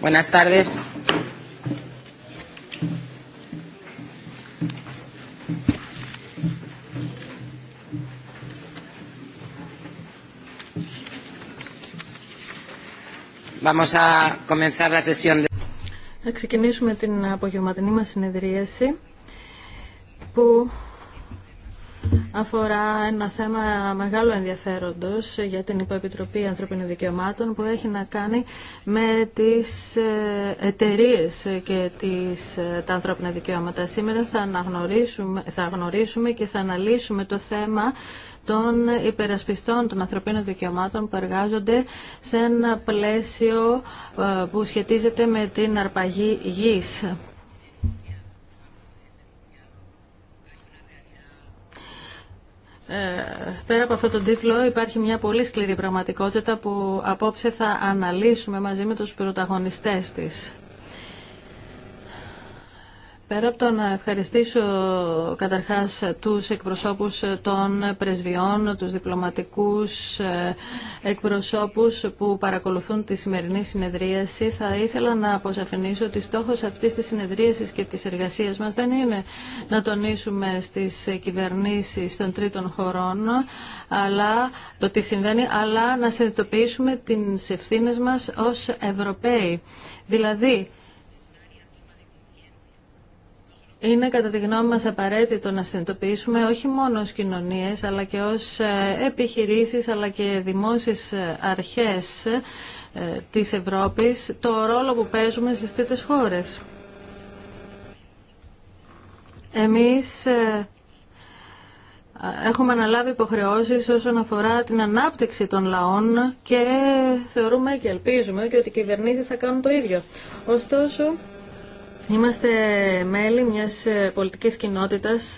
Buenas tardes. Vamos a comenzar la sesión de... Να ξεκινήσουμε την απογευματινή μας συνεδρίαση που αφορά ένα θέμα μεγάλο ενδιαφέροντος για την Υποεπιτροπή Ανθρωπίνων Δικαιωμάτων που έχει να κάνει με τις ε, εταιρείε και τις, ε, τα ανθρώπινα δικαιώματα. Σήμερα θα, θα γνωρίσουμε και θα αναλύσουμε το θέμα των υπερασπιστών των ανθρωπίνων δικαιωμάτων που εργάζονται σε ένα πλαίσιο ε, που σχετίζεται με την αρπαγή γης. Ε, πέρα από αυτόν τον τίτλο υπάρχει μια πολύ σκληρή πραγματικότητα που απόψε θα αναλύσουμε μαζί με τους πρωταγωνιστές της. Πέρα από το να ευχαριστήσω καταρχάς τους εκπροσώπους των πρεσβειών, τους διπλωματικούς ε, εκπροσώπους που παρακολουθούν τη σημερινή συνεδρίαση, θα ήθελα να αποσαφηνίσω ότι στόχος αυτής της συνεδρίασης και της εργασίας μας δεν είναι να τονίσουμε στις κυβερνήσεις των τρίτων χωρών αλλά, το τι συμβαίνει, αλλά να συνειδητοποιήσουμε τις ευθύνε μας ως Ευρωπαίοι. Δηλαδή, είναι κατά τη γνώμη μας απαραίτητο να συνειδητοποιήσουμε όχι μόνο ως κοινωνίες αλλά και ως ε, επιχειρήσεις αλλά και δημόσιες ε, αρχές ε, της Ευρώπης το ρόλο που παίζουμε στις τέτοιες χώρες. Εμείς έχουμε αναλάβει υποχρεώσεις όσον αφορά την ανάπτυξη των λαών και θεωρούμε και ελπίζουμε και ότι οι κυβερνήσεις θα κάνουν το ίδιο. Ωστόσο, Είμαστε μέλη μιας ε, πολιτικής κοινότητας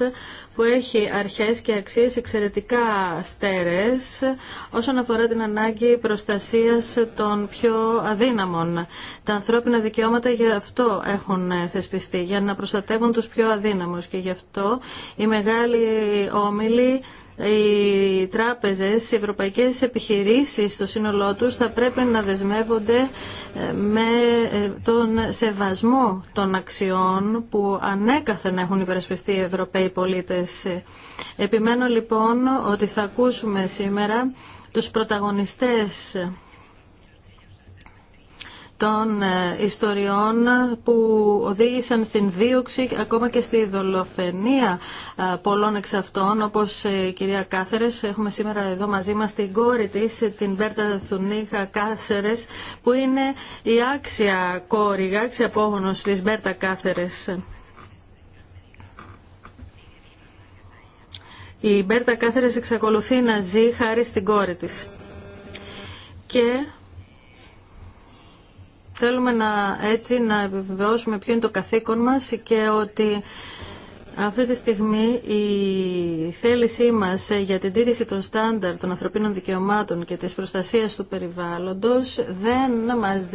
που έχει αρχές και αξίες εξαιρετικά στέρεες όσον αφορά την ανάγκη προστασίας των πιο αδύναμων. Τα ανθρώπινα δικαιώματα γι' αυτό έχουν ε, θεσπιστεί, για να προστατεύουν τους πιο αδύναμους και γι' αυτό οι μεγάλοι όμιλοι οι τράπεζες, οι ευρωπαϊκές επιχειρήσεις στο σύνολό τους θα πρέπει να δεσμεύονται ε, με ε, τον σεβασμό των αξιών που ανέκαθεν έχουν υπερασπιστεί οι Ευρωπαίοι πολίτες. Επιμένω λοιπόν ότι θα ακούσουμε σήμερα τους πρωταγωνιστές των ε, ιστοριών που οδήγησαν στην δίωξη ακόμα και στη δολοφενία ε, πολλών εξ αυτών όπως ε, η κυρία Κάθερες έχουμε σήμερα εδώ μαζί μας την κόρη της την Βέρτα Θουνίχα Κάθερες που είναι η άξια κόρη, η άξια απόγονος της Βέρτα Κάθερες Η Μπέρτα Κάθερες εξακολουθεί να ζει χάρη στην κόρη της και Θέλουμε να, έτσι να επιβεβαιώσουμε ποιο είναι το καθήκον μας και ότι αυτή τη στιγμή η θέλησή μας για την τήρηση των στάνταρ των ανθρωπίνων δικαιωμάτων και της προστασίας του περιβάλλοντος δεν μας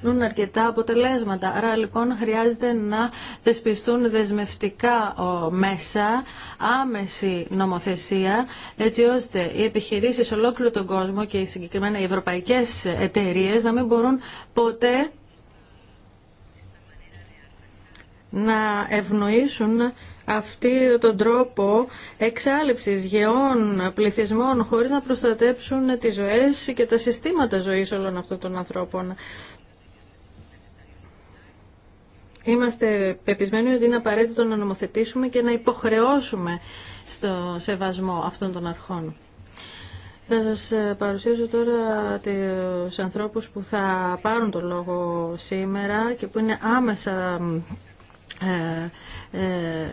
νούν αρκετά αποτελέσματα. Άρα λοιπόν χρειάζεται να θεσπιστούν δεσμευτικά μέσα, άμεση νομοθεσία, έτσι ώστε οι επιχειρήσεις σε ολόκληρο τον κόσμο και συγκεκριμένα οι ευρωπαϊκές εταιρείε να μην μπορούν ποτέ να ευνοήσουν αυτή τον τρόπο εξάλληψης γεών πληθυσμών χωρίς να προστατέψουν τις ζωές και τα συστήματα ζωής όλων αυτών των ανθρώπων. Είμαστε πεπισμένοι ότι είναι απαραίτητο να νομοθετήσουμε και να υποχρεώσουμε στο σεβασμό αυτών των αρχών. Θα σας παρουσιάσω τώρα τους ανθρώπους που θα πάρουν το λόγο σήμερα και που είναι άμεσα ε, ε,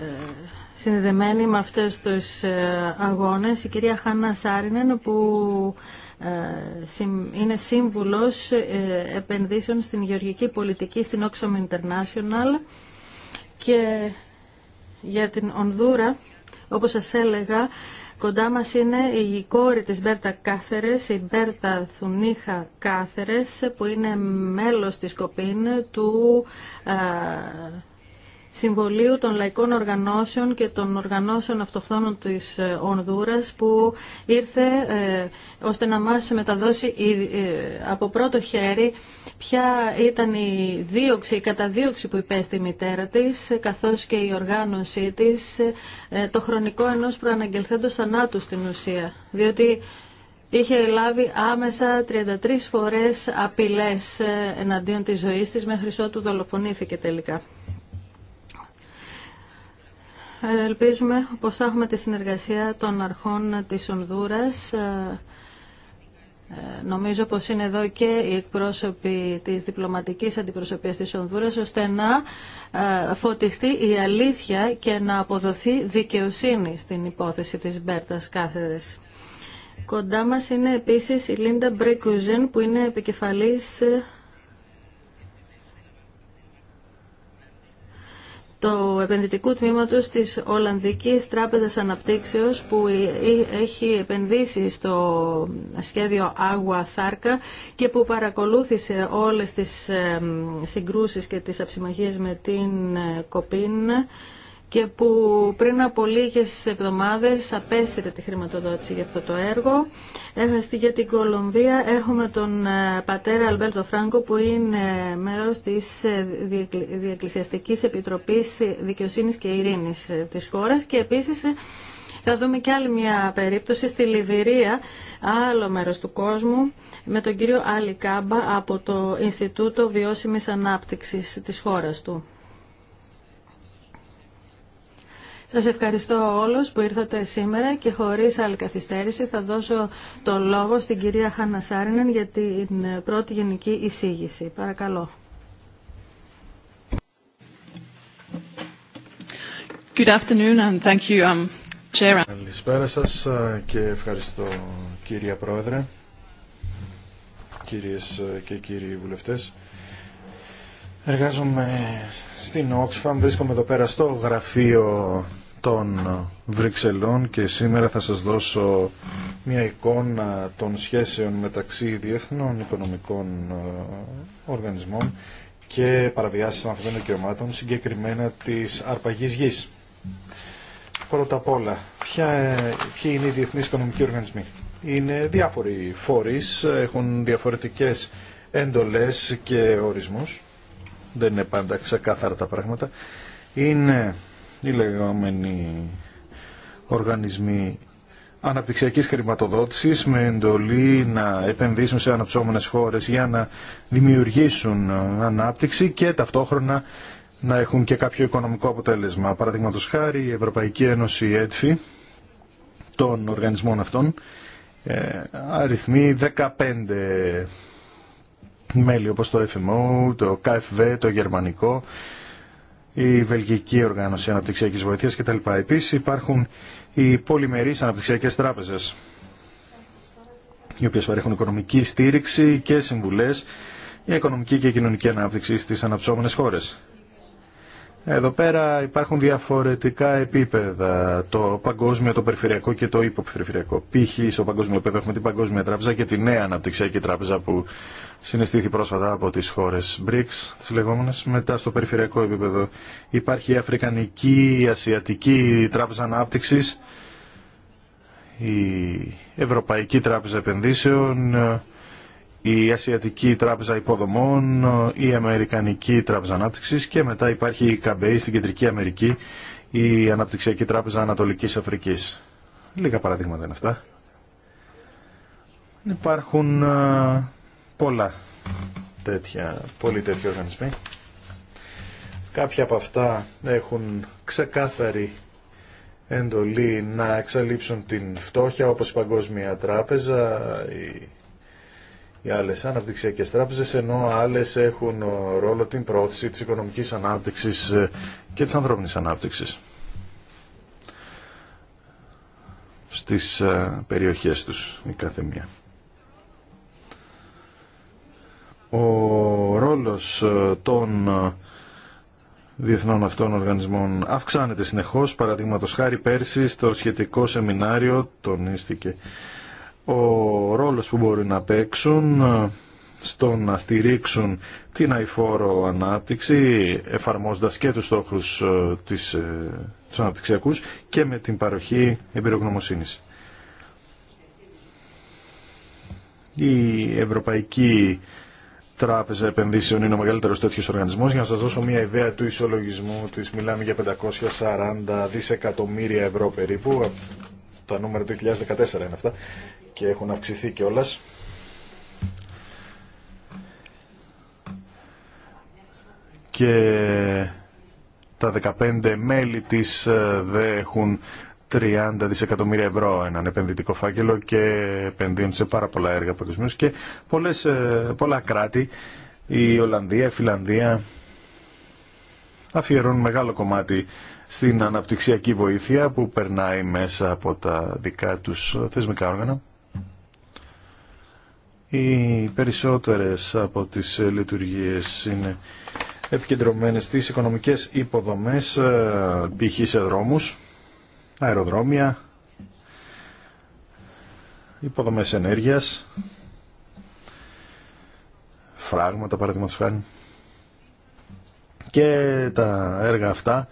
συνδεδεμένη με αυτές τους ε, αγώνες η κυρία Χάνα Σάρινεν που είναι σύμβουλος επενδύσεων στην γεωργική πολιτική στην Oxfam International και για την Ονδούρα όπως σας έλεγα Κοντά μας είναι η κόρη της Μπέρτα Κάθερες, η Μπέρτα Θουνίχα Κάθερες, που είναι μέλος της Κοπίν του Συμβολίου των Λαϊκών Οργανώσεων και των Οργανώσεων Αυτοχθόνων της ε, Ονδούρας που ήρθε ε, ώστε να μας μεταδώσει ε, από πρώτο χέρι ποια ήταν η δίωξη, η καταδίωξη που υπέστη η μητέρα της καθώς και η οργάνωσή της το χρονικό ενός προαναγγελθέντος θανάτου στην ουσία. Διότι είχε λάβει άμεσα 33 φορές απειλές εναντίον της ζωής της μέχρι ότου δολοφονήθηκε τελικά. Ελπίζουμε πως θα έχουμε τη συνεργασία των αρχών της Ονδούρας. Ε, νομίζω πως είναι εδώ και οι εκπρόσωποι της διπλωματικής αντιπροσωπείας της Ονδούρας ώστε να ε, φωτιστεί η αλήθεια και να αποδοθεί δικαιοσύνη στην υπόθεση της Μπέρτας Κάθερες. Κοντά μας είναι επίσης η Λίντα Μπρικουζεν που είναι επικεφαλής ε, το επενδυτικού τμήματος της Ολλανδικής Τράπεζας Αναπτύξεως που ε, ε, έχει επενδύσει στο σχέδιο Άγουα Θάρκα και που παρακολούθησε όλες τις ε, συγκρούσεις και τις αψημαχίες με την Κοπίν και που πριν από λίγες εβδομάδες απέσυρε τη χρηματοδότηση για αυτό το έργο. Έχαστη για την Κολομβία έχουμε τον ε, πατέρα Αλβέρτο Φράγκο που είναι μέρος της ε, Διεκκλησιαστικής Επιτροπής Δικαιοσύνης και Ειρήνης ε, της χώρας και επίσης θα δούμε και άλλη μια περίπτωση στη Λιβυρία, άλλο μέρος του κόσμου, με τον κύριο Άλλη Κάμπα από το Ινστιτούτο Βιώσιμης Ανάπτυξης της χώρας του. Σας ευχαριστώ όλους που ήρθατε σήμερα και χωρίς άλλη καθυστέρηση θα δώσω το λόγο στην κυρία Χάνα Σάρινεν για την πρώτη γενική εισήγηση. Παρακαλώ. Good afternoon and thank you, um, Chair. Καλησπέρα σας ε, και ευχαριστώ κυρία Πρόεδρε, κυρίες ε, και κύριοι βουλευτές. Εργάζομαι στην Oxfam, βρίσκομαι εδώ πέρα στο γραφείο των Βρυξελών και σήμερα θα σας δώσω μια εικόνα των σχέσεων μεταξύ διεθνών οικονομικών ε, οργανισμών και αυτών των δικαιωμάτων, συγκεκριμένα της αρπαγής γης. Πρώτα απ' όλα, ποια, ποιοι είναι οι διεθνείς οικονομικοί οργανισμοί. Είναι διάφοροι φορείς, έχουν διαφορετικές έντολες και ορισμούς. Δεν είναι πάντα ξεκάθαρα τα πράγματα. Είναι οι λεγόμενοι οργανισμοί αναπτυξιακής χρηματοδότηση με εντολή να επενδύσουν σε αναψώμενες χώρες για να δημιουργήσουν ανάπτυξη και ταυτόχρονα να έχουν και κάποιο οικονομικό αποτέλεσμα. Παραδείγματο χάρη η Ευρωπαϊκή Ένωση ΕΤΦΗ των οργανισμών αυτών ε, αριθμεί 15 μέλη όπως το FMO, το KFV, το γερμανικό η Βελγική Οργάνωση Αναπτυξιακής Βοήθειας κτλ. Επίσης υπάρχουν οι πολυμερείς αναπτυξιακές τράπεζες, οι οποίες παρέχουν οικονομική στήριξη και συμβουλές για οικονομική και κοινωνική ανάπτυξη στις αναπτυσσόμενες χώρες. Εδώ πέρα υπάρχουν διαφορετικά επίπεδα, το παγκόσμιο, το περιφερειακό και το υποπεριφερειακό. Π.χ. στο παγκόσμιο επίπεδο έχουμε την Παγκόσμια Τράπεζα και τη νέα αναπτυξιακή τράπεζα που συναισθήθη πρόσφατα από τις χώρες BRICS, τις λεγόμενες. Μετά στο περιφερειακό επίπεδο υπάρχει η Αφρικανική, η Ασιατική Τράπεζα Ανάπτυξης, η Ευρωπαϊκή Τράπεζα Επενδύσεων, η Ασιατική Τράπεζα Υποδομών, η Αμερικανική Τράπεζα ανάπτυξη και μετά υπάρχει η ΚΑΜΠΕΗ στην Κεντρική Αμερική, η Αναπτυξιακή Τράπεζα Ανατολικής Αφρικής. Λίγα παραδείγματα είναι αυτά. Υπάρχουν πολλά τέτοια, πολλοί τέτοιοι οργανισμοί. Κάποια από αυτά έχουν ξεκάθαρη εντολή να εξαλείψουν την φτώχεια, όπως η Παγκόσμια Τράπεζα, η οι άλλες αναπτυξιακέ τράπεζε, ενώ άλλε έχουν ε, ρόλο την πρόθεση της οικονομικής ανάπτυξης ε, και τη ανθρώπινης ανάπτυξης στις ε, περιοχές τους η καθεμία. Ο ρόλος των διεθνών αυτών οργανισμών αυξάνεται συνεχώς. Παραδείγματος χάρη πέρσι στο σχετικό σεμινάριο τονίστηκε ο ρόλος που μπορεί να παίξουν ε, στο να στηρίξουν την αηφόρο ανάπτυξη εφαρμόζοντας και τους στόχους ε, της, ε, τους αναπτυξιακούς και με την παροχή εμπειρογνωμοσύνης. Η Ευρωπαϊκή Τράπεζα Επενδύσεων είναι ο μεγαλύτερος τέτοιος οργανισμός. Για να σας δώσω μια ιδέα του ισολογισμού της, μιλάμε για 540 δισεκατομμύρια ευρώ περίπου, τα νούμερα του 2014 είναι αυτά και έχουν αυξηθεί κιόλα. Και τα 15 μέλη της ε, ΔΕ έχουν 30 δισεκατομμύρια ευρώ έναν επενδυτικό φάκελο και επενδύουν σε πάρα πολλά έργα παγκοσμίω και πολλές, ε, πολλά κράτη, η Ολλανδία, η Φιλανδία αφιερώνουν μεγάλο κομμάτι στην αναπτυξιακή βοήθεια που περνάει μέσα από τα δικά τους θεσμικά όργανα. Οι περισσότερες από τις λειτουργίες είναι επικεντρωμένες στις οικονομικές υποδομές, ε, π.χ. σε δρόμους, αεροδρόμια, υποδομές ενέργειας, φράγματα παραδείγματος χάρη. Και τα έργα αυτά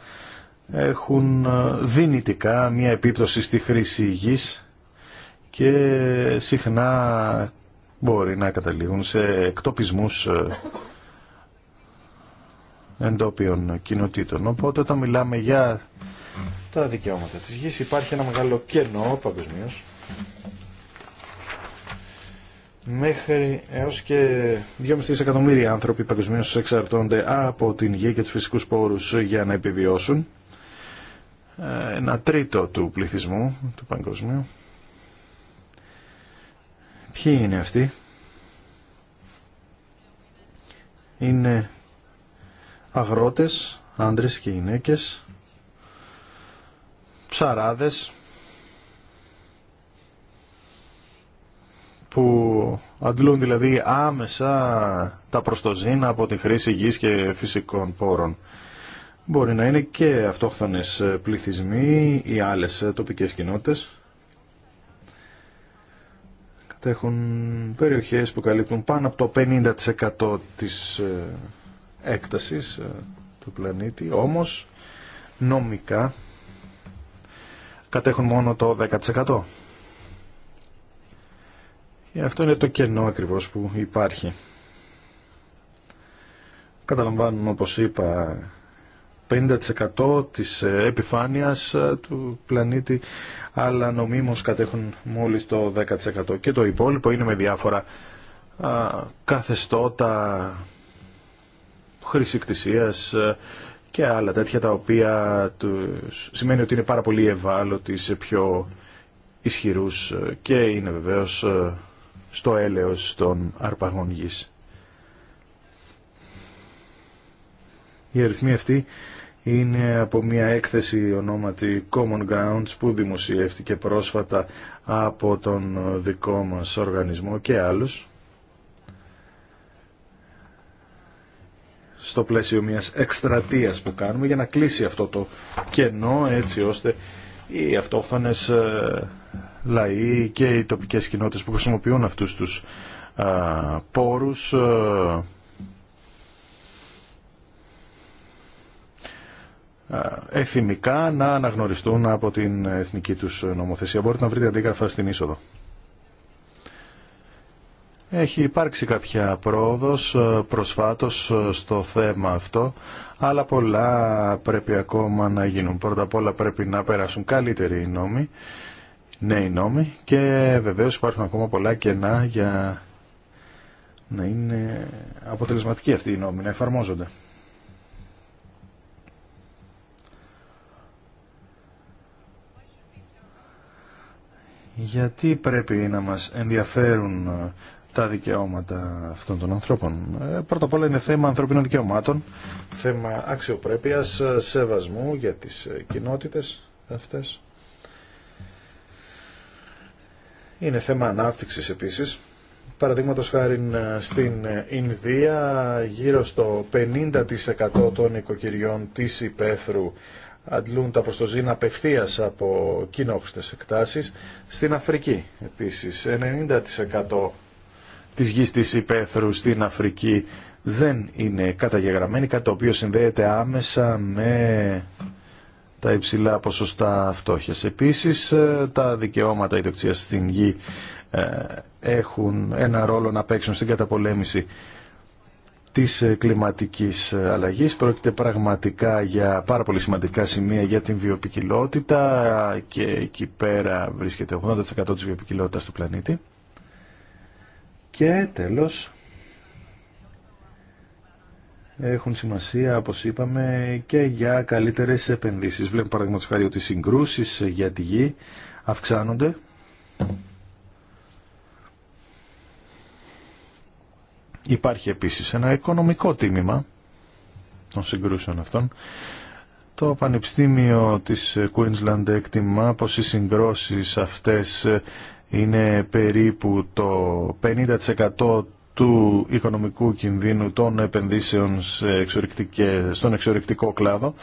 έχουν ε, δυνητικά μια επίπτωση στη χρήση γης και συχνά μπορεί να καταλήγουν σε εκτοπισμούς ε, εντόπιων κοινοτήτων. Οπότε όταν μιλάμε για τα δικαιώματα της γης υπάρχει ένα μεγάλο κενό παγκοσμίω. Μέχρι έως και 2,5 εκατομμύρια άνθρωποι παγκοσμίω εξαρτώνται από την γη και τους φυσικούς πόρους για να επιβιώσουν. Ε, ένα τρίτο του πληθυσμού του παγκοσμίου. Ποιοι είναι αυτοί? Είναι αγρότες, άντρες και γυναίκες, ψαράδες που αντλούν δηλαδή άμεσα τα προστοζήνα από τη χρήση γης και φυσικών πόρων. Μπορεί να είναι και αυτόχθονες ε, πληθυσμοί ή άλλες ε, τοπικές κοινότητες. Κατέχουν περιοχές που καλύπτουν πάνω από το 50% της ε, έκτασης του πλανήτη, όμως νομικά κατέχουν μόνο το 10%. Και αυτό είναι το κενό ακριβώς που υπάρχει. Καταλαμβάνουν, όπως είπα, 50% της ε, επιφάνειας ε, του πλανήτη, αλλά νομίμως κατέχουν μόλις το 10%. Και το υπόλοιπο είναι με διάφορα καθεστώτα χρησικτησίας ε, και άλλα τέτοια τα οποία σημαίνει ότι είναι πάρα πολύ ευάλωτοι σε πιο ισχυρούς και είναι βεβαίως στο έλεος των αρπαγών γης. Οι αριθμοί είναι από μια έκθεση ονόματι Common Grounds που δημοσιεύτηκε πρόσφατα από τον δικό μας οργανισμό και άλλους στο πλαίσιο μιας εκστρατείας που κάνουμε για να κλείσει αυτό το κενό έτσι ώστε οι αυτόφανες ε, λαοί και οι τοπικές κοινότητες που χρησιμοποιούν αυτούς τους πόρους ε, εθιμικά να αναγνωριστούν από την εθνική τους νομοθεσία. Μπορείτε να βρείτε αντίγραφα στην είσοδο. Έχει υπάρξει κάποια πρόοδος προσφάτως στο θέμα αυτό, αλλά πολλά πρέπει ακόμα να γίνουν. Πρώτα απ' όλα πρέπει να περάσουν καλύτεροι οι νόμοι, νέοι νόμοι και βεβαίως υπάρχουν ακόμα πολλά κενά για να είναι αποτελεσματικοί αυτοί οι νόμοι, να εφαρμόζονται. γιατί πρέπει να μας ενδιαφέρουν ε, τα δικαιώματα αυτών των ανθρώπων. Ε, πρώτα απ' όλα είναι θέμα ανθρωπίνων δικαιωμάτων, θέμα αξιοπρέπειας, ε, σεβασμού για τις κοινότητες αυτές. Είναι θέμα ανάπτυξης επίσης. Παραδείγματο χάρη στην Ινδία γύρω στο 50% των οικοκυριών της υπαίθρου αντλούν τα προστοζήνα απευθεία από κοινόχρηστε εκτάσεις. Στην Αφρική επίσης 90% της γή της υπαίθρου στην Αφρική δεν είναι καταγεγραμμένη, κατά το οποίο συνδέεται άμεσα με τα υψηλά ποσοστά φτώχειας. Επίσης, ε, τα δικαιώματα ιδιοκτησίας στην γη ε, έχουν ένα ρόλο να παίξουν στην καταπολέμηση της ε, κλιματικής ε, αλλαγής. Πρόκειται πραγματικά για πάρα πολύ σημαντικά σημεία για την βιοπικιλότητα και εκεί πέρα βρίσκεται 80% της βιοπικιλότητας του πλανήτη. Και τέλος, έχουν σημασία, όπως είπαμε, και για καλύτερες επενδύσεις. Βλέπουμε παραδείγματος χάρη ότι οι συγκρούσεις για τη γη αυξάνονται Υπάρχει επίσης ένα οικονομικό τίμημα των συγκρούσεων αυτών. Το Πανεπιστήμιο της Queensland εκτιμά πως οι συγκρόσεις αυτές είναι περίπου το 50% του οικονομικού κινδύνου των επενδύσεων στον εξορρυκτικό κλάδο.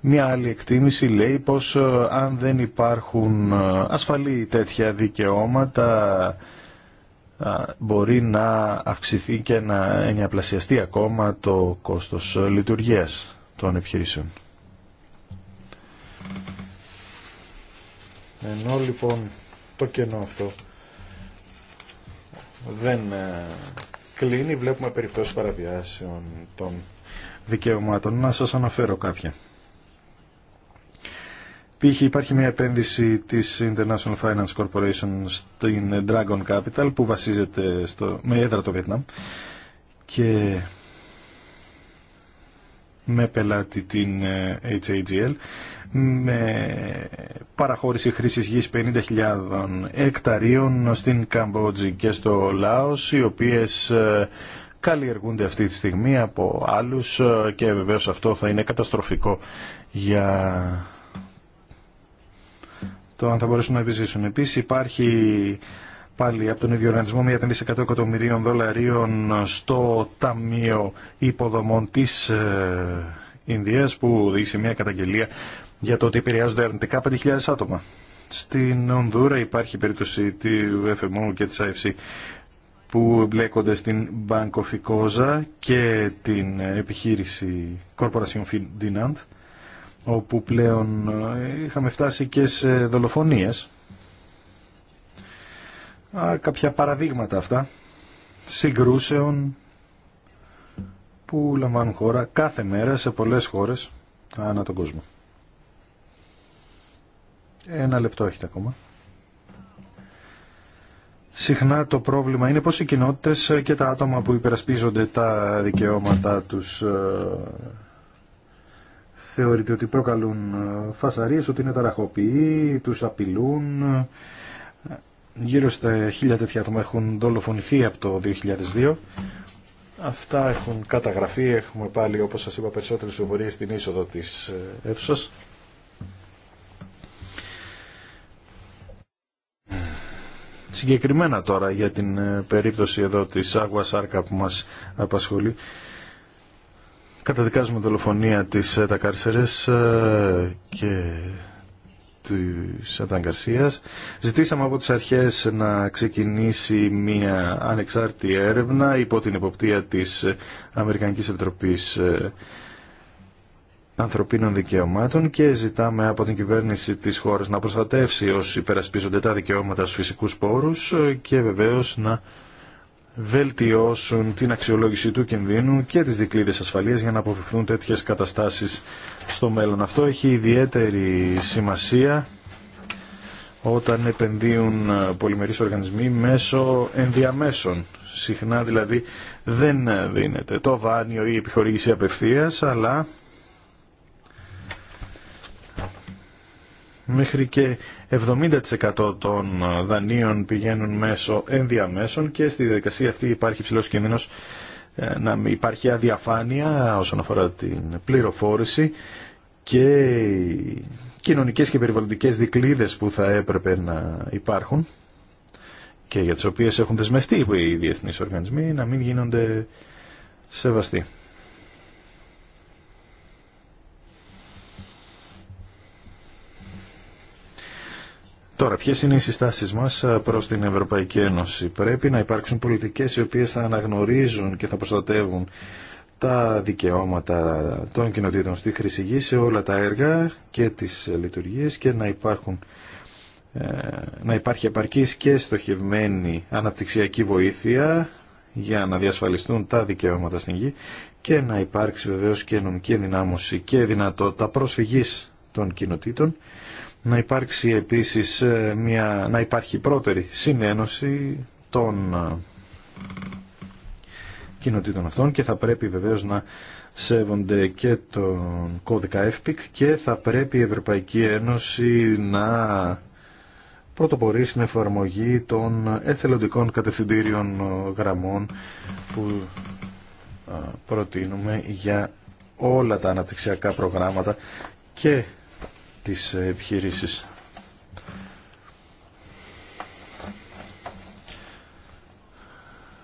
Μια άλλη εκτίμηση λέει πως ε, αν δεν υπάρχουν ε, ασφαλή τέτοια δικαιώματα μπορεί να αυξηθεί και να ενιαπλασιαστεί ακόμα το κόστος λειτουργίας των επιχειρήσεων. Ενώ λοιπόν το κενό αυτό δεν ε, κλείνει, βλέπουμε περιπτώσεις παραβιάσεων των δικαιωμάτων. Να σας αναφέρω κάποια. Π.χ. υπάρχει μια επένδυση της International Finance Corporation στην Dragon Capital που βασίζεται στο, με έδρα το Βιετνάμ και με πελάτη την ε, HAGL με παραχώρηση χρήσης γης 50.000 εκταρίων στην Καμπότζη και στο Λάος οι οποίες ε, καλλιεργούνται αυτή τη στιγμή από άλλους ε, και βεβαίως αυτό θα είναι καταστροφικό για το αν θα μπορέσουν να επιζήσουν. Επίση υπάρχει πάλι από τον ίδιο οργανισμό μια επένδυση 100 εκατομμυρίων δολαρίων στο Ταμείο Υποδομών της ε, Ινδίας που οδήγησε μια καταγγελία για το ότι επηρεάζονται αρνητικά 5.000 άτομα. Στην Ονδούρα υπάρχει περίπτωση του FMO και της IFC που εμπλέκονται στην Banco Ficoza και την επιχείρηση Corporation Dinant όπου πλέον ε, είχαμε φτάσει και σε δολοφονίες. κάποια παραδείγματα αυτά συγκρούσεων που λαμβάνουν χώρα κάθε μέρα σε πολλές χώρες ανά τον κόσμο. Ένα λεπτό έχετε ακόμα. Συχνά το πρόβλημα είναι πως οι κοινότητες και τα άτομα που υπερασπίζονται τα δικαιώματά τους ε, θεωρείται ότι προκαλούν ε, φασαρίες, ότι είναι ταραχοποιοί, τους απειλούν. Γύρω στα χίλια τέτοια άτομα έχουν δολοφονηθεί από το 2002. Αυτά έχουν καταγραφεί, έχουμε πάλι όπως σας είπα περισσότερες πληροφορίες στην είσοδο της ε, αίθουσας. Συγκεκριμένα τώρα για την ε, περίπτωση εδώ της Άγουας Άρκα που μας απασχολεί. Καταδικάζουμε δολοφονία της Κάρσερες ε, και της Αταγκαρσίας. Ζητήσαμε από τις αρχές να ξεκινήσει μια ανεξάρτητη έρευνα υπό την εποπτεία της Αμερικανικής Επιτροπής ε, ανθρωπίνων δικαιωμάτων και ζητάμε από την κυβέρνηση της χώρας να προστατεύσει όσοι υπερασπίζονται τα δικαιώματα στους φυσικούς πόρους ε, και βεβαίως να βελτιώσουν την αξιολόγηση του κινδύνου και τις δικλείδες ασφαλείας για να αποφευθούν τέτοιες καταστάσεις στο μέλλον. Αυτό έχει ιδιαίτερη σημασία όταν επενδύουν ε, πολυμερείς οργανισμοί μέσω ενδιαμέσων. Συχνά δηλαδή δεν δίνεται το βάνιο η επιχορήγηση απευθείας, αλλά μέχρι και 70% των ε, δανείων πηγαίνουν μέσω ενδιαμέσων και στη διαδικασία αυτή υπάρχει ψηλός κίνδυνος ε, να υπάρχει αδιαφάνεια όσον αφορά την πληροφόρηση και οι κοινωνικές και περιβαλλοντικές δικλίδες που θα έπρεπε να υπάρχουν και για τις οποίες έχουν δεσμευτεί οι διεθνείς οργανισμοί να μην γίνονται σεβαστοί. Τώρα, ποιε είναι οι συστάσει μα ε, προ την Ευρωπαϊκή Ένωση. Πρέπει να υπάρξουν πολιτικέ οι οποίε θα αναγνωρίζουν και θα προστατεύουν τα δικαιώματα των κοινοτήτων στη χρήση γη σε όλα τα έργα και τι λειτουργίε και να, υπάρχουν, ε, να υπάρχει επαρκής και στοχευμένη αναπτυξιακή βοήθεια για να διασφαλιστούν τα δικαιώματα στην γη και να υπάρξει βεβαίως και νομική ενδυνάμωση και δυνατότητα προσφυγής των κοινοτήτων να υπάρξει επίσης ε, μια, να υπάρχει πρώτερη συνένωση των ε, κοινοτήτων αυτών και θα πρέπει βεβαίως να σέβονται και τον κώδικα ΕΦΠΙΚ και θα πρέπει η Ευρωπαϊκή Ένωση να πρωτοπορεί την εφαρμογή των εθελοντικών κατευθυντήριων γραμμών που ε, προτείνουμε για όλα τα αναπτυξιακά προγράμματα και τις ε, επιχειρήσης.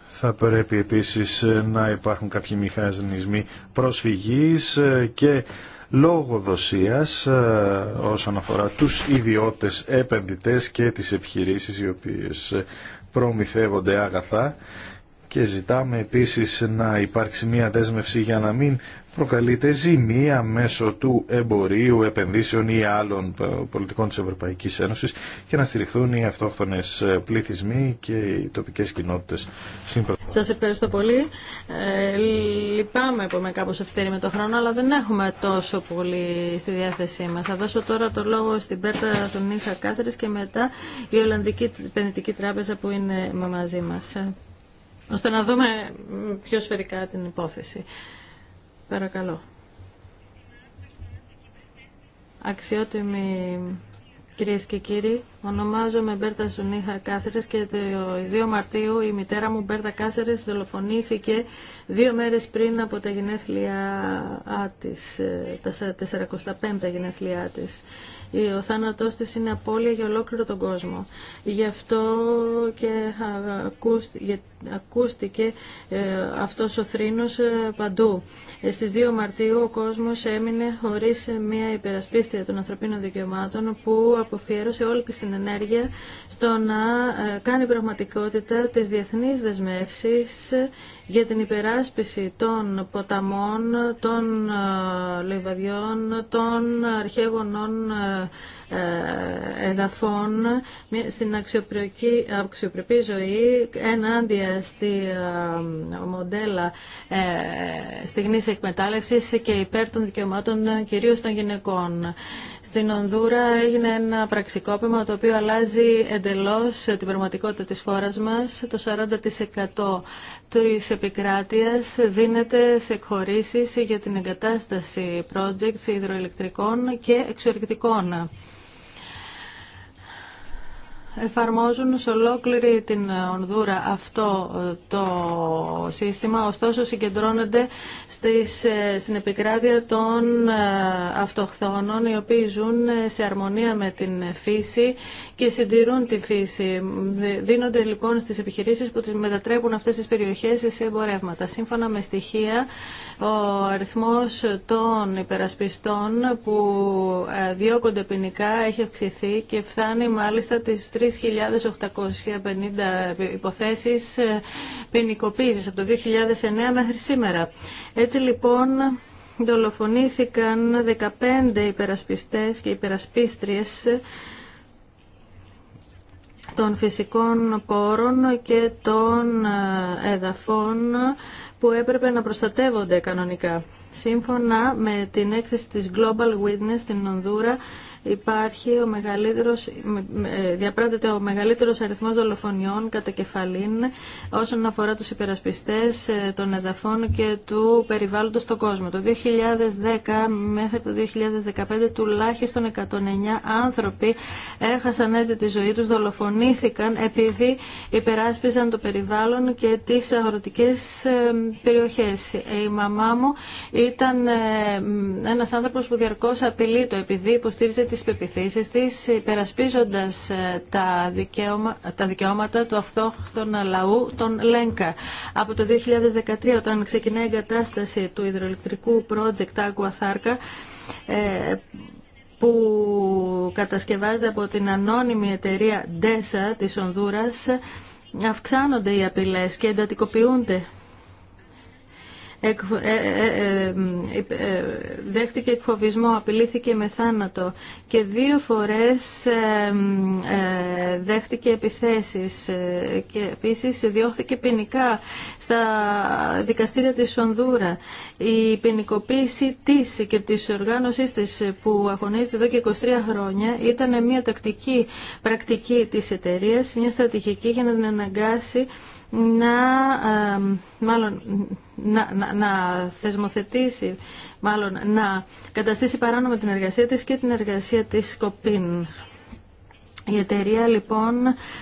Θα πρέπει επίσης ε, να υπάρχουν κάποιοι μηχανισμοί προσφυγής ε, και λόγοδοσίας όσον αφορά τους ιδιώτες επενδυτές και τις επιχειρήσεις οι οποίες προμηθεύονται άγαθα και ζητάμε επίσης να υπάρξει μια δέσμευση για να μην προκαλείται ζημία μέσω του εμπορίου, επενδύσεων ή άλλων πολιτικών της Ευρωπαϊκής Ένωσης για να στηριχθούν οι αυτόχθονες ε, πληθυσμοί και οι τοπικές κοινότητες. Σας ευχαριστώ πολύ. Ε, λυπάμαι που είμαι κάπως αυστηρή με το χρόνο, αλλά δεν έχουμε τόσο πολύ στη διάθεσή μας. Θα δώσω τώρα το λόγο στην Πέρτα του Νίχα Κάθρης και μετά η Ολλανδική Επενδυτική Τράπεζα που είναι μαζί μας ε, ώστε να δούμε πιο σφαιρικά την υπόθεση. Παρακαλώ. Αξιότιμοι κυρίες και κύριοι, ονομάζομαι Μπέρτα Σουνίχα Κάθερες και το 2 Μαρτίου η μητέρα μου Μπέρτα Κάθερες δολοφονήθηκε δύο μέρες πριν από τα γενέθλιά της, ε, τα 45 γενέθλιά της. Ο θάνατός της είναι απώλεια για ολόκληρο τον κόσμο. Γι' αυτό και ακούστηκε ε, αυτός ο θρήνος ε, παντού. Ε, στις 2 Μαρτίου ο κόσμος έμεινε χωρίς μια υπερασπίστρια των ανθρωπίνων δικαιωμάτων που αποφιέρωσε όλη της την ενέργεια στο να κάνει πραγματικότητα τις διεθνείς δεσμεύσεις για την υπεράσπιση των ποταμών, των ε, λιβαδιών, των αρχαίγωνων ε, ε, εδαφών στην αξιοπρεπή ζωή ενάντια στη μοντέλα στιγμής εκμετάλλευσης και υπέρ των δικαιωμάτων κυρίως των γυναικών. Στην Ονδούρα έγινε ένα πραξικόπημα το οποίο αλλάζει εντελώς την πραγματικότητα της χώρας μας. Το 40% της επικράτειας δίνεται σε εκχωρήσεις για την εγκατάσταση projects υδροελεκτρικών και εξορυκτικών εφαρμόζουν σε ολόκληρη την Ονδούρα αυτό ε, το σύστημα, ωστόσο συγκεντρώνεται στις, ε, στην επικράτεια των ε, αυτοχθόνων, οι οποίοι ζουν σε αρμονία με την φύση και συντηρούν τη φύση. Δίνονται λοιπόν στις επιχειρήσεις που τις μετατρέπουν αυτές τις περιοχές σε εμπορεύματα. Σύμφωνα με στοιχεία, ο αριθμός των υπερασπιστών που διώκονται ποινικά έχει αυξηθεί και φτάνει μάλιστα τις 3 1.850 υποθέσεις ε, ποινικοποίησης από το 2009 μέχρι σήμερα. Έτσι λοιπόν δολοφονήθηκαν 15 υπερασπιστές και υπερασπίστριες των φυσικών πόρων και των ε, εδαφών που έπρεπε να προστατεύονται κανονικά. Σύμφωνα με την έκθεση της Global Witness στην Ονδούρα, υπάρχει ο μεγαλύτερος, ε, διαπράτεται ο μεγαλύτερος αριθμός δολοφονιών κατά κεφαλήν όσον αφορά τους υπερασπιστές ε, των εδαφών και του περιβάλλοντος στον κόσμο. Το 2010 μέχρι το 2015 τουλάχιστον 109 άνθρωποι έχασαν έτσι τη ζωή τους, δολοφονήθηκαν επειδή υπεράσπιζαν το περιβάλλον και τις αγροτικές ε, περιοχές. Η μαμά μου ήταν ένας άνθρωπος που διαρκώς απειλεί το επειδή υποστήριζε τις πεπιθήσεις της, υπερασπίζοντας ε, τα, δικαιώμα, τα δικαιώματα του αυτόχθωνα λαού, των Λέγκα. Από το 2013, όταν ξεκινάει η εγκατάσταση του υδροελεκτρικού project Agua Tharca, ε, που κατασκευάζεται από την ανώνυμη εταιρεία DESA της Ονδούρας, αυξάνονται οι απειλές και εντατικοποιούνται ε, ε, ε, δέχτηκε εκφοβισμό, απειλήθηκε με θάνατο και δύο φορές δέχτηκε επιθέσεις και επίσης διώχθηκε ποινικά στα δικαστήρια της Σονδούρα. Η ποινικοποίηση της και της οργάνωσής της που αγωνίζεται εδώ και 23 χρόνια ήταν μια τακτική πρακτική της εταιρείας, μια στρατηγική για να την αναγκάσει να, μάλλον, να, να, να θεσμοθετήσει, μάλλον να καταστήσει παράνομη την εργασία της και την εργασία της Σκοπίν. Η εταιρεία λοιπόν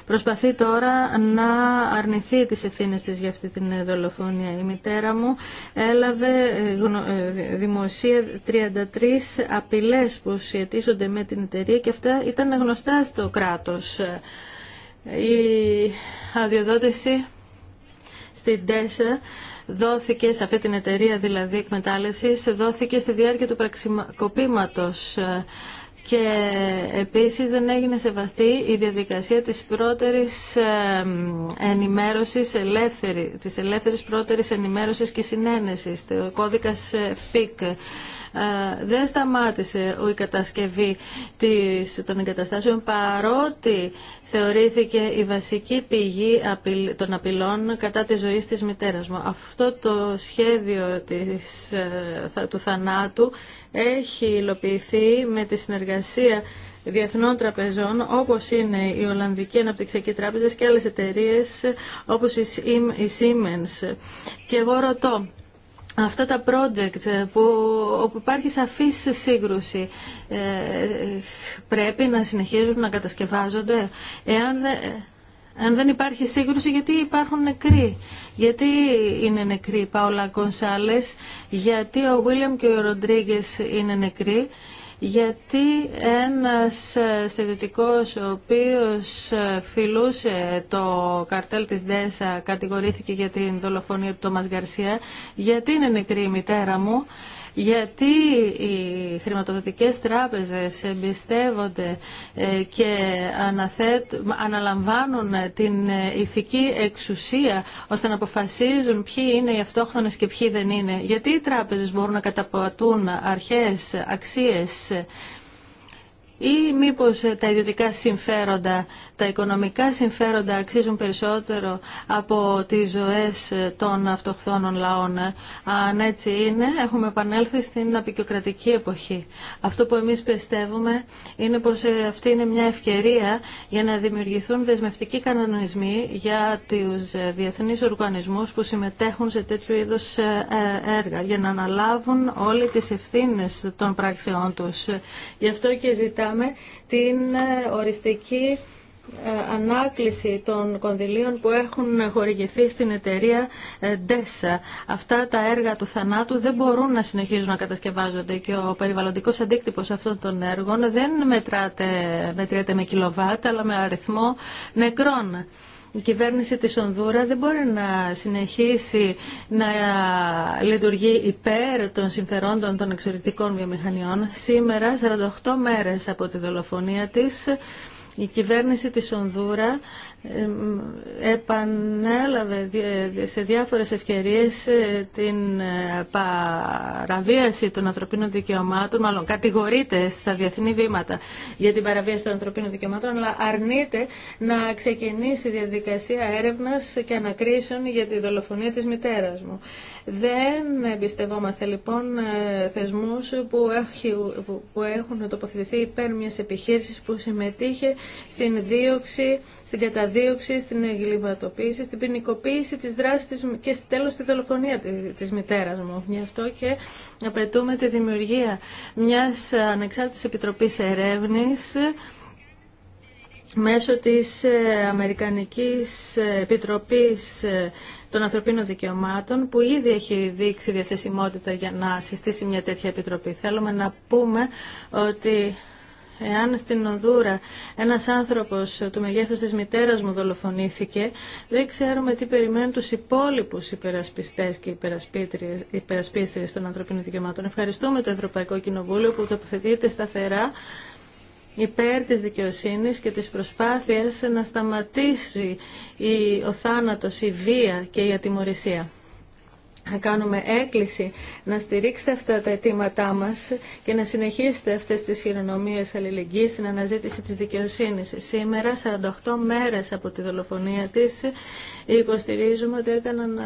προσπαθεί τώρα να αρνηθεί τις ευθύνες της για αυτή την δολοφονία. Η μητέρα μου έλαβε ε, ε, δημοσία 33 απειλές που σχετίζονται με την εταιρεία και αυτά ήταν γνωστά στο κράτος. Η αδειοδότηση στην ΤΕΣΑ δόθηκε, σε αυτή την εταιρεία δηλαδή εκμετάλλευσης, δόθηκε στη διάρκεια του πραξικοπήματος και επίσης δεν έγινε σεβαστή η διαδικασία της πρώτερης ενημέρωσης ελεύθερη, της ελεύθερης πρώτερης ενημέρωσης και συνένεσης, ο κώδικας ε, ΦΠΙΚ. Ε, δεν σταμάτησε η κατασκευή των εγκαταστάσεων παρότι θεωρήθηκε η βασική πηγή των απειλών κατά τη ζωή της μητέρας μου. Αυτό το σχέδιο της, ε, του θανάτου έχει υλοποιηθεί με τη συνεργασία συνεργασία διεθνών τραπεζών όπως είναι η Ολλανδική Αναπτυξιακή Τράπεζα και άλλες εταιρείε, όπως η Siemens. Και εγώ ρωτώ, αυτά τα project που, όπου υπάρχει σαφής σύγκρουση ε, πρέπει να συνεχίζουν να κατασκευάζονται εάν αν δεν υπάρχει σύγκρουση, γιατί υπάρχουν νεκροί. Γιατί είναι νεκροί η Πάολα Κονσάλες, γιατί ο Βίλιαμ και ο Ροντρίγκε είναι νεκροί γιατί ένας ε, στρατιωτικός ο οποίος ε, φιλούσε το καρτέλ της ΔΕΣΑ κατηγορήθηκε για την δολοφονία του Τόμας Γκαρσία, γιατί είναι νεκρή η μητέρα μου γιατί οι χρηματοδοτικές τράπεζες εμπιστεύονται ε, και αναλαμβάνουν την ε, ηθική εξουσία ώστε να αποφασίζουν ποιοι είναι οι αυτόχθονες και ποιοι δεν είναι. Γιατί οι τράπεζες μπορούν να καταπατούν αρχές, αξίες ή μήπως τα ιδιωτικά συμφέροντα τα οικονομικά συμφέροντα αξίζουν περισσότερο από τις ζωές των αυτοχθόνων λαών. Αν έτσι είναι, έχουμε επανέλθει στην απεικιοκρατική εποχή. Αυτό που εμείς πιστεύουμε είναι πως ε, αυτή είναι μια ευκαιρία για να δημιουργηθούν δεσμευτικοί κανονισμοί για τους ε, διεθνείς οργανισμούς που συμμετέχουν σε τέτοιου είδους ε, έργα, για να αναλάβουν όλοι τις ευθύνες των πράξεών τους. Γι' αυτό και ζητάμε την οριστική ε, ανάκληση των κονδυλίων που έχουν χορηγηθεί στην εταιρεία ε, DESA. Αυτά τα έργα του θανάτου δεν μπορούν να συνεχίζουν να κατασκευάζονται και ο περιβαλλοντικός αντίκτυπος αυτών των έργων δεν μετράται, με κιλοβάτ αλλά με αριθμό νεκρών. Η κυβέρνηση της Ονδούρα δεν μπορεί να συνεχίσει να λειτουργεί υπέρ των συμφερόντων των εξωτερικών βιομηχανιών. Σήμερα, 48 μέρες από τη δολοφονία της, η κυβέρνηση της Ονδούρα επανέλαβε σε διάφορες ευκαιρίες ε, την ε, παραβίαση των ανθρωπίνων δικαιωμάτων, μάλλον κατηγορείται στα διεθνή βήματα για την παραβίαση των ανθρωπίνων δικαιωμάτων, αλλά αρνείται να ξεκινήσει διαδικασία έρευνας και ανακρίσεων για τη δολοφονία της μητέρας μου. Δεν εμπιστευόμαστε λοιπόν ε, θεσμούς που έχουν τοποθετηθεί υπέρ μιας επιχείρησης που συμμετείχε στην δίωξη, στην καταδίωξη δίωξη, στην εγκληματοποίηση, στην ποινικοποίηση τη δράση της, και τέλο τη δολοφονία τη μητέρα μου. Γι' αυτό και απαιτούμε τη δημιουργία μιας ανεξάρτητης επιτροπής Έρεύνη μέσω της ε, Αμερικανικής ε, Επιτροπής ε, των Ανθρωπίνων Δικαιωμάτων που ήδη έχει δείξει διαθεσιμότητα για να συστήσει μια τέτοια επιτροπή. Θέλουμε να πούμε ότι Εάν στην Οδούρα ένας άνθρωπος του μεγέθους της μητέρας μου δολοφονήθηκε, δεν ξέρουμε τι περιμένουν τους υπόλοιπους υπερασπιστές και υπερασπίστριες των ανθρωπίνων δικαιωμάτων. Ευχαριστούμε το Ευρωπαϊκό Κοινοβούλιο που τοποθετείται σταθερά υπέρ της δικαιοσύνης και της προσπάθειας να σταματήσει ο θάνατος, η βία και η ατιμορρησία κάνουμε έκκληση να στηρίξετε αυτά τα αιτήματά μας και να συνεχίσετε αυτές τις χειρονομίες αλληλεγγύης στην αναζήτηση της δικαιοσύνης. Σήμερα, 48 μέρες από τη δολοφονία της, υποστηρίζουμε ότι έκαναν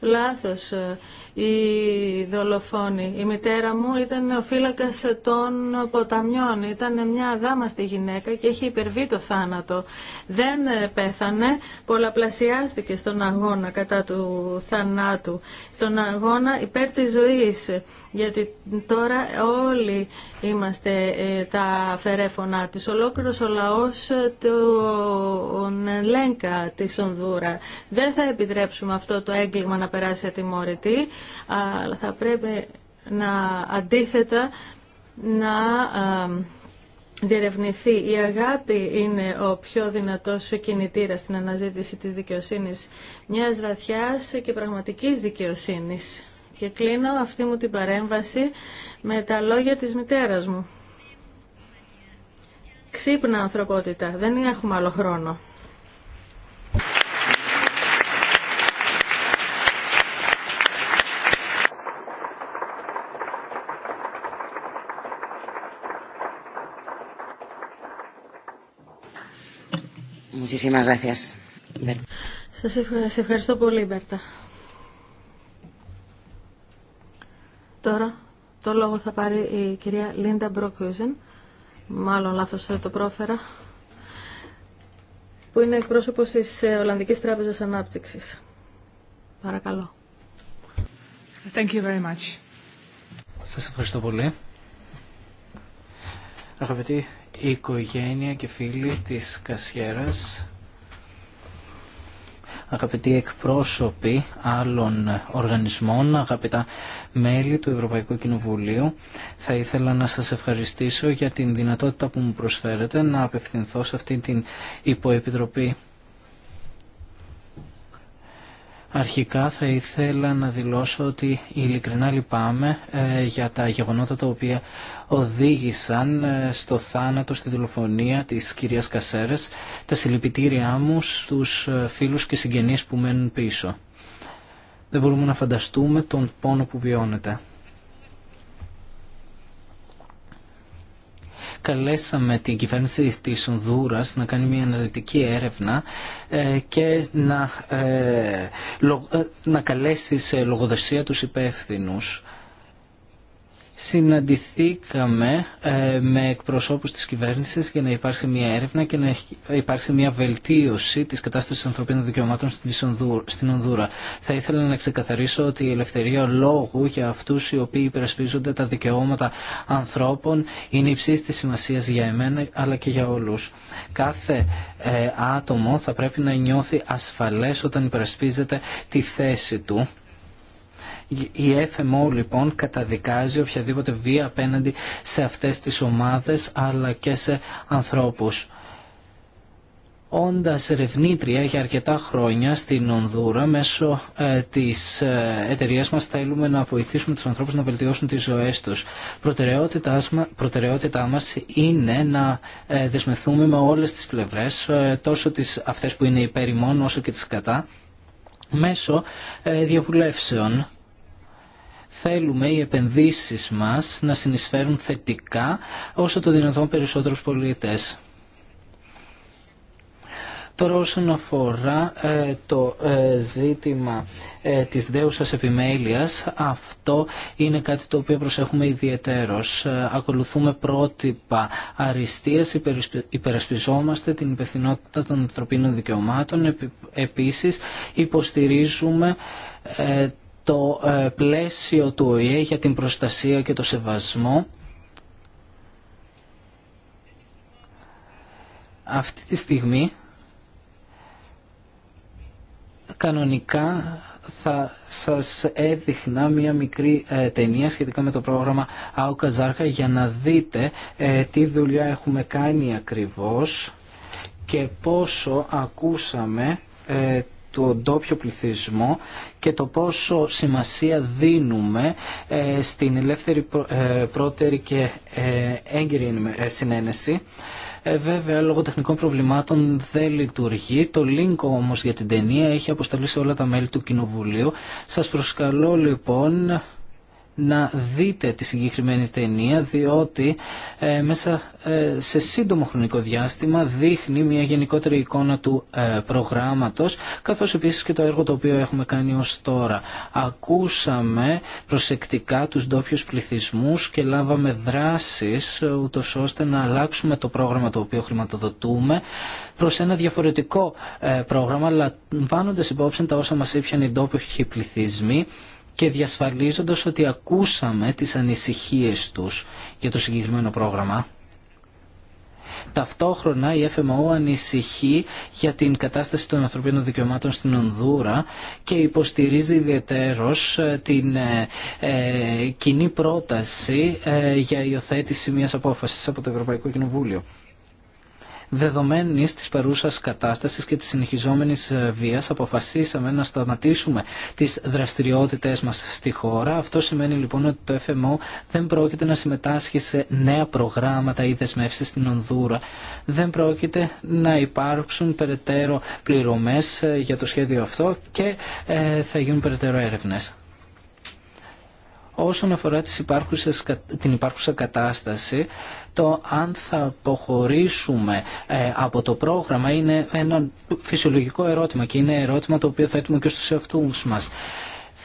λάθος ε, η δολοφόνη. Η μητέρα μου ήταν ο φύλακας των ποταμιών. Ήταν μια δάμαστη γυναίκα και έχει υπερβεί το θάνατο. Δεν ε, πέθανε, πολλαπλασιάστηκε στον αγώνα κατά του θανάτου. Στον αγώνα υπέρ της ζωής. Γιατί τώρα όλοι είμαστε ε, τα φερέφωνα της. Ολόκληρος ο λαός ε, του Λέγκα της Ονδούρα. Δεν θα επιτρέψουμε αυτό το έγκλημα να περάσει ατιμόρυτη, αλλά θα πρέπει να αντίθετα να διερευνηθεί. Η αγάπη είναι ο πιο δυνατός κινητήρα στην αναζήτηση της δικαιοσύνης, μιας βαθιάς και πραγματικής δικαιοσύνης. Και κλείνω αυτή μου την παρέμβαση με τα λόγια της μητέρας μου. Ξύπνα ανθρωπότητα, δεν έχουμε άλλο χρόνο. Σας ευχαριστώ πολύ, Μπέρτα. Τώρα το λόγο θα πάρει η κυρία Λίντα Μπροκούζεν, μάλλον λάθος ε, το πρόφερα, που είναι εκπρόσωπος της ε, Ολλανδικής Τράπεζας Ανάπτυξης. Παρακαλώ. Thank you very much. Σας ευχαριστώ πολύ. Αγαπητή οικογένεια και φίλοι της Κασιέρας, αγαπητοί εκπρόσωποι άλλων οργανισμών, αγαπητά μέλη του Ευρωπαϊκού Κοινοβουλίου. Θα ήθελα να σας ευχαριστήσω για την δυνατότητα που μου προσφέρετε να απευθυνθώ σε αυτή την υποεπιτροπή Αρχικά θα ήθελα να δηλώσω ότι ειλικρινά λυπάμαι ε, για τα γεγονότα τα οποία οδήγησαν ε, στο θάνατο, στη δολοφονία της κυρίας Κασέρες, τα συλληπιτήριά μου στους ε, φίλους και συγγενείς που μένουν πίσω. Δεν μπορούμε να φανταστούμε τον πόνο που βιώνεται. καλέσαμε την κυβέρνηση της Ονδούρας να κάνει μια αναλυτική έρευνα ε, και να, ε, ε, να καλέσει σε λογοδοσία τους υπεύθυνους συναντηθήκαμε ε, με εκπροσώπους της κυβέρνησης για να υπάρξει μια έρευνα και να ε, υπάρξει μια βελτίωση της κατάστασης ανθρωπίνων δικαιωμάτων στην Ονδούρα. Θα ήθελα να ξεκαθαρίσω ότι η ελευθερία λόγου για αυτούς οι οποίοι υπερασπίζονται τα δικαιώματα ανθρώπων είναι υψής της σημασίας για εμένα αλλά και για όλους. Κάθε ε, άτομο θα πρέπει να νιώθει ασφαλές όταν υπερασπίζεται τη θέση του η FMO λοιπόν καταδικάζει οποιαδήποτε βία απέναντι σε αυτές τις ομάδες αλλά και σε ανθρώπους. Όντας ερευνήτρια για αρκετά χρόνια στην Ονδούρα μέσω ε, της ε, εταιρείας μας θέλουμε να βοηθήσουμε τους ανθρώπους να βελτιώσουν τις ζωές τους. Προτεραιότητά μας είναι να ε, δεσμευτούμε με όλες τις πλευρές, ε, τόσο τις, αυτές που είναι υπέρ ημών όσο και τις κατά, μέσω ε, διαβουλεύσεων Θέλουμε οι επενδύσεις μας να συνεισφέρουν θετικά όσο το δυνατόν περισσότερους πολίτες. Τώρα όσον αφορά ε, το ε, ζήτημα ε, της δέουσας επιμέλειας, αυτό είναι κάτι το οποίο προσέχουμε ιδιαιτέρως. Ακολουθούμε πρότυπα αριστείας, υπερασπιζόμαστε την υπευθυνότητα των ανθρωπίνων δικαιωμάτων, επίσης υποστηρίζουμε το ε, πλαίσιο του ΟΗΕ για την προστασία και το σεβασμό. Αυτή τη στιγμή κανονικά θα σας έδειχνα μια μικρή ε, ταινία σχετικά με το πρόγραμμα αό για να δείτε ε, τι δουλειά έχουμε κάνει ακριβώς και πόσο ακούσαμε ε, του ντόπιου πληθυσμό και το πόσο σημασία δίνουμε ε, στην ελεύθερη ε, πρώτερη και ε, έγκυρη συνένεση. Βέβαια, λόγω τεχνικών προβλημάτων δεν λειτουργεί. Το link όμως για την ταινία έχει αποσταλεί σε όλα τα μέλη του Κοινοβουλίου. Σας προσκαλώ λοιπόν να δείτε τη συγκεκριμένη ταινία διότι ε, μέσα ε, σε σύντομο χρονικό διάστημα δείχνει μια γενικότερη εικόνα του ε, προγράμματος καθώς επίσης και το έργο το οποίο έχουμε κάνει ως τώρα. Ακούσαμε προσεκτικά τους ντόπιου πληθυσμούς και λάβαμε δράσεις ε, ούτως ώστε να αλλάξουμε το πρόγραμμα το οποίο χρηματοδοτούμε προς ένα διαφορετικό πρόγραμμα λαμβάνοντας υπόψη τα όσα μας ήπιαν οι ντόπιοι πληθυσμοί και διασφαλίζοντας ότι ακούσαμε τις ανησυχίες τους για το συγκεκριμένο πρόγραμμα. Ταυτόχρονα η FMO ανησυχεί για την κατάσταση των ανθρωπίνων δικαιωμάτων στην Ονδούρα και υποστηρίζει ιδιαιτέρως ε, την ε, ε, κοινή πρόταση για υιοθέτηση μιας απόφασης από το Ευρωπαϊκό Κοινοβούλιο. Δεδομένή τη παρούσα κατάσταση και τη συνεχιζόμενης ε, βία αποφασίσαμε να σταματήσουμε τις δραστηριότητες μα στη χώρα. Αυτό σημαίνει λοιπόν ότι το FMO δεν πρόκειται να συμμετάσχει σε νέα προγράμματα ή δεσμεύσει στην Ονδούρα. Δεν πρόκειται να υπάρξουν περαιτέρω πληρωμές ε, για το σχέδιο αυτό και ε, θα γίνουν περαιτέρω έρευνε όσον αφορά τις την υπάρχουσα κατάσταση, το αν θα αποχωρήσουμε ε, από το πρόγραμμα είναι ένα φυσιολογικό ερώτημα και είναι ερώτημα το οποίο θα θέτουμε και στους εαυτούς μας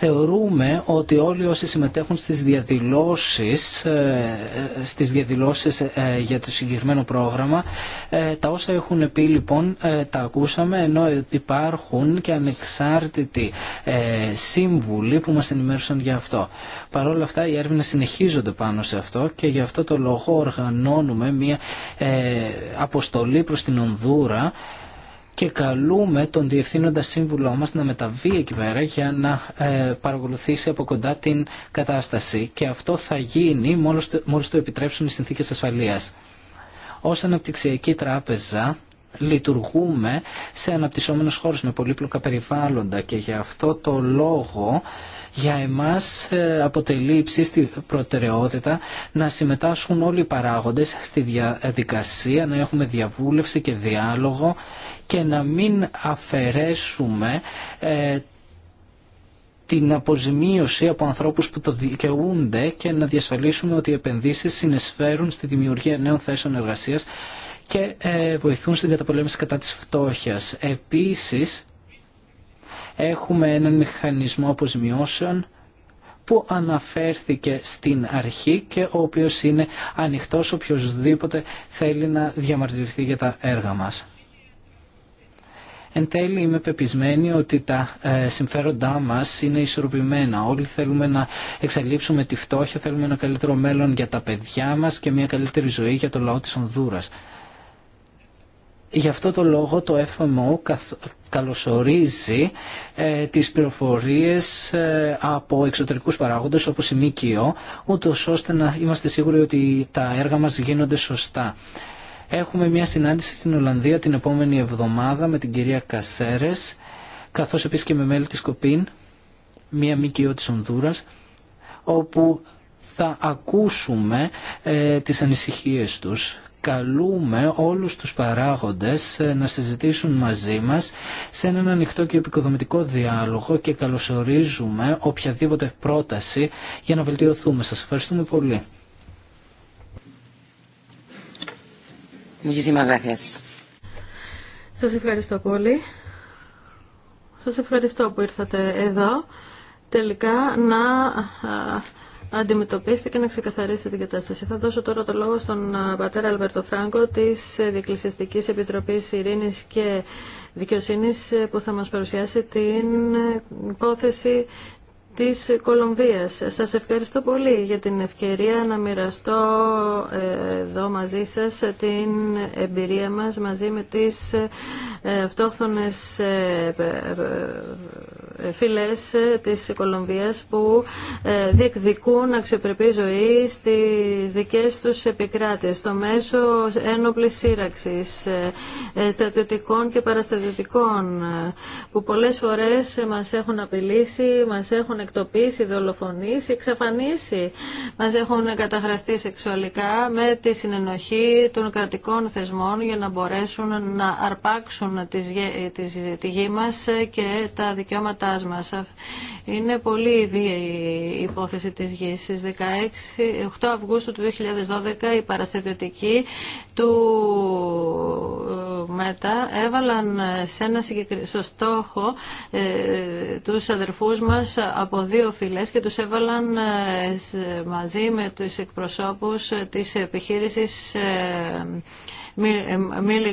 θεωρούμε ότι όλοι όσοι συμμετέχουν στις διαδηλώσεις, ε, στις διαδηλώσεις ε, για το συγκεκριμένο πρόγραμμα, ε, τα όσα έχουν πει λοιπόν τα ακούσαμε, ενώ υπάρχουν και ανεξάρτητοι σύμβουλοι που μας ενημέρωσαν για αυτό. Παρ' όλα αυτά οι έρευνες συνεχίζονται πάνω σε αυτό και γι' αυτό το λόγο οργανώνουμε μια αποστολή προς την Ονδούρα και καλούμε τον Διευθύνοντα Σύμβουλό μας να μεταβεί εκεί πέρα για να ε, παρακολουθήσει από κοντά την κατάσταση και αυτό θα γίνει μόλις το, το επιτρέψουν οι συνθήκες ασφαλείας. Ως Αναπτυξιακή Τράπεζα λειτουργούμε σε αναπτυσσόμενους χώρους με πολύπλοκα περιβάλλοντα και γι' αυτό το λόγο για εμάς ε, αποτελεί υψίστη προτεραιότητα να συμμετάσχουν όλοι οι παράγοντες στη διαδικασία, να έχουμε διαβούλευση και διάλογο και να μην αφαιρέσουμε ε, την αποζημίωση από ανθρώπους που το δικαιούνται και να διασφαλίσουμε ότι οι επενδύσεις συνεισφέρουν στη δημιουργία νέων θέσεων εργασίας και ε, βοηθούν στην καταπολέμηση κατά της φτώχειας. Επίσης, έχουμε έναν μηχανισμό αποζημιώσεων που αναφέρθηκε στην αρχή και ο οποίος είναι ανοιχτός οποιοδήποτε θέλει να διαμαρτυρηθεί για τα έργα μας. Εν τέλει είμαι πεπισμένη ότι τα ε, συμφέροντά μας είναι ισορροπημένα. Όλοι θέλουμε να εξαλείψουμε τη φτώχεια, θέλουμε ένα καλύτερο μέλλον για τα παιδιά μας και μια καλύτερη ζωή για το λαό της Ονδούρας. Γι' αυτό το λόγο το FMO καλωσορίζει ε, τις πληροφορίες ε, από εξωτερικούς παράγοντες όπως η ΜΚΟ, ούτως ώστε να είμαστε σίγουροι ότι τα έργα μας γίνονται σωστά. Έχουμε μια συνάντηση στην Ολλανδία την επόμενη εβδομάδα με την κυρία Κασέρες, καθώς επίσης και με μέλη της Κοπίν, μια ΜΚΟ της Ονδούρας, όπου θα ακούσουμε ε, τις ανησυχίες τους καλούμε όλους τους παράγοντες ε, να συζητήσουν μαζί μας σε έναν ανοιχτό και επικοδομητικό διάλογο και καλωσορίζουμε οποιαδήποτε πρόταση για να βελτιωθούμε. Σας ευχαριστούμε πολύ. Σας ευχαριστώ πολύ. Σας ευχαριστώ που ήρθατε εδώ. Τελικά να αντιμετωπίσετε και να ξεκαθαρίσετε την κατάσταση. Θα δώσω τώρα το λόγο στον ε, πατέρα Αλβέρτο Φράγκο της Διεκκλησιαστικής Επιτροπής Ειρήνης και Δικαιοσύνης ε, που θα μας παρουσιάσει την ε, υπόθεση της Κολομβίας. Σας ευχαριστώ πολύ για την ευκαιρία να μοιραστώ εδώ μαζί σας την εμπειρία μας μαζί με τις αυτόχθονες φυλές ε, της Κολομβίας που ε, διεκδικούν αξιοπρεπή ζωή στις δικές τους επικράτειες, στο μέσο ένοπλης σύραξης, ε, στρατιωτικών και παραστρατιωτικών, που πολλές φορές μας έχουν απειλήσει, μας έχουν εκτοπίσει, δολοφονήσει, εξαφανίσει, μας έχουν καταχραστεί σεξουαλικά με τη συνενοχή των κρατικών θεσμών για να μπορέσουν να αρπάξουν τη γη μας και τα δικαιώματα μας. Είναι πολύ ιδία η υπόθεση της γης. Στις 16, 8 Αυγούστου του 2012 οι παραστατιωτικοί του ε, ΜΕΤΑ έβαλαν ε, σε ένα στο στόχο ε, τους αδερφούς μας από δύο φυλές και τους έβαλαν ε, μαζί με τους εκπροσώπους της επιχείρησης ε,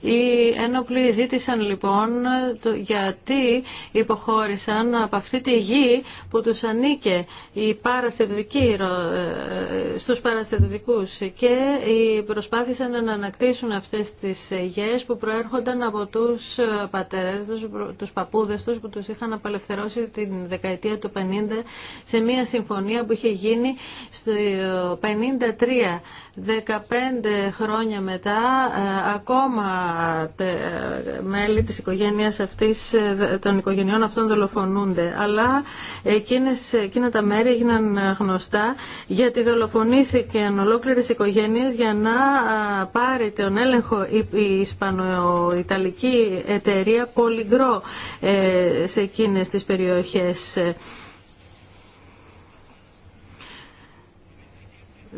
οι ένοπλοι ζήτησαν λοιπόν γιατί υποχώρησαν από αυτή τη γη που τους ανήκε ε, οι παραστατική στους παραστατικούς και προσπάθησαν να ανακτήσουν αυτές τις γης που προέρχονταν από τους ε, πατέρες τους, τους παππούδες τους που τους είχαν απελευθερώσει την δεκαετία του 50 σε μια συμφωνία που είχε γίνει στο 53 15 χρόνια μετά ε, ακόμα ε, μέλη της οικογένειας αυτής, ε, των οικογενειών αυτών δολοφονούνται. Αλλά εκείνες, εκείνα τα μέρη έγιναν γνωστά γιατί δολοφονήθηκαν ολόκληρες οικογένειες για να πάρει τον έλεγχο η Ισπανοϊταλική εταιρεία Πολυγκρό σε εκείνες τις περιοχές.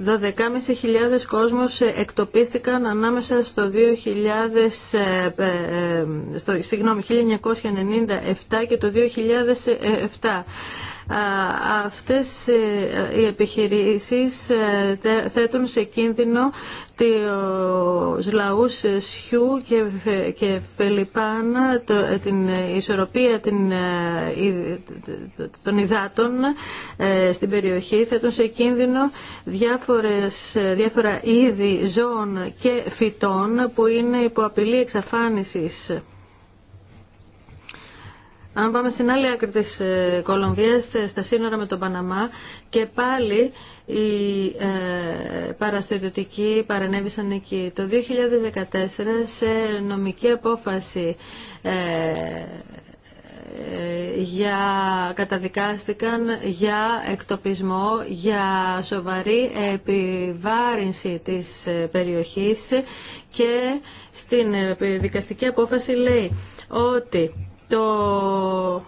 12.500 κόσμος ε, εκτοπίστηκαν ανάμεσα στο, 2000, ε, ε, στο συγγνώμη, 1997 και το 2007 αυτές ε, οι επιχειρήσεις ε, θέτουν σε κίνδυνο τους λαούς ε, Σιού και, φελιπάν, την ισορροπία των υδάτων στην περιοχή θέτουν σε κίνδυνο διάφορες, διάφορα είδη ζώων και φυτών που είναι υπό απειλή εξαφάνισης. Αν πάμε στην άλλη άκρη της ε, Κολομβίας, ε, στα σύνορα με τον Παναμά και πάλι οι ε, παραστηριωτικοί παρενέβησαν εκεί. Το 2014 σε νομική απόφαση ε, ε, για, καταδικάστηκαν για εκτοπισμό, για σοβαρή επιβάρυνση της περιοχής και στην δικαστική απόφαση λέει ότι το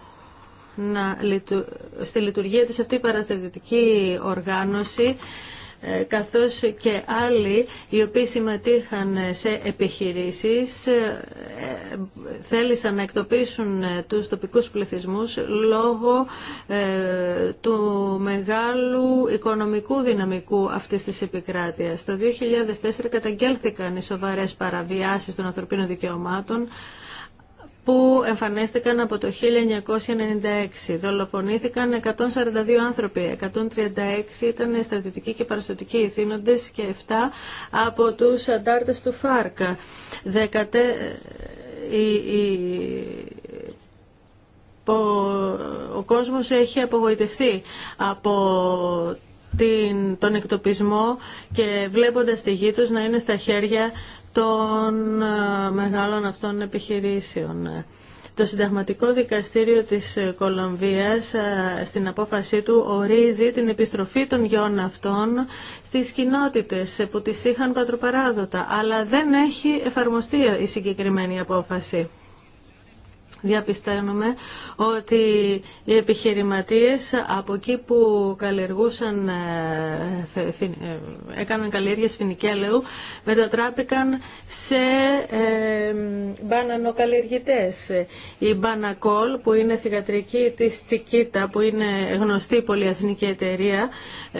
στη λειτουργία της αυτή η παραστατιωτική οργάνωση ε, καθώς και άλλοι οι οποίοι συμμετείχαν σε επιχειρήσεις ε, θέλησαν να εκτοπίσουν ε, τους τοπικούς πληθυσμούς λόγω του μεγάλου οικονομικού δυναμικού αυτής της επικράτειας. Το 2004 καταγγέλθηκαν οι σοβαρές παραβιάσεις των ανθρωπίνων δικαιωμάτων που εμφανίστηκαν από το 1996. Δολοφονήθηκαν 142 άνθρωποι, 136 ήταν στρατιωτικοί και παραστατικοί θύνοντες και 7 από τους αντάρτες του ΦΑΡΚΑ. Δεκατε... Ε, η... Η... Ο κόσμος έχει απογοητευτεί από την... τον εκτοπισμό και βλέποντας τη γη τους να είναι στα χέρια των ε, μεγάλων αυτών επιχειρήσεων. Ε, το Συνταγματικό Δικαστήριο της ε, Κολομβίας στην απόφασή του ορίζει την επιστροφή των γιών αυτών στις κοινότητες που τις είχαν πατροπαράδοτα, αλλά δεν έχει εφαρμοστεί η συγκεκριμένη απόφαση διαπιστώνουμε ότι οι επιχειρηματίες από εκεί που καλλιεργούσαν, ε, ε, έκαναν καλλιέργειες φινικέλαιου μετατράπηκαν σε ε, μπανανοκαλλιεργητές. Η Μπανακόλ που είναι θηγατρική της Τσικίτα που είναι γνωστή πολυεθνική εταιρεία ε,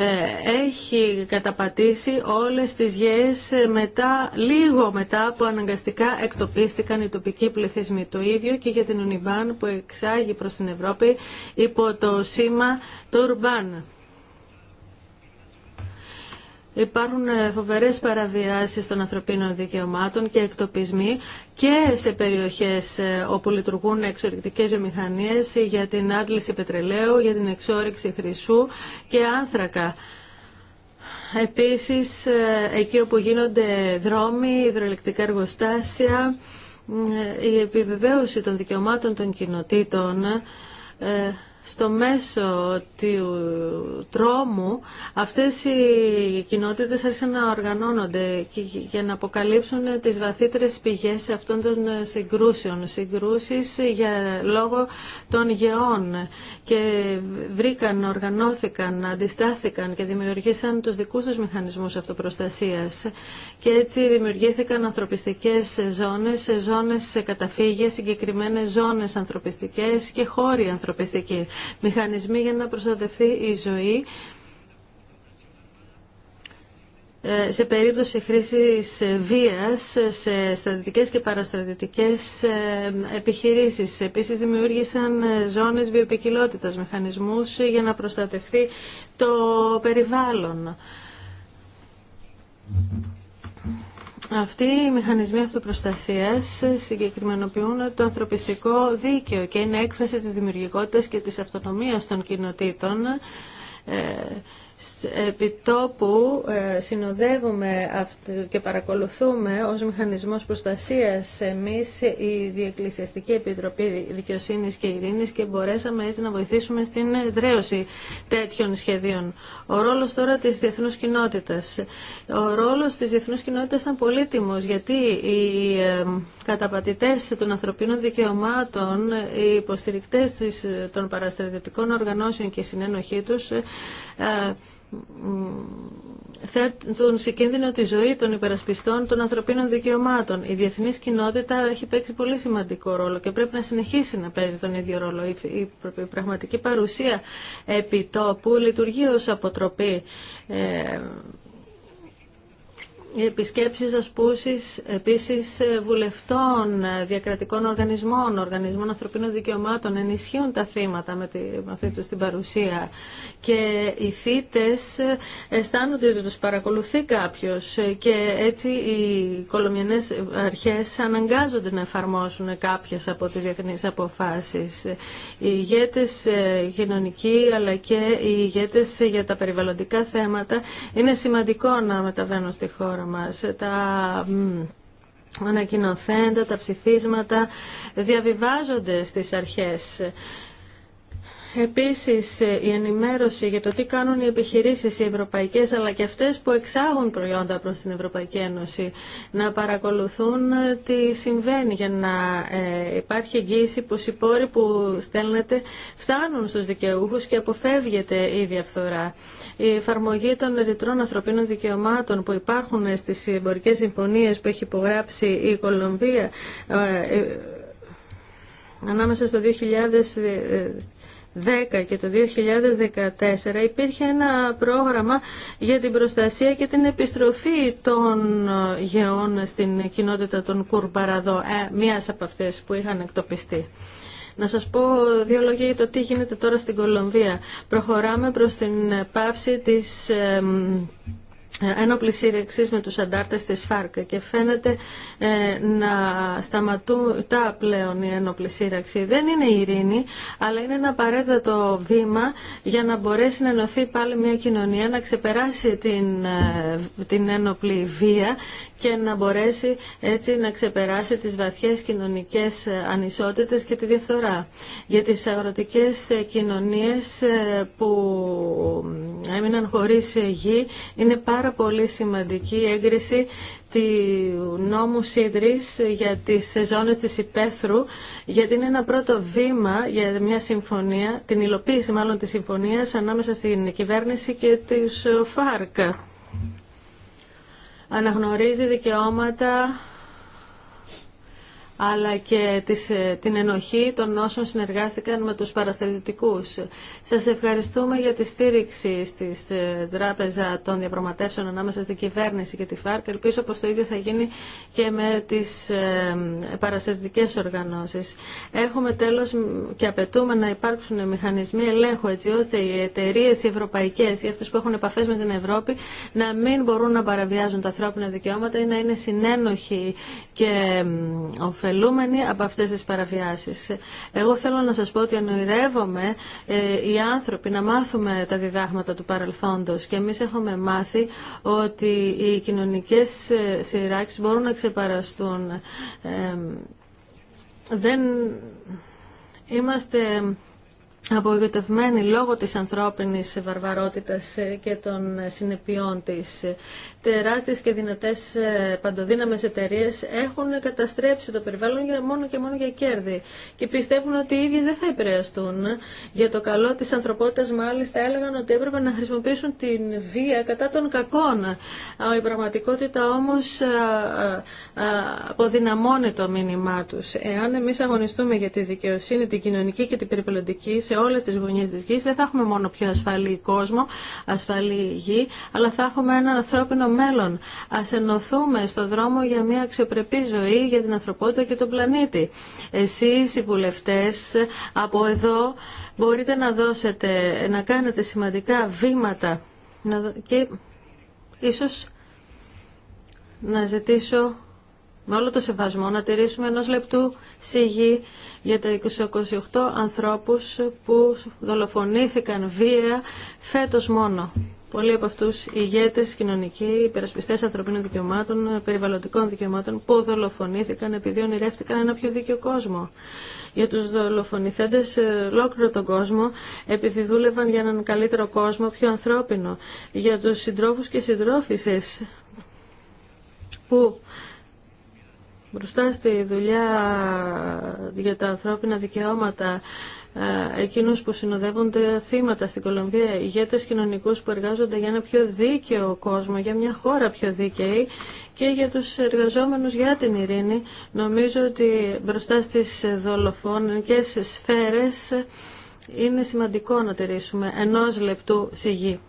έχει καταπατήσει όλες τις γέες μετά, λίγο μετά που αναγκαστικά εκτοπίστηκαν οι τοπικοί πληθυσμοί. Το ίδιο και για την Ουνιβάν που εξάγει προς την Ευρώπη υπό το σήμα Ουρμπάν. Υπάρχουν ε, φοβερές παραβιάσεις των ανθρωπίνων δικαιωμάτων και εκτοπισμοί και σε περιοχές ε, όπου λειτουργούν εξορυκτικές βιομηχανίες για την άντληση πετρελαίου, για την εξόρυξη χρυσού και άνθρακα. Επίσης, ε, εκεί όπου γίνονται δρόμοι, υδροελεκτικά εργοστάσια, ε, η επιβεβαίωση των δικαιωμάτων των κοινοτήτων ε, στο μέσο του τρόμου αυτές οι κοινότητες άρχισαν να οργανώνονται για να αποκαλύψουν τις βαθύτερες πηγές αυτών των συγκρούσεων. Συγκρούσεις για λόγω των γεών και βρήκαν, οργανώθηκαν, αντιστάθηκαν και δημιουργήσαν τους δικούς τους μηχανισμούς αυτοπροστασίας και έτσι δημιουργήθηκαν ανθρωπιστικές ζώνες, ζώνες καταφύγια, συγκεκριμένες ζώνες ανθρωπιστικές και χώροι ανθρωπιστικοί μηχανισμοί για να προστατευτεί η ζωή ε, σε περίπτωση χρήσης βίας σε στρατιωτικές και παραστρατιωτικές ε, επιχειρήσεις. Επίσης δημιούργησαν ε, ζώνες βιοπικιλότητας, μηχανισμούς για να προστατευτεί το περιβάλλον. Αυτοί οι μηχανισμοί αυτοπροστασίας συγκεκριμενοποιούν το ανθρωπιστικό δίκαιο και είναι έκφραση της δημιουργικότητας και της αυτονομίας των κοινοτήτων ε, επιτόπου ε, συνοδεύουμε και παρακολουθούμε ως μηχανισμός προστασίας εμείς η Διεκκλησιαστική Επιτροπή Δικαιοσύνης και Ειρήνης και μπορέσαμε έτσι να βοηθήσουμε στην δρέωση τέτοιων σχεδίων. Ο ρόλος τώρα της διεθνούς κοινότητας. Ο ρόλος της διεθνούς κοινότητας ήταν πολύτιμος γιατί οι ε, καταπατητές των ανθρωπίνων δικαιωμάτων, οι υποστηρικτές των παραστρατιωτικών οργανώσεων και η συνένοχή τους ε, θέτουν σε κίνδυνο τη ζωή των υπερασπιστών των ανθρωπίνων δικαιωμάτων. Η διεθνής κοινότητα έχει παίξει πολύ σημαντικό ρόλο και πρέπει να συνεχίσει να παίζει τον ίδιο ρόλο. Η πραγματική παρουσία επί τόπου λειτουργεί ω αποτροπή ε, οι επισκέψεις ασπούσεις επίσης ε, βουλευτών, ε, διακρατικών οργανισμών, οργανισμών ανθρωπίνων δικαιωμάτων ενισχύουν τα θύματα με, τη, με αυτή τους την παρουσία και οι θύτες ε, αισθάνονται ότι τους παρακολουθεί κάποιος και έτσι οι κολομιανές αρχές αναγκάζονται να εφαρμόσουν κάποιες από τις διεθνείς αποφάσεις. Οι ηγέτες κοινωνικοί αλλά και οι ηγέτες για τα περιβαλλοντικά θέματα είναι σημαντικό να μεταβαίνουν στη χώρα τα ανακοινοθέντα, τα ψηφίσματα διαβιβάζονται στις αρχές Επίσης, ε, η ενημέρωση για το τι κάνουν οι επιχειρήσεις οι ευρωπαϊκές, αλλά και αυτές που εξάγουν προϊόντα προς την Ευρωπαϊκή Ένωση, να παρακολουθούν ε, τι συμβαίνει για να ε, υπάρχει εγγύηση πως οι πόροι που στέλνετε φτάνουν στους δικαιούχους και αποφεύγεται η διαφθορά. Η εφαρμογή των ρητρών ανθρωπίνων δικαιωμάτων που υπάρχουν στις εμπορικές συμφωνίες που έχει υπογράψει η Κολομβία ανάμεσα στο 2000 2010 και το 2014 υπήρχε ένα πρόγραμμα για την προστασία και την επιστροφή των γεών στην κοινότητα των Κουρμπαραδό, ε, μίας από αυτές που είχαν εκτοπιστεί. Να σας πω δύο λόγια για το τι γίνεται τώρα στην Κολομβία. Προχωράμε προς την πάυση της ένοπλη σύρρεξη με τους αντάρτες της ΦΑΡΚ και φαίνεται ε, να σταματούν τα πλέον η ένοπλη σύρρεξη. Δεν είναι ειρήνη, αλλά είναι ένα απαραίτητο βήμα για να μπορέσει να ενωθεί πάλι μια κοινωνία, να ξεπεράσει την, ε, την ένοπλη βία και να μπορέσει έτσι να ξεπεράσει τις βαθιές κοινωνικές ε, ανισότητες και τη διαφθορά. Για τις αγροτικές κοινωνίες που έμειναν χωρίς γη είναι πάρα πάρα πολύ σημαντική έγκριση του νόμου Σίδρης για τις σεζόνες της υπαίθρου. γιατί είναι ένα πρώτο βήμα για μια συμφωνία, την υλοποίηση μάλλον της συμφωνίας ανάμεσα στην κυβέρνηση και τους Φάρκα Αναγνωρίζει δικαιώματα αλλά και ε, την ενοχή των όσων συνεργάστηκαν με τους παραστατητικούς. Σας ευχαριστούμε για τη στήριξη στη ε, Τράπεζα των Διαπραγματεύσεων ανάμεσα στην κυβέρνηση και τη ΦΑΡΚ. Ελπίζω πως το ίδιο θα γίνει και με τις ε, παραστατητικές οργανώσεις. Έχουμε τέλος και απαιτούμε να υπάρξουν μηχανισμοί ελέγχου έτσι ώστε οι εταιρείε οι ευρωπαϊκές ή αυτές που έχουν επαφές με την Ευρώπη να μην μπορούν να παραβιάζουν τα ανθρώπινα δικαιώματα ή να είναι συνένοχοι και ωφελούμενοι από αυτές τις παραβιάσεις. Εγώ θέλω να σας πω ότι ανοηρεύομαι ε, οι άνθρωποι να μάθουμε τα διδάγματα του παρελθόντος και εμείς έχουμε μάθει ότι οι κοινωνικές ε, σειράξεις μπορούν να ξεπαραστούν. δεν είμαστε απογοητευμένοι λόγω της ανθρώπινης βαρβαρότητας ε, και των συνεπειών της τεράστιες και δυνατές ε, παντοδύναμες εταιρείες έχουν καταστρέψει το περιβάλλον μόνο και μόνο για κέρδη και πιστεύουν ότι οι ίδιες δεν θα επηρεαστούν. Για το καλό της ανθρωπότητας μάλιστα έλεγαν ότι έπρεπε να χρησιμοποιήσουν την βία κατά των κακών. Η πραγματικότητα όμως αποδυναμώνει το μήνυμά τους. Εάν εμείς αγωνιστούμε για τη δικαιοσύνη, την κοινωνική και την περιβαλλοντική σε όλες τις γωνίες της γης, δεν θα έχουμε μόνο πιο ασφαλή κόσμο, ασφαλή γη, αλλά θα έχουμε ένα ανθρώπινο μέλλον. α ενωθούμε στο δρόμο για μια αξιοπρεπή ζωή για την ανθρωπότητα και τον πλανήτη. Εσείς οι βουλευτές από εδώ μπορείτε να δώσετε, να κάνετε σημαντικά βήματα και ίσως να ζητήσω με όλο το σεβασμό να τηρήσουμε ενός λεπτού σιγή για τα 28 ανθρώπους που δολοφονήθηκαν βία φέτος μόνο. Πολλοί από αυτού ηγέτε κοινωνικοί, υπερασπιστέ ανθρωπίνων δικαιωμάτων, περιβαλλοντικών δικαιωμάτων που δολοφονήθηκαν επειδή ονειρεύτηκαν ένα πιο δίκαιο κόσμο. Για του δολοφονηθέντε ε, ολόκληρο τον κόσμο, επειδή δούλευαν για έναν καλύτερο κόσμο, πιο ανθρώπινο. Για του συντρόφου και συντρόφισε που μπροστά στη δουλειά για τα ανθρώπινα δικαιώματα Εκείνου που συνοδεύονται θύματα στην Κολομβία, ηγέτε κοινωνικού που εργάζονται για ένα πιο δίκαιο κόσμο, για μια χώρα πιο δίκαιη και για τους εργαζόμενους για την ειρήνη. Νομίζω ότι μπροστά στις δολοφονικές σφαίρες είναι σημαντικό να τηρήσουμε ενός λεπτού σιγή.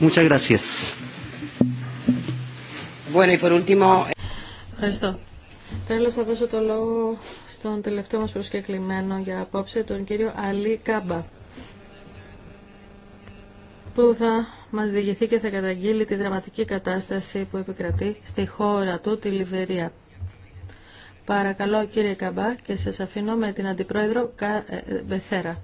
Muchas gracias. Bueno, Ευχαριστώ. Τέλος θα δώσω το λόγο στον τελευταίο μας προσκεκλημένο για απόψε, τον κύριο Αλή Κάμπα, που θα μας διηγηθεί και θα καταγγείλει τη δραματική κατάσταση που επικρατεί στη χώρα του, τη Λιβερία. Παρακαλώ κύριε Καμπά και σας αφήνω με την Αντιπρόεδρο ε, Μπεθέρα.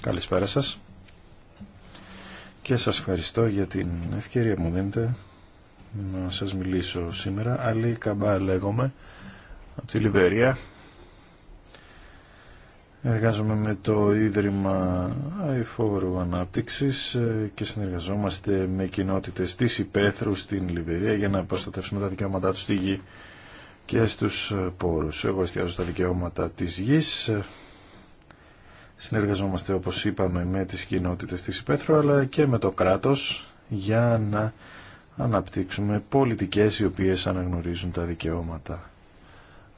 Καλησπέρα σας και σας ευχαριστώ για την ευκαιρία που μου δίνετε να σας μιλήσω σήμερα. Αλή Καμπά λέγομαι από τη Λιβερία. Εργάζομαι με το Ίδρυμα Αϊφόρου Ανάπτυξης ε, και συνεργαζόμαστε με κοινότητες της Υπέθρου στην Λιβερία για να προστατεύσουμε τα δικαιώματά τους στη γη και στους ε, πόρους. Εγώ εστιάζω στα δικαιώματα της γης Συνεργαζόμαστε όπως είπαμε με τις κοινότητες της Υπέθρου αλλά και με το κράτος για να αναπτύξουμε πολιτικές οι οποίες αναγνωρίζουν τα δικαιώματα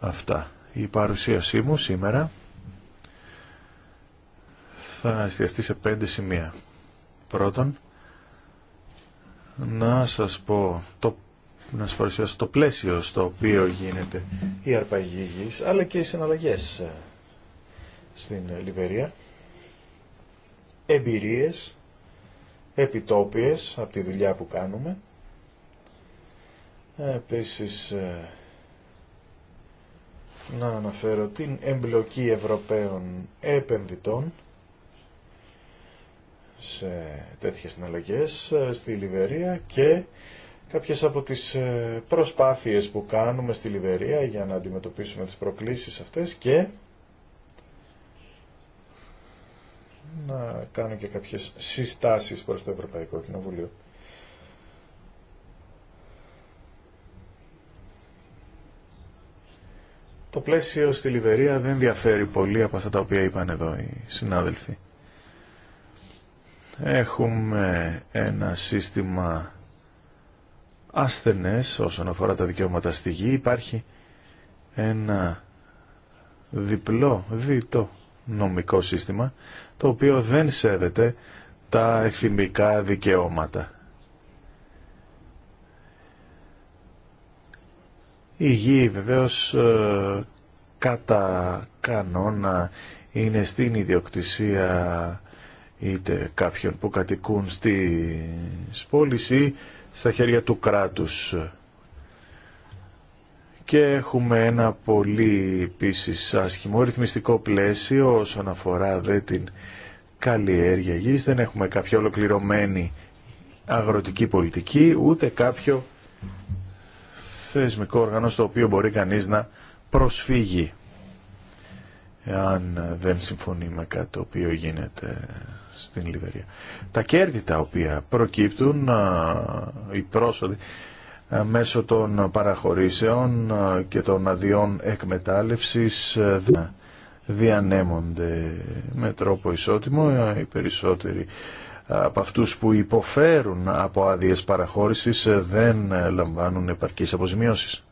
αυτά. Η παρουσίασή μου σήμερα θα εστιαστεί σε πέντε σημεία. Πρώτον, να σας πω το να σας παρουσιάσω το πλαίσιο στο οποίο γίνεται η αρπαγή γης, αλλά και οι συναλλαγές στην ε, Λιβερία, εμπειρίες, επιτόπιες από τη δουλειά που κάνουμε. Ε, επίσης, ε, να αναφέρω την εμπλοκή Ευρωπαίων επενδυτών σε τέτοιες συναλλαγές στη Λιβερία και κάποιες από τις προσπάθειες που κάνουμε στη Λιβερία για να αντιμετωπίσουμε τις προκλήσεις αυτές και να κάνω και κάποιες συστάσεις προς το Ευρωπαϊκό Κοινοβούλιο. Το πλαίσιο στη Λιβερία δεν διαφέρει πολύ από αυτά τα οποία είπαν εδώ οι συνάδελφοι. Έχουμε ένα σύστημα ασθενές όσον αφορά τα δικαιώματα στη γη. Υπάρχει ένα διπλό, διτό νομικό σύστημα το οποίο δεν σέβεται τα εθνικά δικαιώματα. Η γη βεβαίως ε, κατά κανόνα είναι στην ιδιοκτησία είτε κάποιων που κατοικούν στη πόλεις ή στα χέρια του κράτους και έχουμε ένα πολύ επίση άσχημο ρυθμιστικό πλαίσιο όσον αφορά την καλλιέργεια γης. Δεν έχουμε κάποια ολοκληρωμένη αγροτική πολιτική ούτε κάποιο θεσμικό όργανο στο οποίο μπορεί κανείς να προσφύγει αν δεν συμφωνεί με κάτι το οποίο γίνεται στην Λιβερία. Τα κέρδη τα οποία προκύπτουν, οι πρόσοδοι μέσω των παραχωρήσεων ε, και των αδειών εκμετάλλευσης ε, διανέμονται με τρόπο ισότιμο ε, οι περισσότεροι από αυτούς που υποφέρουν από άδειες παραχώρησης δεν λαμβάνουν επαρκείς αποζημιώσεις.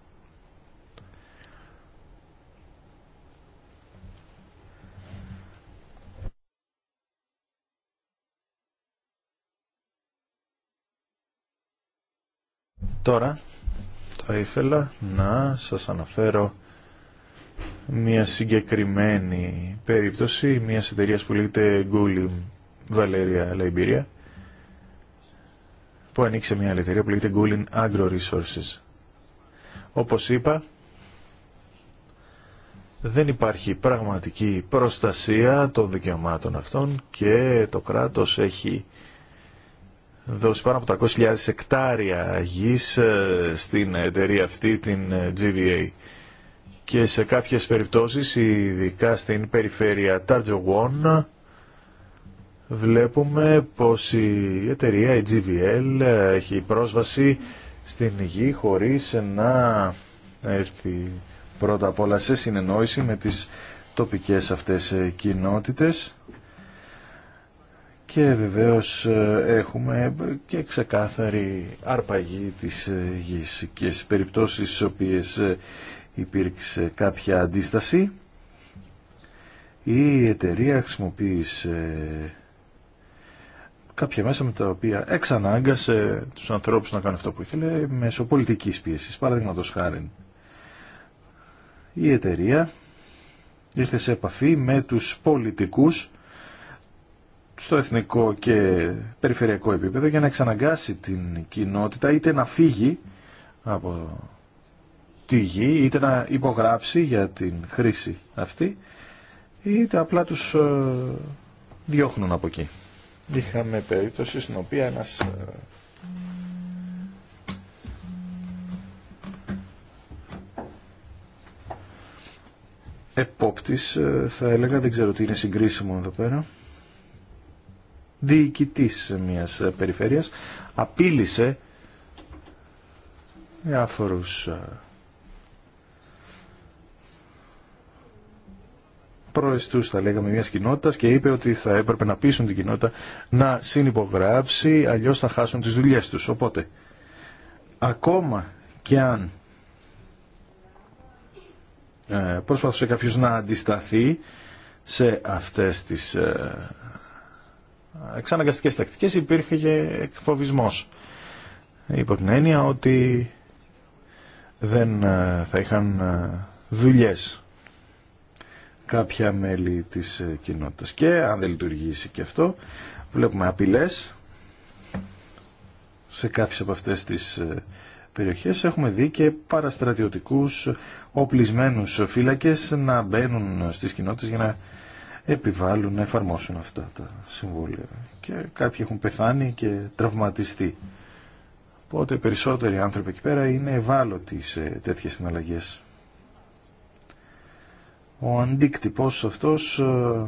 Τώρα θα ήθελα να σας αναφέρω μια συγκεκριμένη περίπτωση μια εταιρεία που λέγεται Google, Valeria Liberia που ανοίξει μια άλλη εταιρεία που λέγεται Gullin Agro Resources. Όπως είπα, δεν υπάρχει πραγματική προστασία των δικαιωμάτων αυτών και το κράτος έχει δώσει πάνω από 300.000 εκτάρια γης ε, στην εταιρεία αυτή, την ε, GVA. Και σε κάποιες περιπτώσεις, ειδικά στην περιφέρεια Tarjewon, βλέπουμε πως η εταιρεία, η GVL, έχει πρόσβαση στην γη χωρίς να έρθει πρώτα απ' όλα σε συνεννόηση με τις τοπικές αυτές κοινότητες και βεβαίως ε, έχουμε και ξεκάθαρη αρπαγή της ε, γης και στις περιπτώσεις στις οποίες ε, υπήρξε κάποια αντίσταση η εταιρεία χρησιμοποίησε κάποια μέσα με τα οποία εξανάγκασε τους ανθρώπους να κάνουν αυτό που ήθελε μέσω πολιτικής πίεσης, παραδείγματος χάρη. Η εταιρεία ήρθε σε επαφή με τους πολιτικούς στο εθνικό και περιφερειακό επίπεδο για να εξαναγκάσει την κοινότητα είτε να φύγει από τη γη, είτε να υπογράψει για την χρήση αυτή, είτε απλά τους ε, διώχνουν από εκεί. Είχαμε περίπτωση στην οποία ένας ε, επόπτης, ε, θα έλεγα, δεν ξέρω τι είναι συγκρίσιμο εδώ πέρα, διοικητής μιας περιφέρειας απείλησε διάφορους ε, προεστού, θα λέγαμε, μια κοινότητα και είπε ότι θα έπρεπε να πείσουν την κοινότητα να συνυπογράψει, αλλιώ θα χάσουν τι δουλειέ του. Οπότε, ακόμα και αν ε, προσπαθούσε κάποιος να αντισταθεί σε αυτές τις ε, εξαναγκαστικές τακτικές υπήρχε και εκφοβισμός. Υπό την έννοια ότι δεν ε, θα είχαν ε, δουλειές κάποια μέλη της ε, κοινότητας. Και αν δεν λειτουργήσει και αυτό, βλέπουμε απειλές σε κάποιες από αυτές τις περιοχές. Έχουμε δει και παραστρατιωτικούς οπλισμένους φύλακες να μπαίνουν στις κοινότητες για να επιβάλλουν να εφαρμόσουν αυτά τα συμβόλαια. Και κάποιοι έχουν πεθάνει και τραυματιστεί. Οπότε περισσότεροι άνθρωποι εκεί πέρα είναι ευάλωτοι σε τέτοιες συναλλαγές. Ο αντίκτυπος αυτός ε,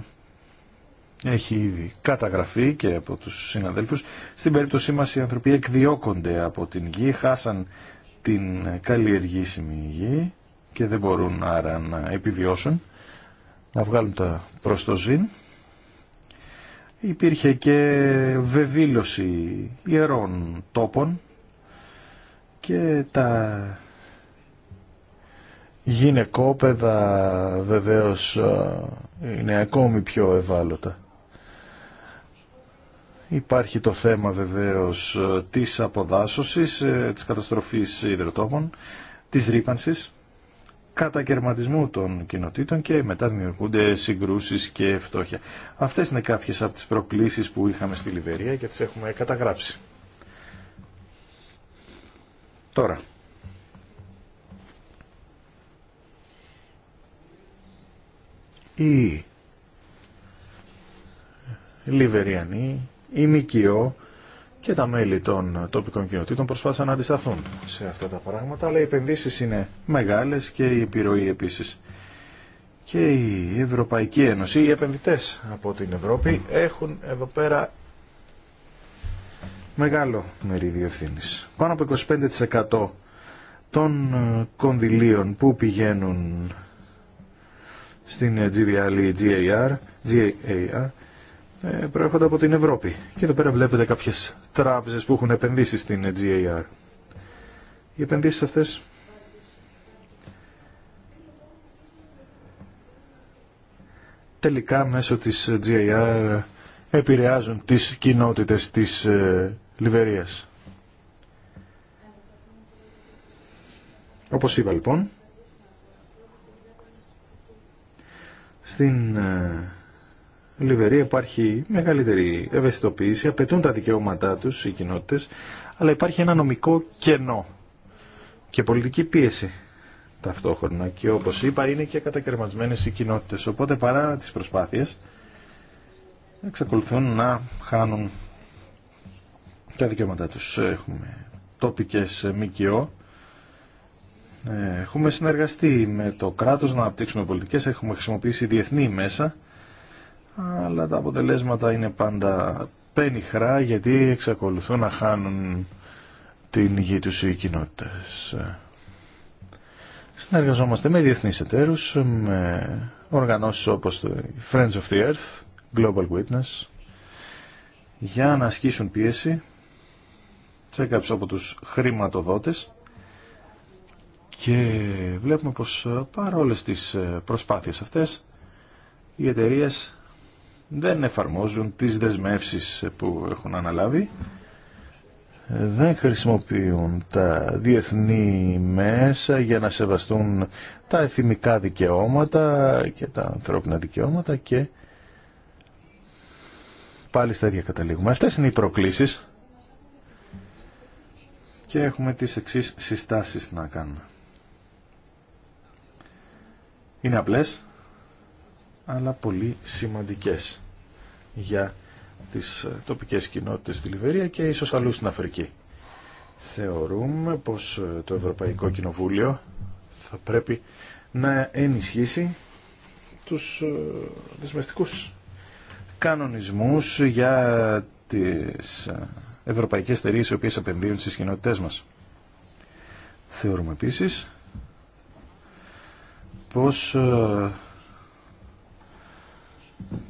έχει ήδη καταγραφεί και από τους συναδέλφους. Στην περίπτωσή μας οι άνθρωποι εκδιώκονται από την γη, χάσαν την καλλιεργήσιμη γη και δεν μπορούν άρα να επιβιώσουν να βγάλουν τα προς το ζήν. Υπήρχε και βεβήλωση ιερών τόπων και τα γυναικόπαιδα βεβαίως ε, είναι ακόμη πιο ευάλωτα. Υπάρχει το θέμα βεβαίως ε, της αποδάσωσης, ε, της καταστροφής υδροτόπων, της ρήπανσης κατακαιρματισμού των κοινοτήτων και μετά δημιουργούνται συγκρούσεις και φτώχεια. Αυτές είναι κάποιες από τις προκλήσεις που είχαμε στη Λιβερία και τις έχουμε καταγράψει. Τώρα. Οι Λιβεριανοί, ή Μικιό, και τα μέλη των τοπικών κοινοτήτων προσπάθησαν να αντισταθούν σε αυτά τα πράγματα, αλλά οι επενδύσεις είναι μεγάλες και η επιρροή επίσης. Και η Ευρωπαϊκή Ένωση, οι επενδυτές από την Ευρώπη έχουν εδώ πέρα μεγάλο μερίδιο ευθύνη. Πάνω από 25% των ε, κονδυλίων που πηγαίνουν στην ε, GVL ή e GAR, GAR ε, προέρχονται από την Ευρώπη. Και εδώ πέρα βλέπετε κάποιες τράπεζες που έχουν επενδύσει στην GAR. Οι επενδύσεις αυτές τελικά μέσω της GAR επηρεάζουν τις κοινότητες της ε, Λιβερίας. Όπως είπα λοιπόν, στην ε, Λιβερία υπάρχει μεγαλύτερη ευαισθητοποίηση, απαιτούν τα δικαιώματά τους οι κοινότητες, αλλά υπάρχει ένα νομικό κενό και πολιτική πίεση ταυτόχρονα και όπως είπα είναι και κατακαιρματισμένες οι κοινότητες, οπότε παρά τις προσπάθειες εξακολουθούν να χάνουν τα δικαιώματά τους. Έχουμε τοπικές ΜΚΟ, έχουμε συνεργαστεί με το κράτος να αναπτύξουμε πολιτικές, έχουμε χρησιμοποιήσει διεθνή μέσα αλλά τα αποτελέσματα είναι πάντα πένιχρά γιατί εξακολουθούν να χάνουν την γη τους οι κοινότητες. Συνεργαζόμαστε με διεθνείς εταίρους, με οργανώσεις όπως το Friends of the Earth, Global Witness, για να ασκήσουν πίεση σε κάποιους από τους χρηματοδότες και βλέπουμε πως παρόλες τις προσπάθειες αυτές οι εταιρείες δεν εφαρμόζουν τις δεσμεύσεις που έχουν αναλάβει, δεν χρησιμοποιούν τα διεθνή μέσα για να σεβαστούν τα εθνικά δικαιώματα και τα ανθρώπινα δικαιώματα και πάλι στα ίδια καταλήγουμε. Αυτές είναι οι προκλήσεις και έχουμε τις εξής συστάσεις να κάνουμε. Είναι απλές, αλλά πολύ σημαντικές για τις ε, τοπικές κοινότητες στη Λιβερία και ίσως αλλού στην Αφρική. Θεωρούμε πως ε, το Ευρωπαϊκό Κοινοβούλιο θα πρέπει να ενισχύσει τους ε, δεσμευτικούς κανονισμούς για τις ευρωπαϊκές εταιρείε οι οποίες επενδύουν στις κοινότητές μας. Θεωρούμε επίσης πως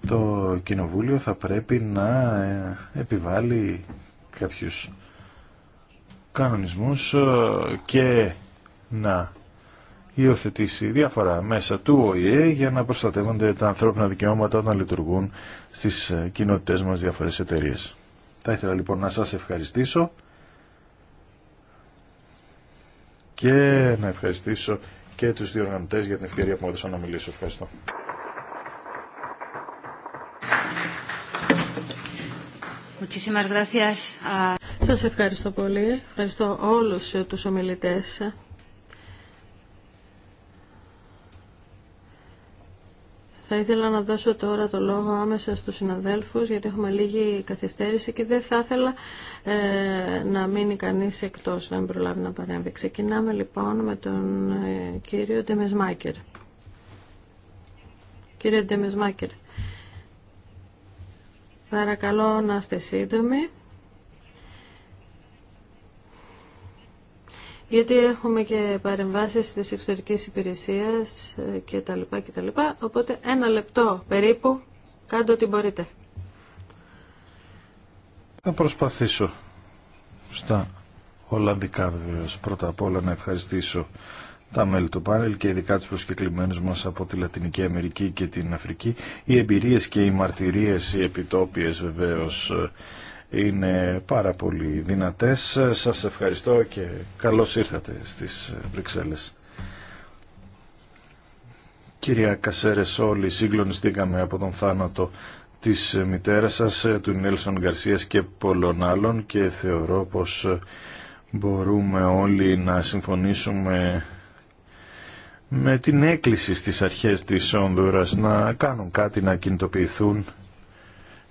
το Κοινοβούλιο θα πρέπει να ε, επιβάλλει κάποιους κανονισμούς ε, και να υιοθετήσει διάφορα μέσα του ΟΗΕ για να προστατεύονται τα ανθρώπινα δικαιώματα όταν λειτουργούν στις ε, κοινότητές μας διάφορες εταιρείε. Θα ήθελα λοιπόν να σας ευχαριστήσω και να ευχαριστήσω και τους διοργανωτές για την ευκαιρία που μου έδωσαν να μιλήσω. Ευχαριστώ. Σας ευχαριστώ πολύ. Ευχαριστώ όλους ε, τους ομιλητές. Θα ήθελα να δώσω τώρα το λόγο άμεσα στους συναδέλφους γιατί έχουμε λίγη καθυστέρηση και δεν θα ήθελα ε, να μείνει κανείς εκτός, να μην προλάβει να παρέμβει. Ξεκινάμε λοιπόν με τον ε, κύριο Ντεμεσμάκερ. Κύριε Ντεμεσμάκερ, Παρακαλώ να είστε σύντομοι. γιατί έχουμε και παρεμβάσεις της εξωτερικής υπηρεσίας και τα λοιπά και τα λοιπά, οπότε ένα λεπτό περίπου, κάντε ό,τι μπορείτε. Θα προσπαθήσω στα Ολλανδικά βεβαίω. Πρώτα απ' όλα να ευχαριστήσω τα μέλη του πάνελ και ειδικά τους προσκεκλημένους μας από τη Λατινική Αμερική και την Αφρική. Οι εμπειρίες και οι μαρτυρίες, οι επιτόπιες βεβαίως είναι πάρα πολύ δυνατές. Σας ευχαριστώ και καλώς ήρθατε στις Βρυξέλλες. Κυρία Κασέρες, όλοι συγκλονιστήκαμε από τον θάνατο της μητέρας σας, του Νέλσον Γκαρσίας και πολλών άλλων και θεωρώ πως μπορούμε όλοι να συμφωνήσουμε με την έκκληση στις αρχές της Ονδούρας να κάνουν κάτι να κινητοποιηθούν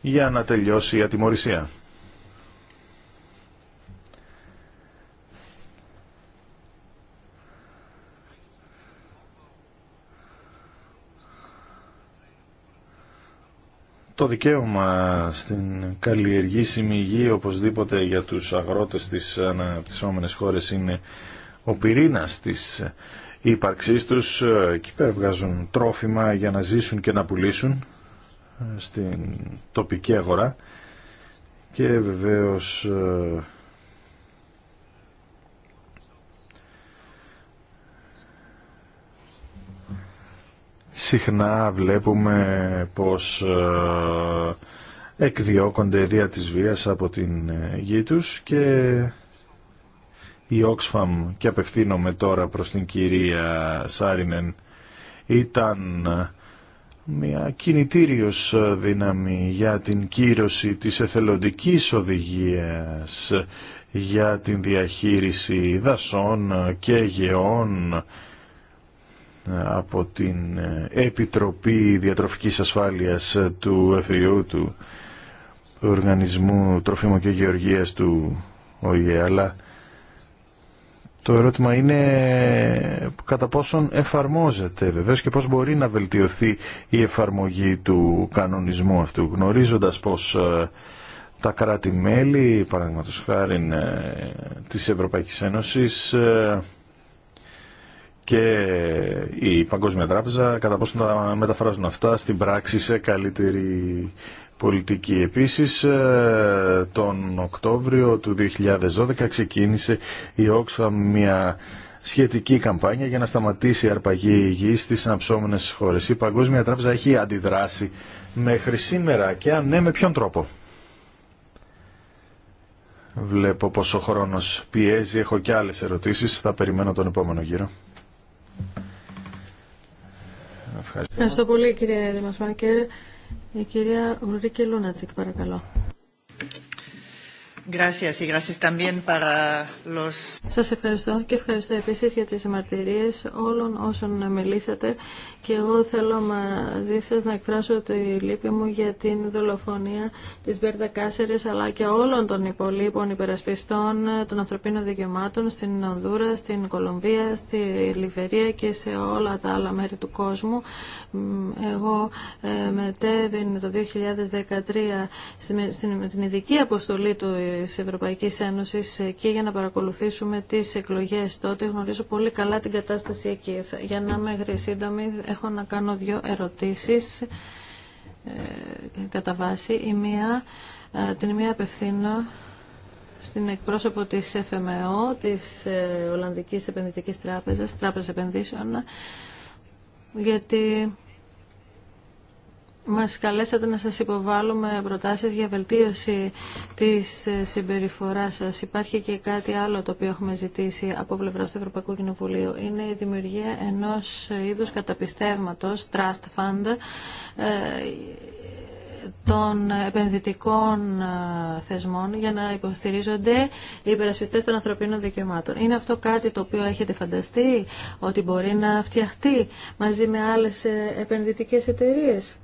για να τελειώσει η ατιμορρησία. το δικαίωμα στην καλλιεργήσιμη γη οπωσδήποτε για τους αγρότες της αναπτυσσόμενες χώρες είναι ο πυρήνας της οι τους. Ε, εκεί πέρα βγάζουν τρόφιμα για να ζήσουν και να πουλήσουν ε, στην τοπική αγορά και βεβαίως ε, συχνά βλέπουμε πως εκδιώκονται δια της βίας από την γη τους και η Oxfam και απευθύνομαι τώρα προς την κυρία Σάρινεν ήταν μια κινητήριος δύναμη για την κύρωση της εθελοντικής οδηγίας για την διαχείριση δασών και γεών από την Επιτροπή Διατροφικής Ασφάλειας του ΕΦΙΟΥ του Οργανισμού Τροφίμων και Γεωργίας του ΟΗΕ το ερώτημα είναι κατά πόσον εφαρμόζεται βεβαίως και πώς μπορεί να βελτιωθεί η εφαρμογή του κανονισμού αυτού γνωρίζοντας πως ε, τα κράτη-μέλη, παραδείγματο χάρη ε, της Ευρωπαϊκής Ένωσης ε, και η Παγκόσμια Τράπεζα, κατά πόσον τα μεταφράζουν αυτά στην πράξη σε καλύτερη πολιτική. Επίσης, ε, τον Οκτώβριο του 2012 ξεκίνησε η Oxfam μια σχετική καμπάνια για να σταματήσει η αρπαγή γης στις αναψώμενες χώρες. Η Παγκόσμια Τράπεζα έχει αντιδράσει μέχρι σήμερα και αν ναι με ποιον τρόπο. Βλέπω ο χρόνος πιέζει, έχω και άλλες ερωτήσεις, θα περιμένω τον επόμενο γύρο. Ευχαριστώ, πολύ κύριε Δημασμανικέρε. Η κυρία Ουρρίκη Λούνατσικ, παρακαλώ. Σας ευχαριστώ και ευχαριστώ επίσης για τις μαρτυρίες όλων όσων μιλήσατε και εγώ θέλω μαζί σας να εκφράσω τη λύπη μου για την δολοφονία της Μπέρτα Κάσερες αλλά και όλων των υπολείπων υπερασπιστών των ανθρωπίνων δικαιωμάτων στην Ονδούρα, στην Κολομβία, στη Λιβερία και σε όλα τα άλλα μέρη του κόσμου. Εγώ ε, μετέβη το 2013 με την ειδική αποστολή του της Ευρωπαϊκής Ένωσης και για να παρακολουθήσουμε τις εκλογές τότε. Γνωρίζω πολύ καλά την κατάσταση εκεί. Για να είμαι σύντομη, έχω να κάνω δύο ερωτήσεις ε, κατά βάση. Η μία, ε, την μία απευθύνω στην εκπρόσωπο της FMO, της ε, Ολλανδικής Επενδυτικής Τράπεζας, τράπεζα Επενδύσεων, γιατί μας καλέσατε να σας υποβάλουμε προτάσεις για βελτίωση της συμπεριφοράς σας. Υπάρχει και κάτι άλλο το οποίο έχουμε ζητήσει από πλευρά του Ευρωπαϊκού Κοινοβουλίου. Είναι η δημιουργία ενός είδους καταπιστεύματος, trust fund, ε, των επενδυτικών ε, θεσμών για να υποστηρίζονται οι υπερασπιστές των ανθρωπίνων δικαιωμάτων. Είναι αυτό κάτι το οποίο έχετε φανταστεί ότι μπορεί να φτιαχτεί μαζί με άλλες ε, επενδυτικές εταιρείες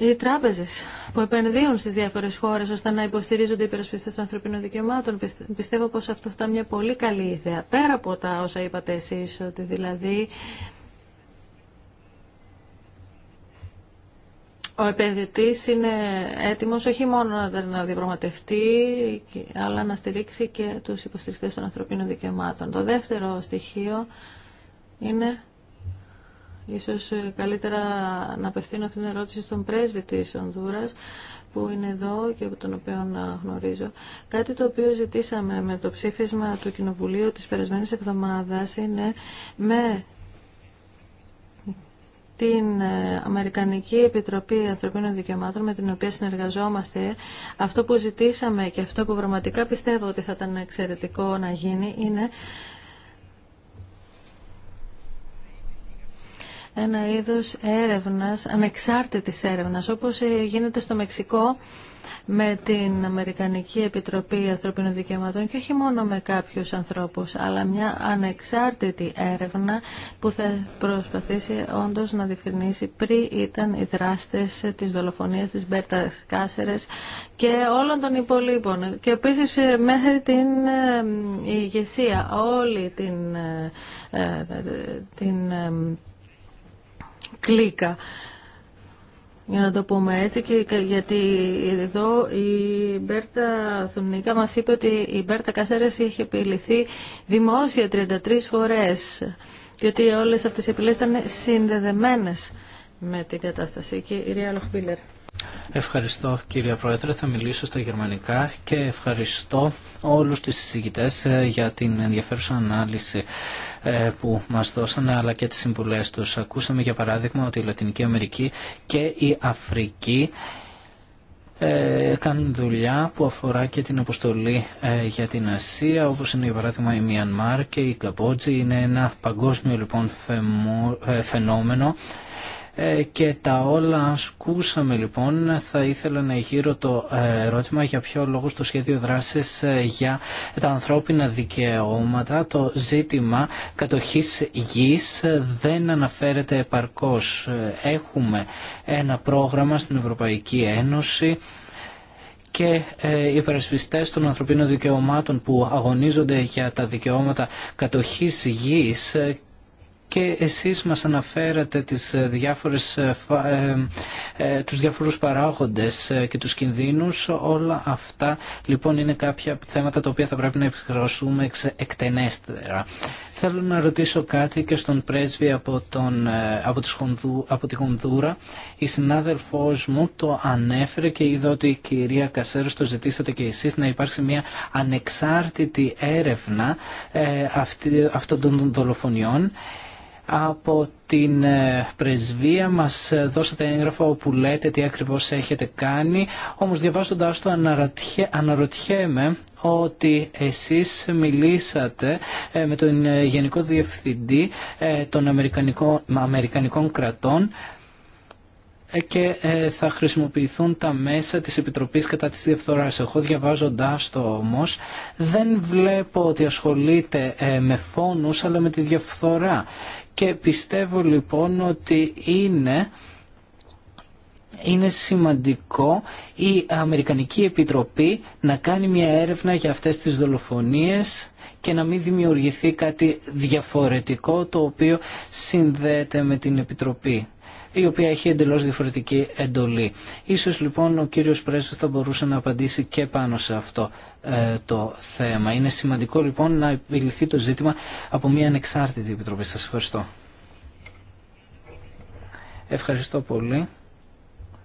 οι τράπεζε που επενδύουν στι διάφορε χώρε ώστε να υποστηρίζονται οι υπερασπιστέ των ανθρωπίνων δικαιωμάτων. Πιστεύω πως αυτό ήταν μια πολύ καλή ιδέα. Πέρα από τα όσα είπατε εσεί, ότι δηλαδή Ο επενδυτή είναι έτοιμο όχι μόνο να διαπραγματευτεί, αλλά να στηρίξει και τους υποστηριχτές των ανθρωπίνων δικαιωμάτων. Το δεύτερο στοιχείο είναι Ίσως ε, καλύτερα να απευθύνω αυτήν την ερώτηση στον πρέσβη της Ονδούρας που είναι εδώ και από τον οποίο γνωρίζω. Κάτι το οποίο ζητήσαμε με το ψήφισμα του Κοινοβουλίου της περασμένης εβδομάδας είναι με την ε, Αμερικανική Επιτροπή Ανθρωπίνων Δικαιωμάτων με την οποία συνεργαζόμαστε, αυτό που ζητήσαμε και αυτό που πραγματικά πιστεύω ότι θα ήταν εξαιρετικό να γίνει είναι ένα είδος έρευνας, ανεξάρτητης έρευνας, όπως ε, γίνεται στο Μεξικό με την Αμερικανική Επιτροπή Ανθρωπίνων Δικαιωμάτων και όχι μόνο με κάποιους ανθρώπους, αλλά μια ανεξάρτητη έρευνα που θα προσπαθήσει όντως να διευκρινίσει πριν ήταν οι δράστες της δολοφονίας της Μπέρτα Κάσερες και όλων των υπολείπων. Και επίσης ε, μέχρι την ε, ηγεσία, όλη την, την κλίκα. Για να το πούμε έτσι, και, γιατί εδώ η Μπέρτα Θουνίκα μας είπε ότι η Μπέρτα Κασέρες είχε επιληθεί δημόσια 33 φορές και ότι όλες αυτές οι επιλέσεις ήταν συνδεδεμένες με την κατάσταση. Και η Ρία Ευχαριστώ κύριε Πρόεδρε, θα μιλήσω στα γερμανικά και ευχαριστώ όλους τους συζητητές ε, για την ενδιαφέρουσα ανάλυση ε, που μας δώσανε αλλά και τις συμβουλές τους. Ακούσαμε για παράδειγμα ότι η Λατινική Αμερική και η Αφρική ε, κάνουν δουλειά που αφορά και την αποστολή για την Ασία όπως είναι για παράδειγμα η Μιανμάρ και η Καμπότζη είναι ένα παγκόσμιο λοιπόν φαινόμενο ε, και τα όλα ασκούσαμε λοιπόν. Θα ήθελα να γύρω το ε, ερώτημα για ποιο λόγο στο σχέδιο δράσης ε, για τα ανθρώπινα δικαιώματα το ζήτημα κατοχής γης δεν αναφέρεται επαρκώς. Έχουμε ένα πρόγραμμα στην Ευρωπαϊκή Ένωση και οι υπερασπιστές των ανθρωπίνων δικαιωμάτων που αγωνίζονται για τα δικαιώματα κατοχής γης και εσείς μας αναφέρατε τις ε, διάφορες, ε, ε, τους διάφορους παράγοντες και τους κινδύνους. Όλα αυτά λοιπόν είναι κάποια θέματα τα οποία θα πρέπει να επιχρεώσουμε εκτενέστερα. Θέλω να ρωτήσω κάτι και στον πρέσβη από, τον, από, τη Χονδού, από τη Χονδούρα. Η συνάδελφός μου το ανέφερε και είδα ότι η κυρία Κασέρος το ζητήσατε και εσείς να υπάρξει μια ανεξάρτητη έρευνα αυτή, αυτών των δολοφονιών από την ε, πρεσβεία μας ε, δώσατε έγγραφο όπου λέτε τι ακριβώς έχετε κάνει, όμως διαβάζοντάς το αναρωτιέμαι ότι εσείς μιλήσατε ε, με τον Γενικό Διευθυντή των Αμερικανικών, κρατών και θα χρησιμοποιηθούν τα μέσα της Επιτροπής κατά της Διευθοράς. Εγώ διαβάζοντάς το όμως δεν βλέπω ότι ασχολείται με φόνους αλλά με τη Διευθορά και πιστεύω λοιπόν ότι είναι είναι σημαντικό η Αμερικανική Επιτροπή να κάνει μια έρευνα για αυτές τις δολοφονίες και να μην δημιουργηθεί κάτι διαφορετικό το οποίο συνδέεται με την Επιτροπή η οποία έχει εντελώ διαφορετική εντολή. Ίσως λοιπόν ο κύριος Πρέσβης θα μπορούσε να απαντήσει και πάνω σε αυτό ε, το θέμα. Είναι σημαντικό λοιπόν να επιληθεί το ζήτημα από μια ανεξάρτητη επιτροπή. Σας ευχαριστώ. Ευχαριστώ πολύ.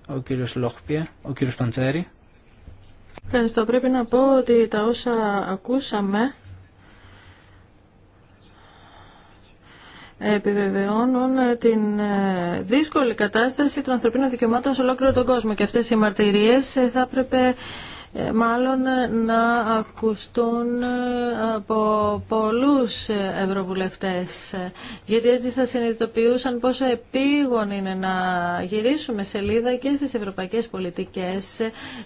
Ο κύριος Λόχπια, ο κύριος Παντσέρη. Ευχαριστώ. Πρέπει να πω ότι τα όσα ακούσαμε επιβεβαιώνουν ε, την ε, δύσκολη κατάσταση των ανθρωπίνων δικαιωμάτων σε ολόκληρο τον κόσμο. Και αυτές οι μαρτυρίες ε, θα έπρεπε μάλλον να ακουστούν ε, από πολλούς ευρωβουλευτές γιατί έτσι θα συνειδητοποιούσαν πόσο επίγον είναι να γυρίσουμε σελίδα και στις ευρωπαϊκές πολιτικές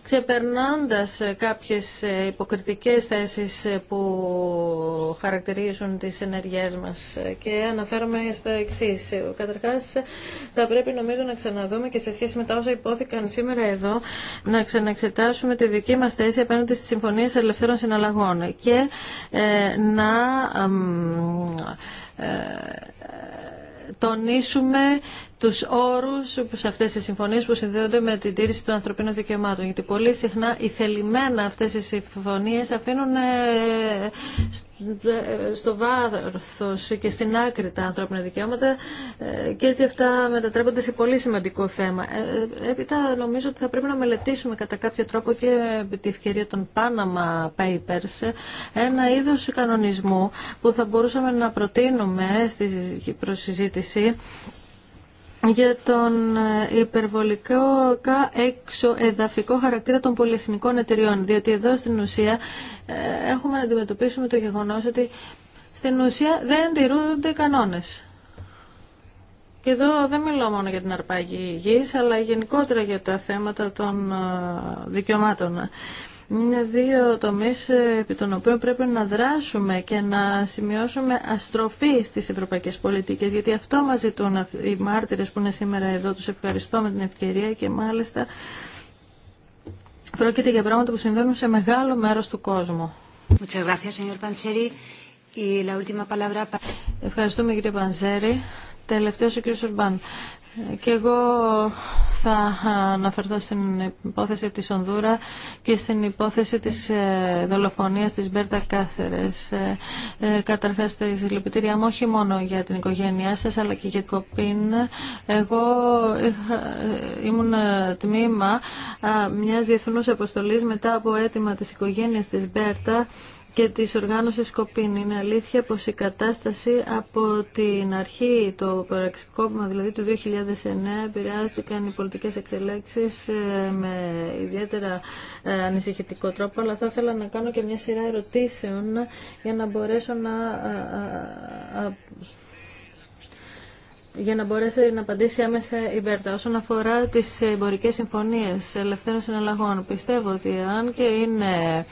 ξεπερνάντας κάποιες υποκριτικές θέσεις που χαρακτηρίζουν τις ενεργειές μας και αναφέρομαι στο εξή. Καταρχάς θα πρέπει νομίζω να ξαναδούμε και σε σχέση με τα όσα υπόθηκαν σήμερα εδώ να ξαναεξετάσουμε τη δική Είμαστε μας θέση απέναντι στις συμφωνίες ελευθέρων συναλλαγών και ε, να ε, τονίσουμε του όρου σε αυτέ τι συμφωνίε που συνδέονται με την τήρηση των ανθρωπίνων δικαιωμάτων. Γιατί πολύ συχνά οι θελημένα αυτέ οι συμφωνίε αφήνουν ε, ε, στο βάθο και στην άκρη τα ανθρώπινα δικαιώματα ε, και έτσι αυτά μετατρέπονται σε πολύ σημαντικό θέμα. Έπειτα νομίζω ότι θα πρέπει να μελετήσουμε κατά κάποιο τρόπο και με τη ευκαιρία των Panama Papers ένα είδο κανονισμού που θα μπορούσαμε να προτείνουμε στη προσυζήτηση για τον ε, υπερβολικό εξοεδαφικό χαρακτήρα των πολυεθνικών εταιριών. Διότι εδώ στην ουσία ε, έχουμε να αντιμετωπίσουμε το γεγονός ότι στην ουσία δεν τηρούνται κανόνες. Και εδώ δεν μιλώ μόνο για την αρπαγή γης, αλλά γενικότερα για τα θέματα των ε, δικαιωμάτων. Είναι δύο τομείς ε, επί των οποίων πρέπει να δράσουμε και να σημειώσουμε αστροφή στις ευρωπαϊκές πολιτικές, γιατί αυτό μας ζητούν οι μάρτυρες που είναι σήμερα εδώ. Τους ευχαριστώ με την ευκαιρία και μάλιστα πρόκειται για πράγματα που συμβαίνουν σε μεγάλο μέρος του κόσμου. Ευχαριστούμε κύριε Πανζέρη. Τελευταίος ο κύριος Ορμπάν. Και εγώ θα αναφερθώ στην υπόθεση της Ονδούρα και στην υπόθεση της ε, δολοφονίας της Μπέρτα Κάθερες. Ε, ε, καταρχάς, τη συλληπιτήριά μου όχι μόνο για την οικογένειά σας, αλλά και για την Κοπίν. Εγώ ήμουν τμήμα μιας διεθνούς αποστολής μετά από αίτημα της οικογένειας της Μπέρτα και της οργάνωσης Σκοπίν. Είναι αλήθεια πως η κατάσταση από την αρχή, το παραξικόπημα δηλαδή του 2009, επηρεάστηκαν οι πολιτικές εξελέξεις ε, με ιδιαίτερα ε, ανησυχητικό τρόπο, αλλά θα ήθελα να κάνω και μια σειρά ερωτήσεων ε, για να μπορέσω να για να μπορέσει να απαντήσει άμεσα η Μπέρτα. Όσον αφορά τις εμπορικέ συμφωνίες ελευθέρων συναλλαγών, πιστεύω ότι αν και είναι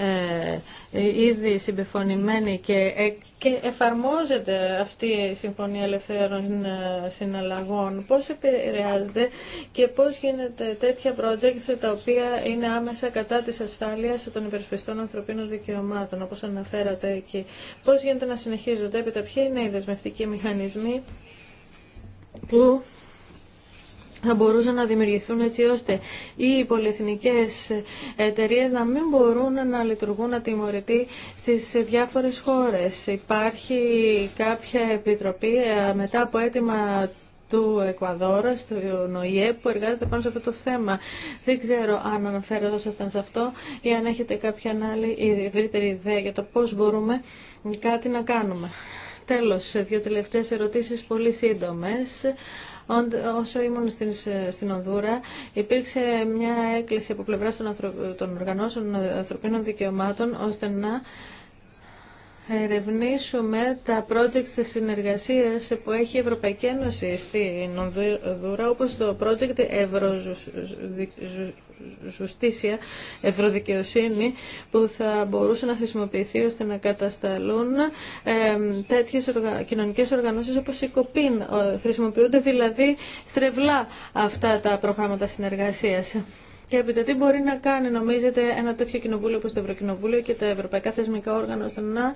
ε, ε, ήδη συμπεφωνημένη και, ε, και εφαρμόζεται αυτή η Συμφωνία Ελευθέρων Συναλλαγών, πώς επηρεάζεται και πώς γίνεται τέτοια project τα οποία είναι άμεσα κατά της ασφάλειας των υπερσπιστών ανθρωπίνων δικαιωμάτων, όπως αναφέρατε εκεί. Πώς γίνεται να συνεχίζονται, έπειτα ποιοι είναι οι δεσμευτικοί μηχανισμοί που θα μπορούσαν να δημιουργηθούν έτσι ώστε οι πολυεθνικές εταιρείε να μην μπορούν να λειτουργούν ατιμωρητοί στις διάφορες χώρες. Υπάρχει κάποια επιτροπή ε, μετά από αίτημα του Εκουαδόρα, του ΝΟΙΕ, που εργάζεται πάνω σε αυτό το θέμα. Δεν ξέρω αν αναφέρεσασταν σε αυτό ή αν έχετε κάποια άλλη ευρύτερη ιδέα για το πώς μπορούμε κάτι να κάνουμε. Τέλος, δύο τελευταίες ερωτήσεις πολύ σύντομες. Όσο ήμουν στην, στην Ονδούρα, υπήρξε μια έκκληση από πλευρά των, ανθρω... των οργανώσεων ανθρωπίνων δικαιωμάτων ώστε να ερευνήσουμε τα project της συνεργασίας που έχει η Ευρωπαϊκή Ένωση στη Ονδούρα, όπως το project Ευρωζουστήσια, Ευρωδικαιοσύνη, που θα μπορούσε να χρησιμοποιηθεί ώστε να κατασταλούν ε, τέτοιες οργα... κοινωνικές οργανώσεις όπως η ΚΟΠΗΝ. Χρησιμοποιούνται δηλαδή στρεβλά αυτά τα προγράμματα συνεργασίας. Και έπειτα τι μπορεί να κάνει, νομίζετε, ένα τέτοιο κοινοβούλιο όπως το Ευρωκοινοβούλιο και τα ευρωπαϊκά θεσμικά όργανα ώστε να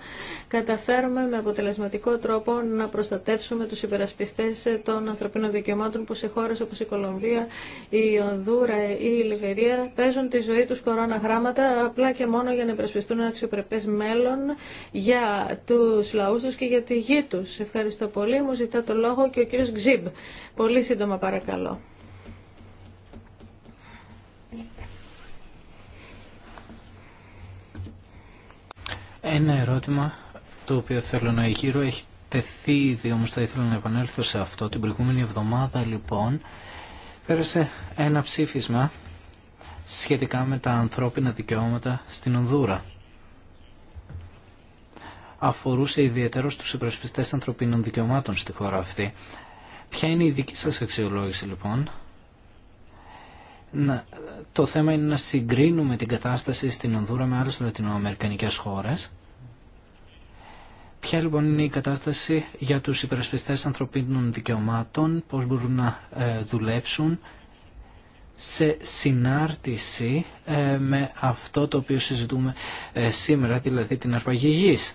καταφέρουμε με αποτελεσματικό τρόπο να προστατεύσουμε τους υπερασπιστές των ανθρωπίνων δικαιωμάτων που σε χώρες όπως η Κολομβία, η Ονδούρα ή η Λιβερία παίζουν τη ζωή τους κορώνα γράμματα απλά και μόνο για να υπερασπιστούν ένα αξιοπρεπές μέλλον για τους λαούς τους και για τη γη τους. Ευχαριστώ πολύ. Μου ζητά το λόγο και ο κύριος Γκζίμπ. Πολύ σύντομα παρακαλώ. Ένα ερώτημα το οποίο θέλω να γύρω έχει τεθεί ήδη, όμως θα ήθελα να επανέλθω σε αυτό. Την προηγούμενη εβδομάδα λοιπόν πέρασε ένα ψήφισμα σχετικά με τα ανθρώπινα δικαιώματα στην Ονδούρα. Αφορούσε ιδιαίτερο στους υπερασπιστές ανθρωπίνων δικαιωμάτων στη χώρα αυτή. Ποια είναι η δική σας αξιολόγηση λοιπόν να, το θέμα είναι να συγκρίνουμε την κατάσταση στην Ονδούρα με άλλες λατινοαμερικανικές χώρες. Ποια λοιπόν είναι η κατάσταση για τους υπερασπιστές ανθρωπίνων δικαιωμάτων, πώς μπορούν να ε, δουλέψουν σε συνάρτηση ε, με αυτό το οποίο συζητούμε ε, σήμερα, δηλαδή την αρπαγή γης.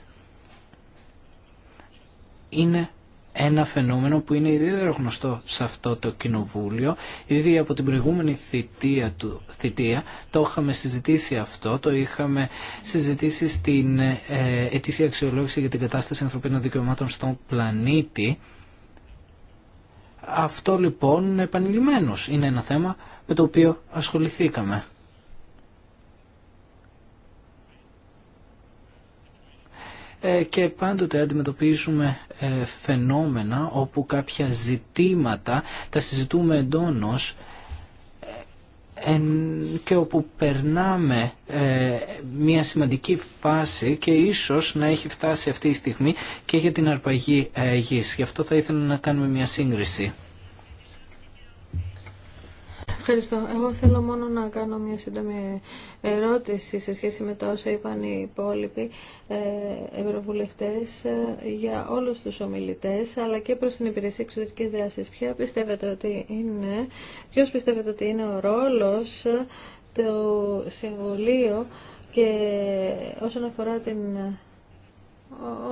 Είναι ένα φαινόμενο που είναι ιδιαίτερα γνωστό σε αυτό το κοινοβούλιο. Ήδη από την προηγούμενη θητεία, του, θητεία το είχαμε συζητήσει αυτό, το είχαμε συζητήσει στην ε, ετήσια αξιολόγηση για την κατάσταση ανθρωπίνων δικαιωμάτων στον πλανήτη. Αυτό λοιπόν επανειλημμένος είναι ένα θέμα με το οποίο ασχοληθήκαμε. Ε, και πάντοτε αντιμετωπίζουμε ε, φαινόμενα όπου κάποια ζητήματα τα συζητούμε εντόνως ε, και όπου περνάμε μια σημαντική φάση και ίσως να έχει φτάσει αυτή η στιγμή και για την αρπαγή γης. Γι' αυτό θα ήθελα να κάνουμε μια σύγκριση. Ευχαριστώ. Εγώ θέλω μόνο να κάνω μια σύντομη ερώτηση σε σχέση με τα όσα είπαν οι υπόλοιποι ε, ευρωβουλευτές ε, για όλους τους ομιλητές αλλά και προς την υπηρεσία εξωτερικής δράσης. Ποια πιστεύετε ότι είναι, ποιος πιστεύετε ότι είναι ο ρόλος ε, του Συμβουλίου και όσον αφορά την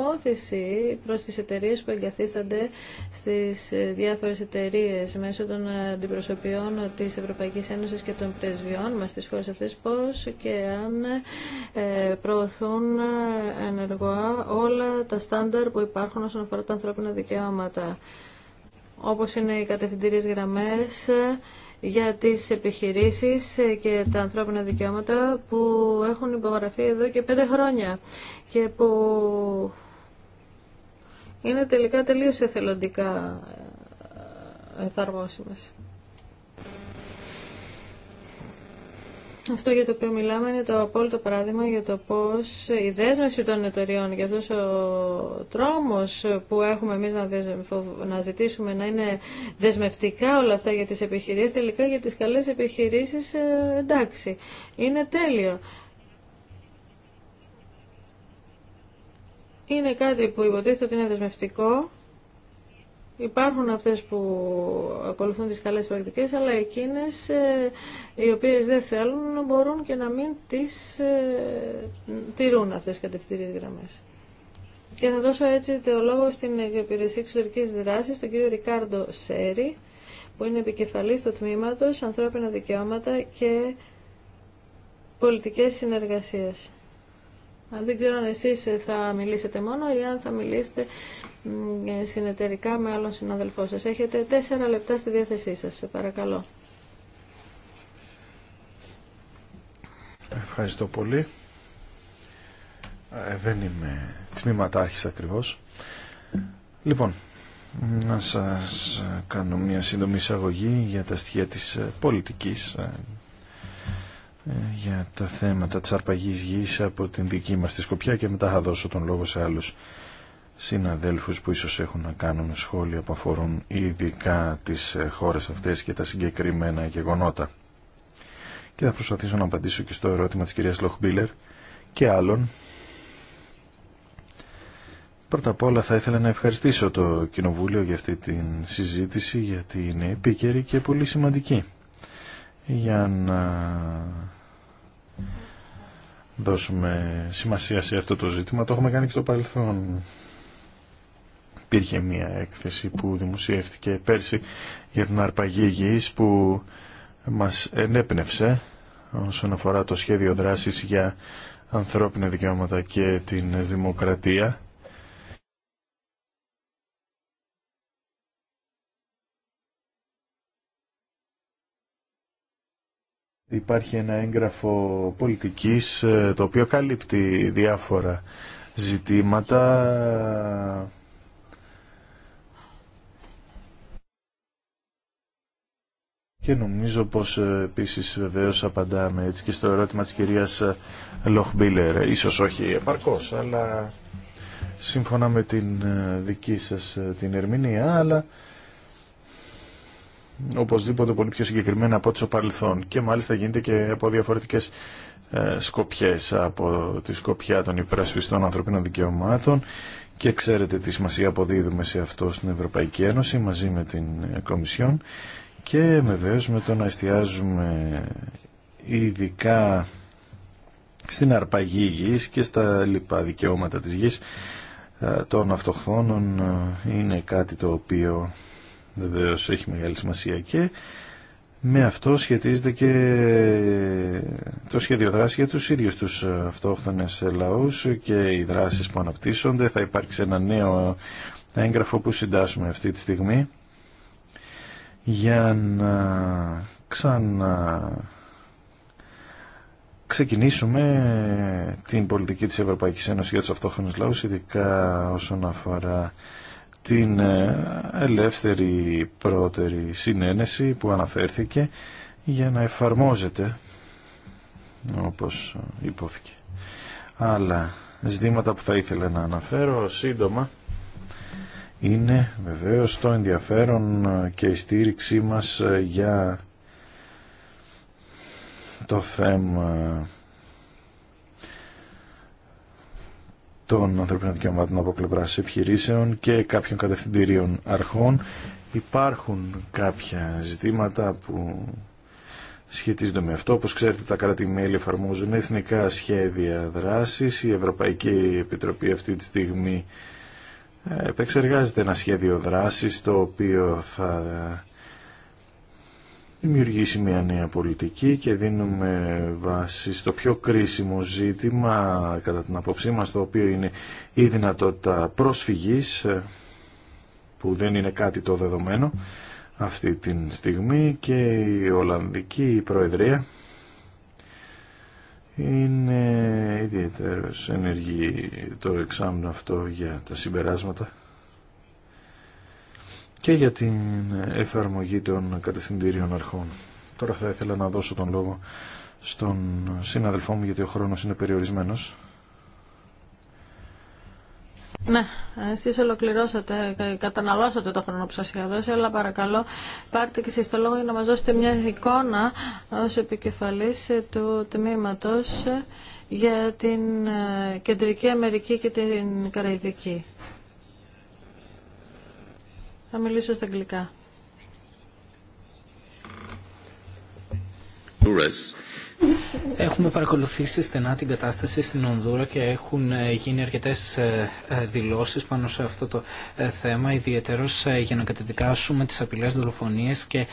όθηση προς τις εταιρείες που εγκαθίστανται στις διάφορες εταιρείες μέσω των αντιπροσωπιών της Ευρωπαϊκής Ένωσης και των πρεσβειών μας στις χώρες αυτές πώς και αν ε, προωθούν ενεργοά όλα τα στάνταρ που υπάρχουν όσον αφορά τα ανθρώπινα δικαιώματα όπως είναι οι κατευθυντήριες γραμμές για τις επιχειρήσεις και τα ανθρώπινα δικαιώματα που έχουν υπογραφεί εδώ και πέντε χρόνια και που είναι τελικά τελείως εθελοντικά ε, εφαρμόσιμες. Αυτό για το οποίο μιλάμε είναι το απόλυτο παράδειγμα για το πώς η δέσμευση των εταιριών για αυτός ο τρόμος που έχουμε εμείς να, να ζητήσουμε να είναι δεσμευτικά όλα αυτά για τις επιχειρήσεις, τελικά για τις καλές επιχειρήσεις ε, εντάξει, είναι τέλειο. Είναι κάτι που υποτίθεται ότι είναι δεσμευτικό, Υπάρχουν αυτές που ακολουθούν τις καλές πρακτικές, αλλά εκείνες ε, οι οποίες δεν θέλουν μπορούν και να μην τις ε, τηρούν αυτές τις κατευθύνες γραμμές. Και θα δώσω έτσι το λόγο στην Υπηρεσία Εξωτερική Δράση τον κύριο Ρικάρντο Σέρι, που είναι επικεφαλής του Τμήματος Ανθρώπινα Δικαιώματα και Πολιτικές Συνεργασίες. Αν δεν ξέρω αν εσείς θα μιλήσετε μόνο ή αν θα μιλήσετε ε, συνεταιρικά με άλλον συναδελφό σας. Έχετε τέσσερα λεπτά στη διάθεσή σας. Σε παρακαλώ. Ευχαριστώ πολύ. Ε, δεν είμαι τμήματάρχης ακριβώς. Λοιπόν, να σας κάνω μια σύντομη εισαγωγή για τα στοιχεία της ε, πολιτικής, για τα θέματα της αρπαγής γης από την δική μας τη Σκοπιά και μετά θα δώσω τον λόγο σε άλλους συναδέλφους που ίσως έχουν να κάνουν σχόλια που αφορούν ειδικά τις ε, χώρες αυτές και τα συγκεκριμένα γεγονότα. Και θα προσπαθήσω να απαντήσω και στο ερώτημα της κυρίας Λοχμπίλερ και άλλων. Πρώτα απ' όλα θα ήθελα να ευχαριστήσω το Κοινοβούλιο για αυτή την συζήτηση γιατί είναι επίκαιρη και πολύ σημαντική για να δώσουμε σημασία σε αυτό το ζήτημα. Το έχουμε κάνει και στο παρελθόν Υπήρχε μια έκθεση που δημοσιεύτηκε πέρσι για την αρπαγή γης που μας ενέπνευσε όσον αφορά το σχέδιο δράσης για ανθρώπινα δικαιώματα και την δημοκρατία. Υπάρχει ένα έγγραφο πολιτικής ε, το οποίο καλύπτει διάφορα ζητήματα Και νομίζω πως ε, επίσης βεβαίως απαντάμε έτσι και στο ερώτημα της κυρίας ε, Λοχμπίλερ. Ίσως όχι επαρκώς, αλλά σύμφωνα με την ε, δική σας την ερμηνεία, αλλά οπωσδήποτε πολύ πιο συγκεκριμένα από ό,τι παρελθόν. Και μάλιστα γίνεται και από διαφορετικές σκοπιές από τη σκοπιά των υπερασπιστών ανθρωπίνων δικαιωμάτων και ξέρετε τι σημασία αποδίδουμε σε αυτό στην Ευρωπαϊκή Ένωση μαζί με την Κομισιόν και βεβαίως με το να εστιάζουμε ειδικά στην αρπαγή γης και στα λοιπά δικαιώματα της γης ε, των αυτοχθόνων ε, είναι κάτι το οποίο βεβαίως έχει μεγάλη σημασία και με αυτό σχετίζεται και το σχέδιο δράση για τους ίδιους τους αυτόχθονες λαούς και οι δράσεις που αναπτύσσονται. Θα υπάρξει ένα νέο έγγραφο που συντάσσουμε αυτή τη στιγμή για να ξανα ξεκινήσουμε την πολιτική της Ευρωπαϊκής Ένωσης για τους Αυτόχρονους λαούς, ειδικά όσον αφορά την ε, ελεύθερη πρώτερη συνένεση που αναφέρθηκε για να εφαρμόζεται όπως υπόθηκε. Άλλα ζητήματα που θα ήθελα να αναφέρω σύντομα είναι βεβαίως το ενδιαφέρον και η στήριξή μας για το θέμα των ανθρωπίνων δικαιωμάτων από πλευρά επιχειρήσεων και κάποιων κατευθυντηρίων αρχών. Υπάρχουν κάποια ζητήματα που σχετίζονται με αυτό. Όπως ξέρετε τα κράτη-μέλη εφαρμόζουν εθνικά σχέδια δράσης. Η Ευρωπαϊκή Επιτροπή αυτή τη στιγμή επεξεργάζεται ένα σχέδιο δράσης το οποίο θα δημιουργήσει μια νέα πολιτική και δίνουμε βάση στο πιο κρίσιμο ζήτημα κατά την απόψή μας το οποίο είναι η δυνατότητα προσφυγής που δεν είναι κάτι το δεδομένο αυτή τη στιγμή και η Ολλανδική Προεδρία είναι ιδιαίτερο ενεργή το εξάμεινο αυτό για τα συμπεράσματα και για την εφαρμογή των κατευθυντήριων αρχών. Τώρα θα ήθελα να δώσω τον λόγο στον συναδελφό μου γιατί ο χρόνος είναι περιορισμένος. Ναι, εσεί ολοκληρώσατε, καταναλώσατε το χρόνο που σα είχα δώσει, αλλά παρακαλώ πάρτε και εσεί το λόγο για να μα δώσετε μια εικόνα ω επικεφαλή του τμήματο για την ε, Κεντρική Αμερική και την Καραϊβική. Θα μιλήσω στα αγγλικά. Έχουμε παρακολουθήσει στενά την κατάσταση στην Ονδούρα και έχουν ε, γίνει αρκετές ε, ε, δηλώσεις πάνω σε αυτό το θέμα, ιδιαίτερω για να κατεδικάσουμε τι απειλέ δολοφονίες και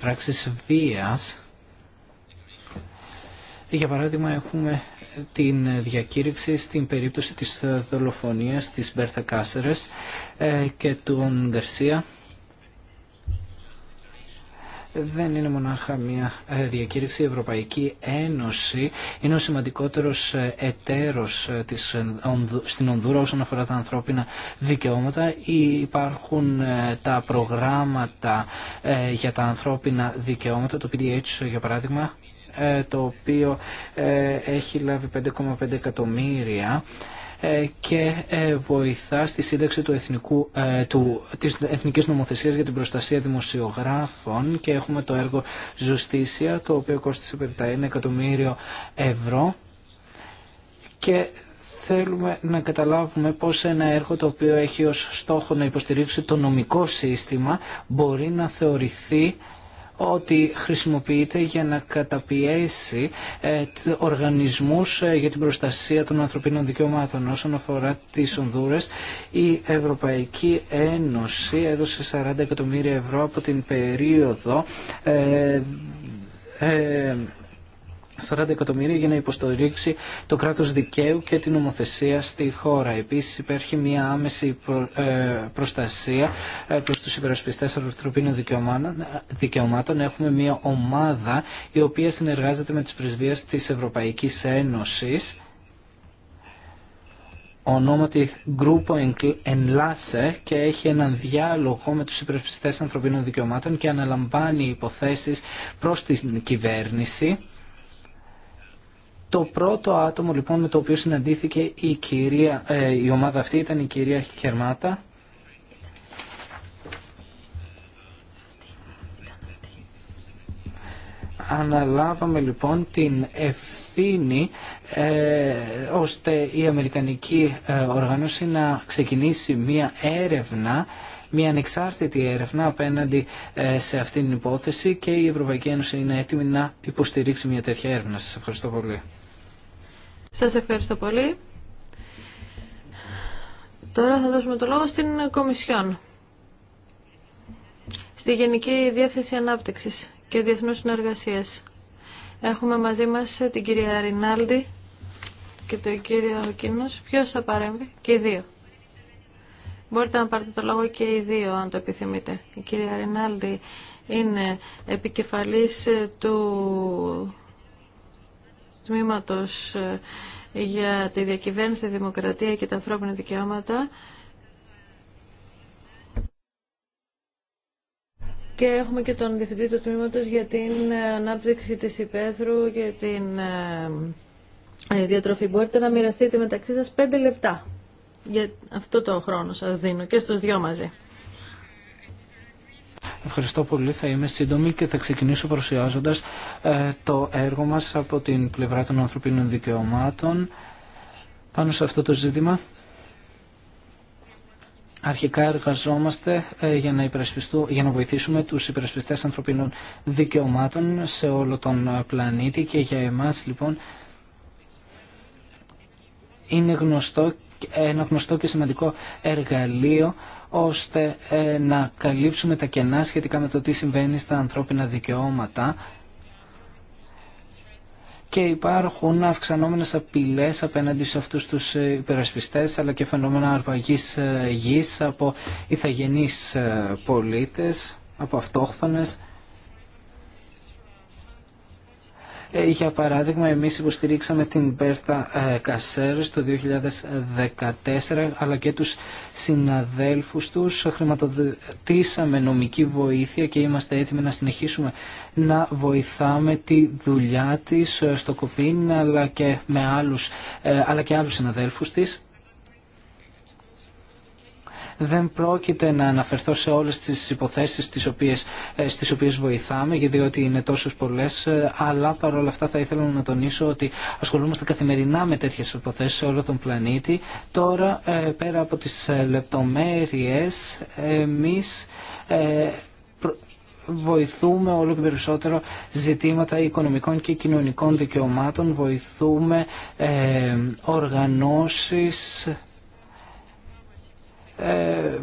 πράξεις βίας. Για παράδειγμα έχουμε την διακήρυξη στην περίπτωση της δολοφονίας της Μπέρθα Κάσερες και του Γκαρσία δεν είναι μονάχα μια ε, διακήρυξη. Η Ευρωπαϊκή Ένωση είναι ο σημαντικότερο ε, εταίρο ε, στην Ονδούρα όσον αφορά τα ανθρώπινα δικαιώματα. Υπάρχουν τα προγράμματα για τα ανθρώπινα δικαιώματα, το PDH για παράδειγμα, το οποίο έχει λάβει 5,5 εκατομμύρια ε, και ε, βοηθά στη σύνταξη του εθνικού, ε, του, της Εθνικής Νομοθεσίας για την Προστασία Δημοσιογράφων και έχουμε το έργο Ζουστίσια, το οποίο κόστησε 51 εκατομμύριο ευρώ και θέλουμε να καταλάβουμε πώς ένα έργο το οποίο έχει ως στόχο να υποστηρίξει το νομικό σύστημα μπορεί να θεωρηθεί ότι χρησιμοποιείται για να καταπιέσει ε, οργανισμούς ε, για την προστασία των ανθρωπίνων δικαιωμάτων. Όσον αφορά τις Ονδούρες, η Ευρωπαϊκή Ένωση έδωσε 40 εκατομμύρια ευρώ από την περίοδο ε, 40 εκατομμύρια για να υποστηρίξει το κράτος δικαίου και την νομοθεσία στη χώρα. Επίσης υπάρχει μια άμεση ε, προστασία ε, προς τους υπερασπιστές ανθρωπίνων δικαιωμάτων. Έχουμε μια ομάδα η οποία συνεργάζεται με τις πρεσβείες της Ευρωπαϊκής Ένωσης ονόματι Γκρούπο Ενλάσε και έχει έναν διάλογο με τους υπερασπιστές ανθρωπίνων δικαιωμάτων και αναλαμβάνει υποθέσεις προς την κυβέρνηση το πρώτο άτομο λοιπόν με το οποίο συναντήθηκε η, κυρία, ε, η ομάδα αυτή ήταν η κυρία Χερμάτα. Αναλάβαμε λοιπόν την ευθύνη ε, ώστε η Αμερικανική ε, Οργανώση να ξεκινήσει μία έρευνα μια ανεξάρτητη έρευνα απέναντι σε αυτήν την υπόθεση και η Ευρωπαϊκή Ένωση είναι έτοιμη να υποστηρίξει μια τέτοια έρευνα. Σας ευχαριστώ πολύ. Σας ευχαριστώ πολύ. Τώρα θα δώσουμε το λόγο στην Κομισιόν. Στη Γενική Διεύθυνση Ανάπτυξης και Διεθνούς Συνεργασίες. Έχουμε μαζί μας την κυρία Ρινάλντι και τον κύριο Κίνος. Ποιος θα παρέμβει και οι δύο. Μπορείτε να πάρετε το λόγο και οι δύο αν το επιθυμείτε. Η κυρία Ρινάλντι είναι επικεφαλής του τμήματος ε, για τη διακυβέρνηση, τη δημοκρατία και τα ανθρώπινα δικαιώματα και έχουμε και τον διευθυντή του τμήματος για την ανάπτυξη της υπαίθρου και την ε, ε, διατροφή. Μπορείτε να μοιραστείτε μεταξύ σας πέντε λεπτά για αυτό το χρόνο σας δίνω και στους δυο μαζί. Ευχαριστώ πολύ. Θα είμαι σύντομη και θα ξεκινήσω παρουσιάζοντας ε, το έργο μας από την πλευρά των ανθρωπίνων δικαιωμάτων πάνω σε αυτό το ζήτημα. Αρχικά εργαζόμαστε ε, για να, για να βοηθήσουμε τους υπερασπιστές ανθρωπίνων δικαιωμάτων σε όλο τον ε, πλανήτη και για εμάς λοιπόν είναι γνωστό ένα γνωστό και σημαντικό εργαλείο ώστε ε, να καλύψουμε τα κενά σχετικά με το τι συμβαίνει στα ανθρώπινα δικαιώματα και υπάρχουν αυξανόμενες απειλές απέναντι σε αυτούς τους ε, υπερασπιστές αλλά και φαινόμενα αρπαγής ε, γης από ηθαγενείς πολίτες, από αυτόχθονες Ε, για παράδειγμα, εμείς υποστηρίξαμε την Πέρτα ε, Κασέρ το 2014, αλλά και τους συναδέλφους τους. Χρηματοδοτήσαμε νομική βοήθεια και είμαστε έτοιμοι να συνεχίσουμε να βοηθάμε τη δουλειά της ε, στο Κοπίν, αλλά και, με άλλους, αλλά και άλλους συναδέλφους της. Δεν πρόκειται να αναφερθώ σε όλες τις υποθέσεις τις οποίες, ε, στις οποίες βοηθάμε, γιατί είναι τόσες πολλές, ε, αλλά παρόλα αυτά θα ήθελα να τονίσω ότι ασχολούμαστε καθημερινά με τέτοιες υποθέσεις σε όλο τον πλανήτη. Τώρα, ε, πέρα από τις λεπτομέρειες, εμείς βοηθούμε όλο και περισσότερο ζητήματα οικονομικών και κοινωνικών δικαιωμάτων, βοηθούμε ε, οργανώσεις ε,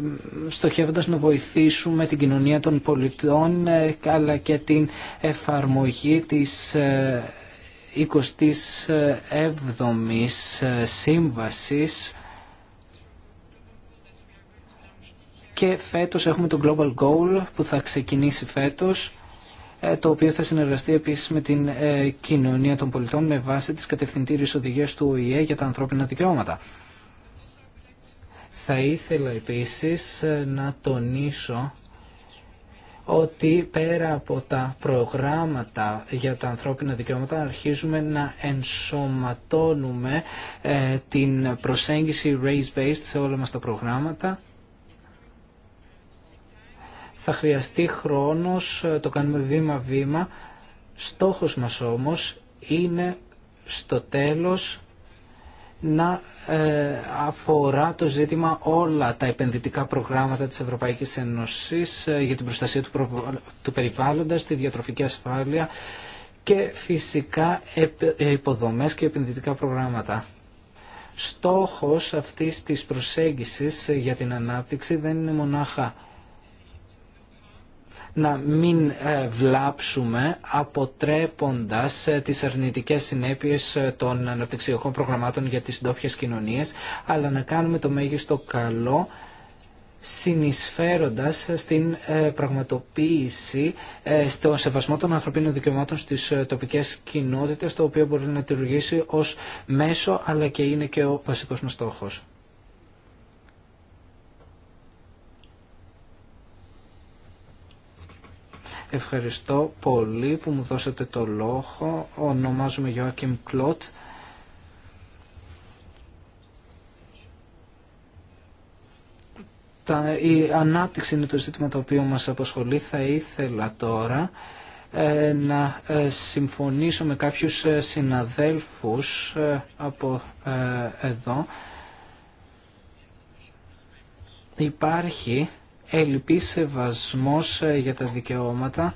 στοχεύοντας να βοηθήσουμε την κοινωνία των πολιτών ε, αλλά και την εφαρμογή της 27ης ε, σύμβασης και φέτος έχουμε το Global Goal που θα ξεκινήσει φέτος το οποίο θα συνεργαστεί επίσης με την κοινωνία των πολιτών με βάση τις κατευθυντήριες οδηγίες του ΟΗΕ για τα ανθρώπινα δικαιώματα. Θα ήθελα επίσης ε, να τονίσω ότι πέρα από τα προγράμματα για τα ανθρώπινα δικαιώματα αρχίζουμε να ενσωματώνουμε ε, την προσέγγιση race-based σε όλα μας τα προγράμματα. Θα χρειαστεί χρόνος, ε, το κάνουμε βήμα-βήμα. Στόχος μας όμως είναι στο τέλος να ε, αφορά το ζήτημα όλα τα επενδυτικά προγράμματα της Ευρωπαϊκής Ένωσης ε, για την προστασία του, προβ... περιβάλλοντας, τη διατροφική ασφάλεια και φυσικά υποδομές και επενδυτικά προγράμματα. Στόχος αυτής της προσέγγισης ε, για την ανάπτυξη δεν είναι μονάχα να μην ε, βλάψουμε αποτρέποντας ε, τις αρνητικές συνέπειες ε, των αναπτυξιακών προγραμμάτων για τις ντόπιες κοινωνίες, αλλά να κάνουμε το μέγιστο καλό συνεισφέροντας στην πραγματοποίηση, στο σεβασμό των ανθρωπίνων δικαιωμάτων στις τοπικές κοινότητες, το οποίο μπορεί να λειτουργήσει ως μέσο, αλλά και είναι και ο βασικός μας στόχος. Ευχαριστώ πολύ που μου δώσατε το λόγο. Ονομάζομαι Joachim Κλότ. Η ανάπτυξη είναι το ζήτημα το οποίο μας απασχολεί. Θα ήθελα τώρα ε, να ε, συμφωνήσω με κάποιους ε, συναδέλφους από εδώ. Υπάρχει ελλειπής σεβασμός ε, για τα δικαιώματα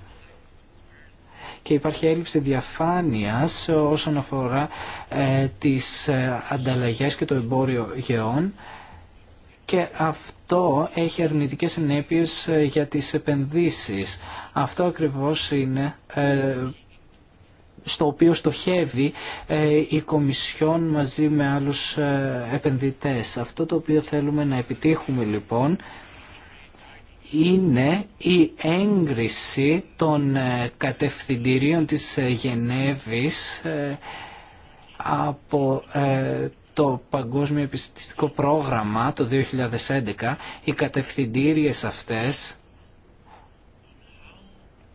και υπάρχει έλλειψη διαφάνειας ε, όσον αφορά ε, τις ανταλλαγές και το εμπόριο γεών και αυτό έχει αρνητικές συνέπειες για τις επενδύσεις. Αυτό ακριβώς είναι στο οποίο στοχεύει η Κομισιόν μαζί με άλλους επενδυτές. Αυτό το οποίο θέλουμε να επιτύχουμε λοιπόν είναι η έγκριση των ε, κατευθυντηρίων της ε, Γενέβης ε, από το Παγκόσμιο Επιστήμιστικό Πρόγραμμα το 2011. Οι κατευθυντήριες αυτές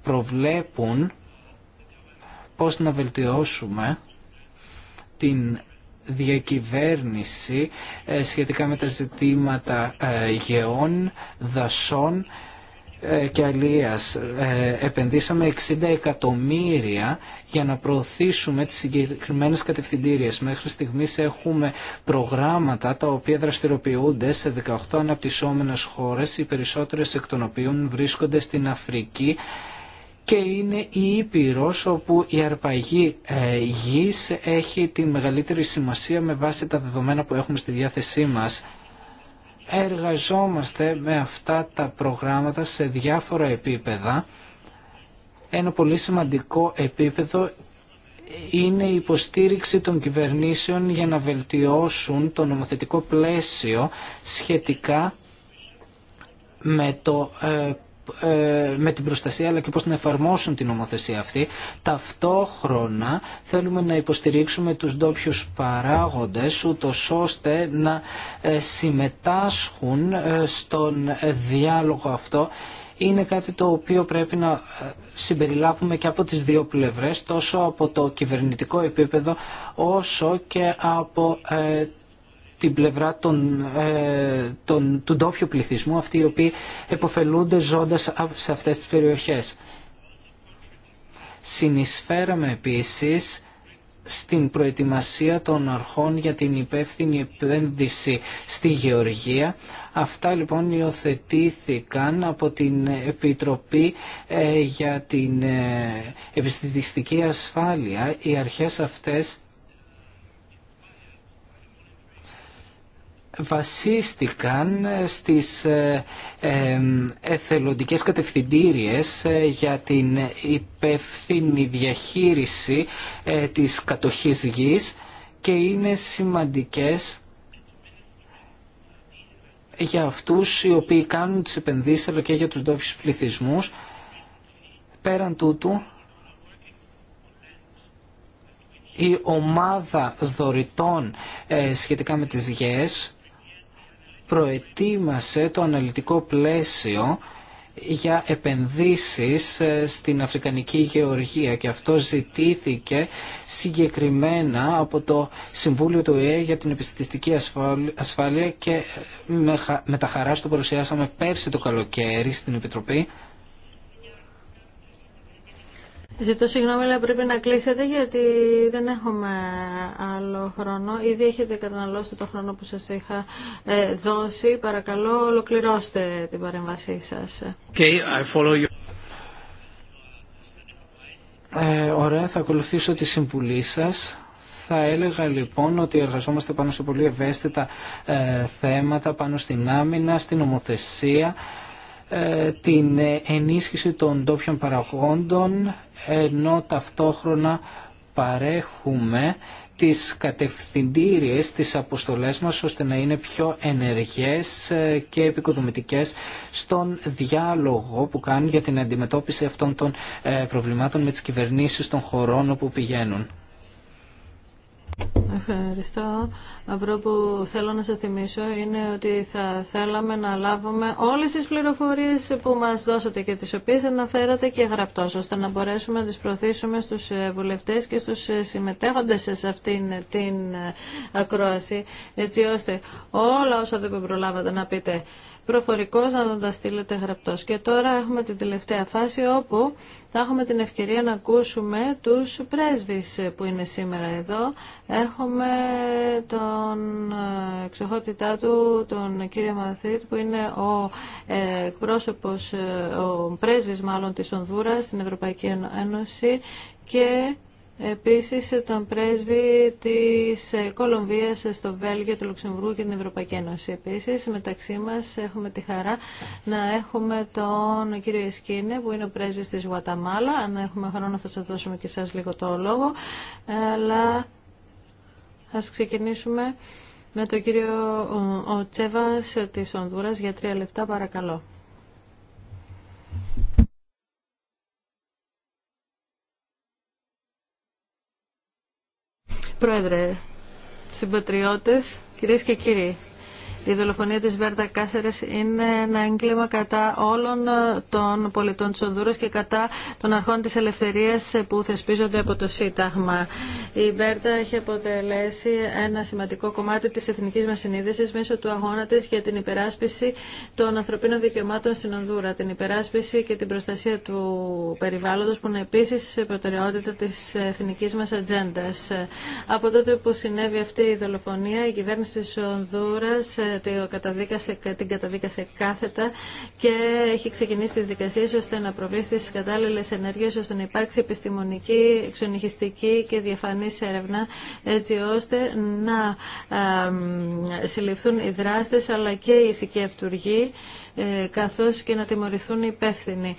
προβλέπουν πώς να βελτιώσουμε την διακυβέρνηση ε, σχετικά με τα ζητήματα ε, γεών, δασών ε, και αλίας. Επενδύσαμε 60 εκατομμύρια για να προωθήσουμε τις συγκεκριμένες κατευθυντήριες. Μέχρι στιγμής έχουμε προγράμματα τα οποία δραστηριοποιούνται σε 18 αναπτυσσόμενες χώρες, οι περισσότερες εκ των οποίων βρίσκονται στην Αφρική και είναι η Ήπειρος όπου η αρπαγή ε, γης έχει τη μεγαλύτερη σημασία με βάση τα δεδομένα που έχουμε στη διάθεσή μας. Εργαζόμαστε με αυτά τα προγράμματα σε διάφορα επίπεδα. Ένα πολύ σημαντικό επίπεδο είναι η υποστήριξη των κυβερνήσεων για να βελτιώσουν το νομοθετικό πλαίσιο σχετικά με το ε, ε, με την προστασία αλλά και πώς να εφαρμόσουν την νομοθεσία αυτή. Ταυτόχρονα θέλουμε να υποστηρίξουμε τους ντόπιου παράγοντες ούτω ώστε να ε, συμμετάσχουν ε, στον διάλογο αυτό είναι κάτι το οποίο πρέπει να συμπεριλάβουμε και από τις δύο πλευρές, τόσο από το κυβερνητικό επίπεδο όσο και από την πλευρά ε, των, του ντόπιου πληθυσμού, αυτοί οι οποίοι εποφελούνται ζώντας σε αυτές τις περιοχές. Συνεισφέραμε επίσης στην προετοιμασία των αρχών για την υπεύθυνη επένδυση στη γεωργία. Αυτά λοιπόν υιοθετήθηκαν από την Επιτροπή ε, για την ε, Ευαισθητιστική Ασφάλεια. Οι αρχές αυτές βασίστηκαν στις ε, ε, εθελοντικές κατευθυντήριες ε, για την υπεύθυνη διαχείριση της κατοχής γης και είναι σημαντικές για αυτούς οι οποίοι κάνουν τις επενδύσεις αλλά και για τους ντόπιους πληθυσμούς. Πέραν τούτου, η ομάδα δωρητών σχετικά με τις γης προετοίμασε το αναλυτικό πλαίσιο για επενδύσεις ε, στην Αφρικανική Γεωργία και αυτό ζητήθηκε συγκεκριμένα από το Συμβούλιο του ΕΕ για την Επιστημιστική Ασφάλεια και με τα χαρά το παρουσιάσαμε πέρσι το καλοκαίρι στην Επιτροπή. Ζητώ συγγνώμη, αλλά πρέπει να κλείσετε γιατί δεν έχουμε άλλο χρόνο. Ήδη έχετε καταναλώσει το χρόνο που σας είχα ε, δώσει. Παρακαλώ, ολοκληρώστε την παρέμβασή σας. Okay, I follow you. Ε, ωραία, θα ακολουθήσω τη συμβουλή σας. Θα έλεγα λοιπόν ότι εργαζόμαστε πάνω σε πολύ ευαίσθητα ε, θέματα, πάνω στην άμυνα, στην ομοθεσία, την ενίσχυση των ντόπιων παραγόντων, ενώ ταυτόχρονα παρέχουμε τις κατευθυντήριες, τις αποστολές μας ώστε να είναι πιο ενεργές ε, και επικοδομητικές στον διάλογο που κάνουν για την αντιμετώπιση αυτών των ε, προβλημάτων με τις κυβερνήσεις των χωρών όπου πηγαίνουν. Ευχαριστώ. Αυτό που θέλω να σας θυμίσω είναι ότι θα θέλαμε να λάβουμε όλες τις πληροφορίες που μας δώσατε και τις οποίες αναφέρατε και γραπτός, ώστε να μπορέσουμε να τις προωθήσουμε στους βουλευτές και στους συμμετέχοντες σε αυτήν την ακρόαση, έτσι ώστε όλα όσα δεν προλάβατε να πείτε προφορικός να τον τα στείλετε γραπτός. Και τώρα έχουμε την τελευταία φάση όπου θα έχουμε την ευκαιρία να ακούσουμε τους πρέσβεις που είναι σήμερα εδώ. Έχουμε τον ε, εξοχότητά του, τον κύριο Μαθήτ, που είναι ο ε, εκπρόσωπο ε, ο πρέσβη μάλλον της Ονδούρας στην Ευρωπαϊκή Ένωση και Επίσης τον πρέσβη της Κολομβίας στο Βέλγιο, του Λουξεμβούργο και την Ευρωπαϊκή Ένωση. Επίσης μεταξύ μας έχουμε τη χαρά να έχουμε τον κύριο Εσκίνε, που είναι ο πρέσβης της Γουαταμάλα. Αν έχουμε χρόνο θα σας δώσουμε και σας λίγο το λόγο. Αλλά ας ξεκινήσουμε με τον κύριο Τσέβα της Ονδούρας για τρία λεπτά παρακαλώ. Πρόεδρε, συμπατριώτες, κυρίες και κύριοι. Η δολοφονία της Βέρτα Κάσερες είναι ένα έγκλημα κατά όλων ε, των πολιτών της Ονδούρας και κατά των αρχών της ελευθερίας ε, που θεσπίζονται από το Σύνταγμα. Η Βέρτα έχει αποτελέσει ένα σημαντικό κομμάτι της εθνικής μας συνείδησης μέσω του αγώνα της για την υπεράσπιση των ανθρωπίνων δικαιωμάτων στην Ονδούρα, την υπεράσπιση και την προστασία του περιβάλλοντος που είναι επίσης προτεραιότητα της εθνικής μας ατζέντα. Από τότε που συνέβη αυτή η δολοφονία, η κυβέρνηση της Ονδούρας ε, γιατί καταδίκασε, την καταδίκασε κάθετα και έχει ξεκινήσει τη δικασία ώστε να προβεί στι κατάλληλε ενέργειε ώστε να υπάρξει επιστημονική, εξονυχιστική και διαφανή έρευνα έτσι ώστε να συλληφθούν οι δράστε αλλά και οι ηθικοί αυτούργοι. Ε, καθώς και να τιμωρηθούν οι υπεύθυνοι.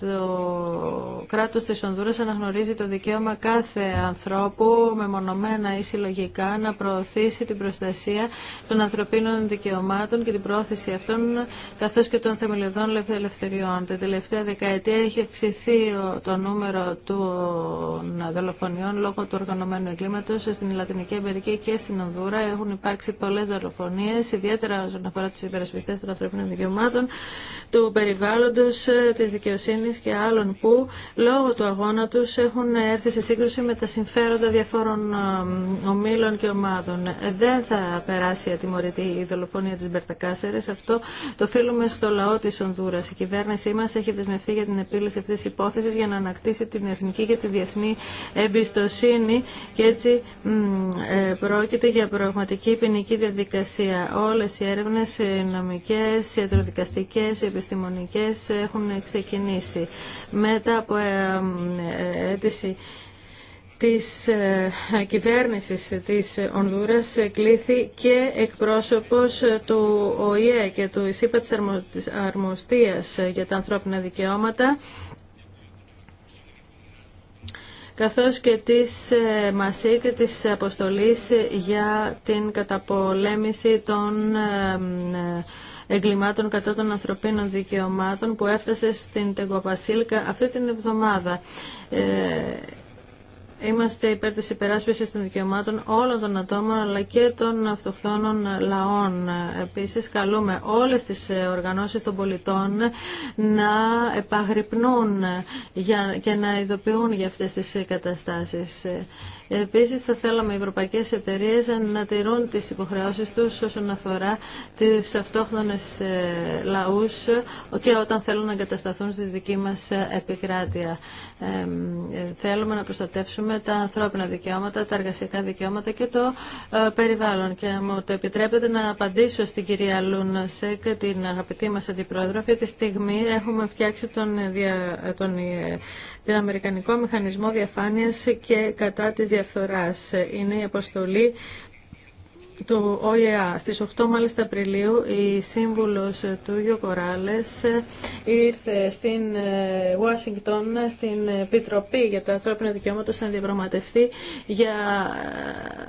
Το κράτος της Ονδούρας αναγνωρίζει το δικαίωμα κάθε ανθρώπου μεμονωμένα ή συλλογικά να προωθήσει την προστασία των ανθρωπίνων δικαιωμάτων και την πρόθεση αυτών καθώς και των θεμελιωδών ελευθεριών. Τα τελευταία δεκαετία έχει αυξηθεί το νούμερο των δολοφονιών λόγω του οργανωμένου εγκλήματος στην Λατινική Αμερική και στην Ονδούρα. Έχουν υπάρξει πολλές δολοφονίες, ιδιαίτερα όσον αφορά τους υπερασπιστές των ανθρωπίνων δικαιωμάτων, του περιβάλλοντος, ε, της δικαιοσύνης και άλλων που λόγω του αγώνα τους έχουν έρθει σε σύγκρουση με τα συμφέροντα διαφόρων ε, ομίλων και ομάδων. Δεν θα περάσει ατιμωρητή η δολοφονία της Μπερτακάσερης. Αυτό το φίλουμε στο λαό της Ονδούρας. Η κυβέρνησή μας έχει δεσμευτεί για την επίλυση αυτής της υπόθεσης για να ανακτήσει την εθνική και τη διεθνή εμπιστοσύνη και έτσι ε, πρόκειται για πραγματική ποινική διαδικασία. Όλες οι έρευνες, οι ιατρικές, ιατροδικαστικές, επιστημονικές έχουν ξεκινήσει. Μετά από ε, ε, αίτηση της ε, κυβέρνησης της Ονδούρας κλήθη και εκπρόσωπος του ΟΗΕ και του ΙΣΥΠΑ της Αρμοστίας για τα ανθρώπινα δικαιώματα καθώς και της και της αποστολής για την καταπολέμηση των εγκλημάτων κατά των ανθρωπίνων δικαιωμάτων που έφτασε στην Τεγκοπασίλικα αυτή την εβδομάδα. Ε, Είμαστε υπέρ της υπεράσπισης των δικαιωμάτων όλων των ατόμων αλλά και των αυτοχθόνων λαών. Επίσης καλούμε όλες τις οργανώσεις των πολιτών να επαγρυπνούν και να ειδοποιούν για αυτές τις καταστάσεις. Επίσης θα θέλαμε οι ευρωπαϊκές εταιρείες να τηρούν τις υποχρεώσεις τους όσον αφορά τις αυτόχθονες ε, λαούς και όταν θέλουν να εγκατασταθούν στη δική μας ε, επικράτεια. Ε, θέλουμε να προστατεύσουμε με τα ανθρώπινα δικαιώματα, τα εργασιακά δικαιώματα και το ε, περιβάλλον. Και μου το επιτρέπετε να απαντήσω στην κυρία Λούνα Σεκ, την αγαπητή μας αντιπρόεδρο. Αυτή τη στιγμή έχουμε φτιάξει τον, ε, δια, ε, τον, την Αμερικανικό Μηχανισμό Διαφάνειας και κατά της διαφθοράς. Είναι η αποστολή του ΟΗΕΑ. Στις 8 μάλιστα Απριλίου η σύμβουλος του Ιω Κοράλες ε, ήρθε στην ε, Ουάσιγκτον στην Επιτροπή για τα ανθρώπινα δικαιώματα να διαπραγματευτεί για